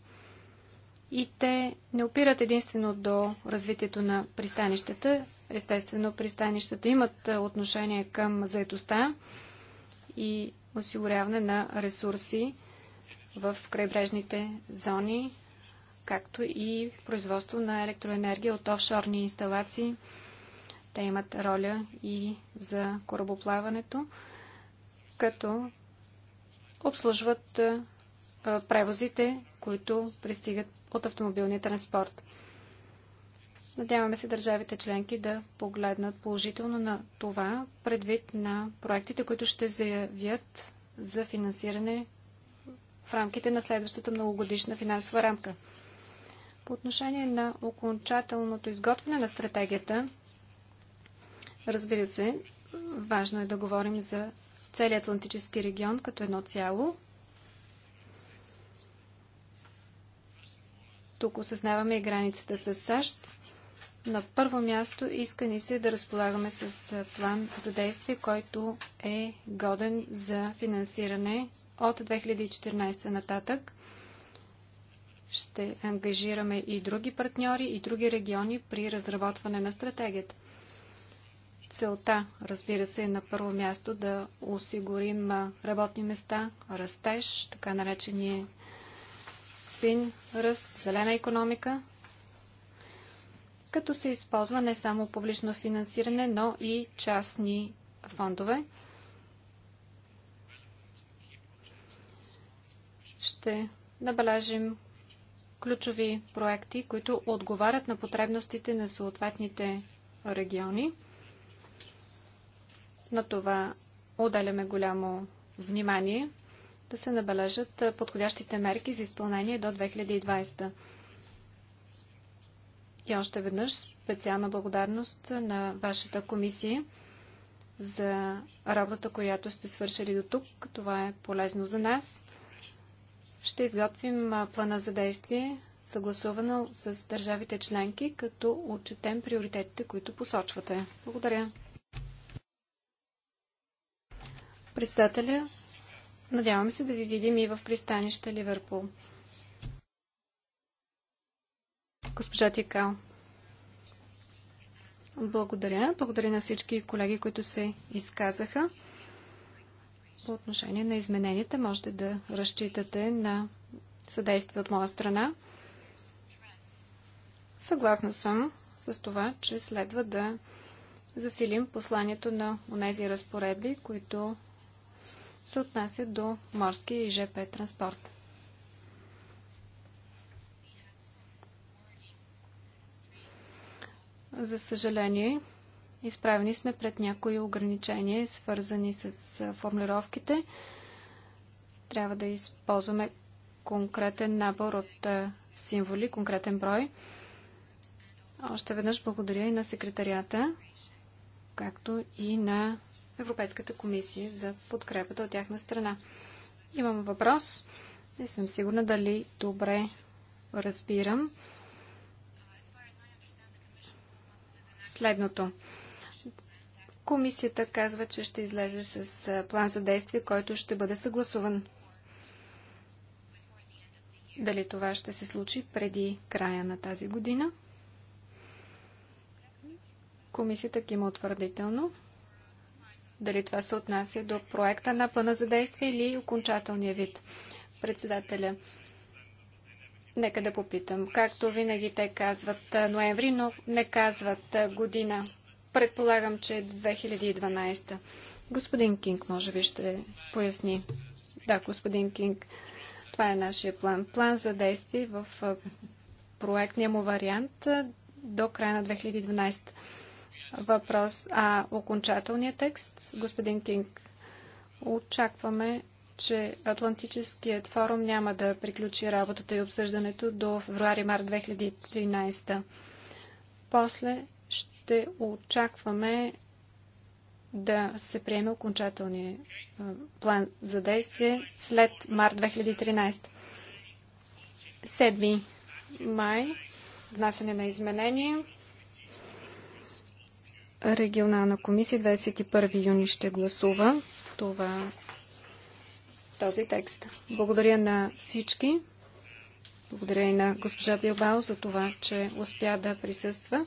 и те не опират единствено до развитието на пристанищата. Естествено, пристанищата имат отношение към заедостта и осигуряване на ресурси в крайбрежните зони, както и производство на електроенергия от офшорни инсталации. Те имат роля и за корабоплаването като обслужват превозите, които пристигат от автомобилния транспорт. Надяваме се държавите членки да погледнат положително на това, предвид на проектите, които ще заявят за финансиране в рамките на следващата многогодишна финансова рамка. По отношение на окончателното изготвяне на стратегията, разбира се, важно е да говорим за целият Атлантически регион като едно цяло. Тук осъзнаваме и границата с САЩ. На първо място иска ни се да разполагаме с план за действие, който е годен за финансиране от 2014 нататък. Ще ангажираме и други партньори и други региони при разработване на стратегията. Целта, разбира се, е на първо място да осигурим работни места, растеж, така наречения син ръст, зелена економика, като се използва не само публично финансиране, но и частни фондове. Ще набележим ключови проекти, които отговарят на потребностите на съответните региони. На това отделяме голямо внимание да се набележат подходящите мерки за изпълнение до 2020. И още веднъж специална благодарност на вашата комисия за работата, която сте свършили до тук. Това е полезно за нас. Ще изготвим плана за действие, съгласувано с държавите членки, като отчетем приоритетите, които посочвате. Благодаря. Председателя, надявам се да ви видим и в пристанище Ливърпул. Госпожа Тикал. Благодаря. Благодаря на всички колеги, които се изказаха. По отношение на измененията можете да разчитате на съдействие от моя страна. Съгласна съм с това, че следва да засилим посланието на унези разпоредби, които се отнася до морския и ЖП транспорт. За съжаление, изправени сме пред някои ограничения, свързани с формулировките. Трябва да използваме конкретен набор от символи, конкретен брой. Още веднъж благодаря и на секретарията, както и на Европейската комисия за подкрепата от тяхна страна. Имам въпрос. Не съм сигурна дали добре разбирам следното. Комисията казва, че ще излезе с план за действие, който ще бъде съгласуван. Дали това ще се случи преди края на тази година? Комисията кима утвърдително дали това се отнася до проекта на плана за действие или окончателния вид. Председателя, нека да попитам. Както винаги те казват ноември, но не казват година. Предполагам, че е 2012. Господин Кинг, може би ще поясни. Да, господин Кинг, това е нашия план. План за действие в проектния му вариант до края на 2012 въпрос. А окончателният текст, господин Кинг, очакваме, че Атлантическият форум няма да приключи работата и обсъждането до февруари-март 2013. После ще очакваме да се приеме окончателния е, план за действие след март 2013. 7 май внасяне на изменения. Регионална комисия 21 юни ще гласува това, този текст. Благодаря на всички. Благодаря и на госпожа Билбао за това, че успя да присъства.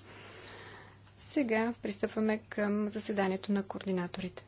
Сега пристъпваме към заседанието на координаторите.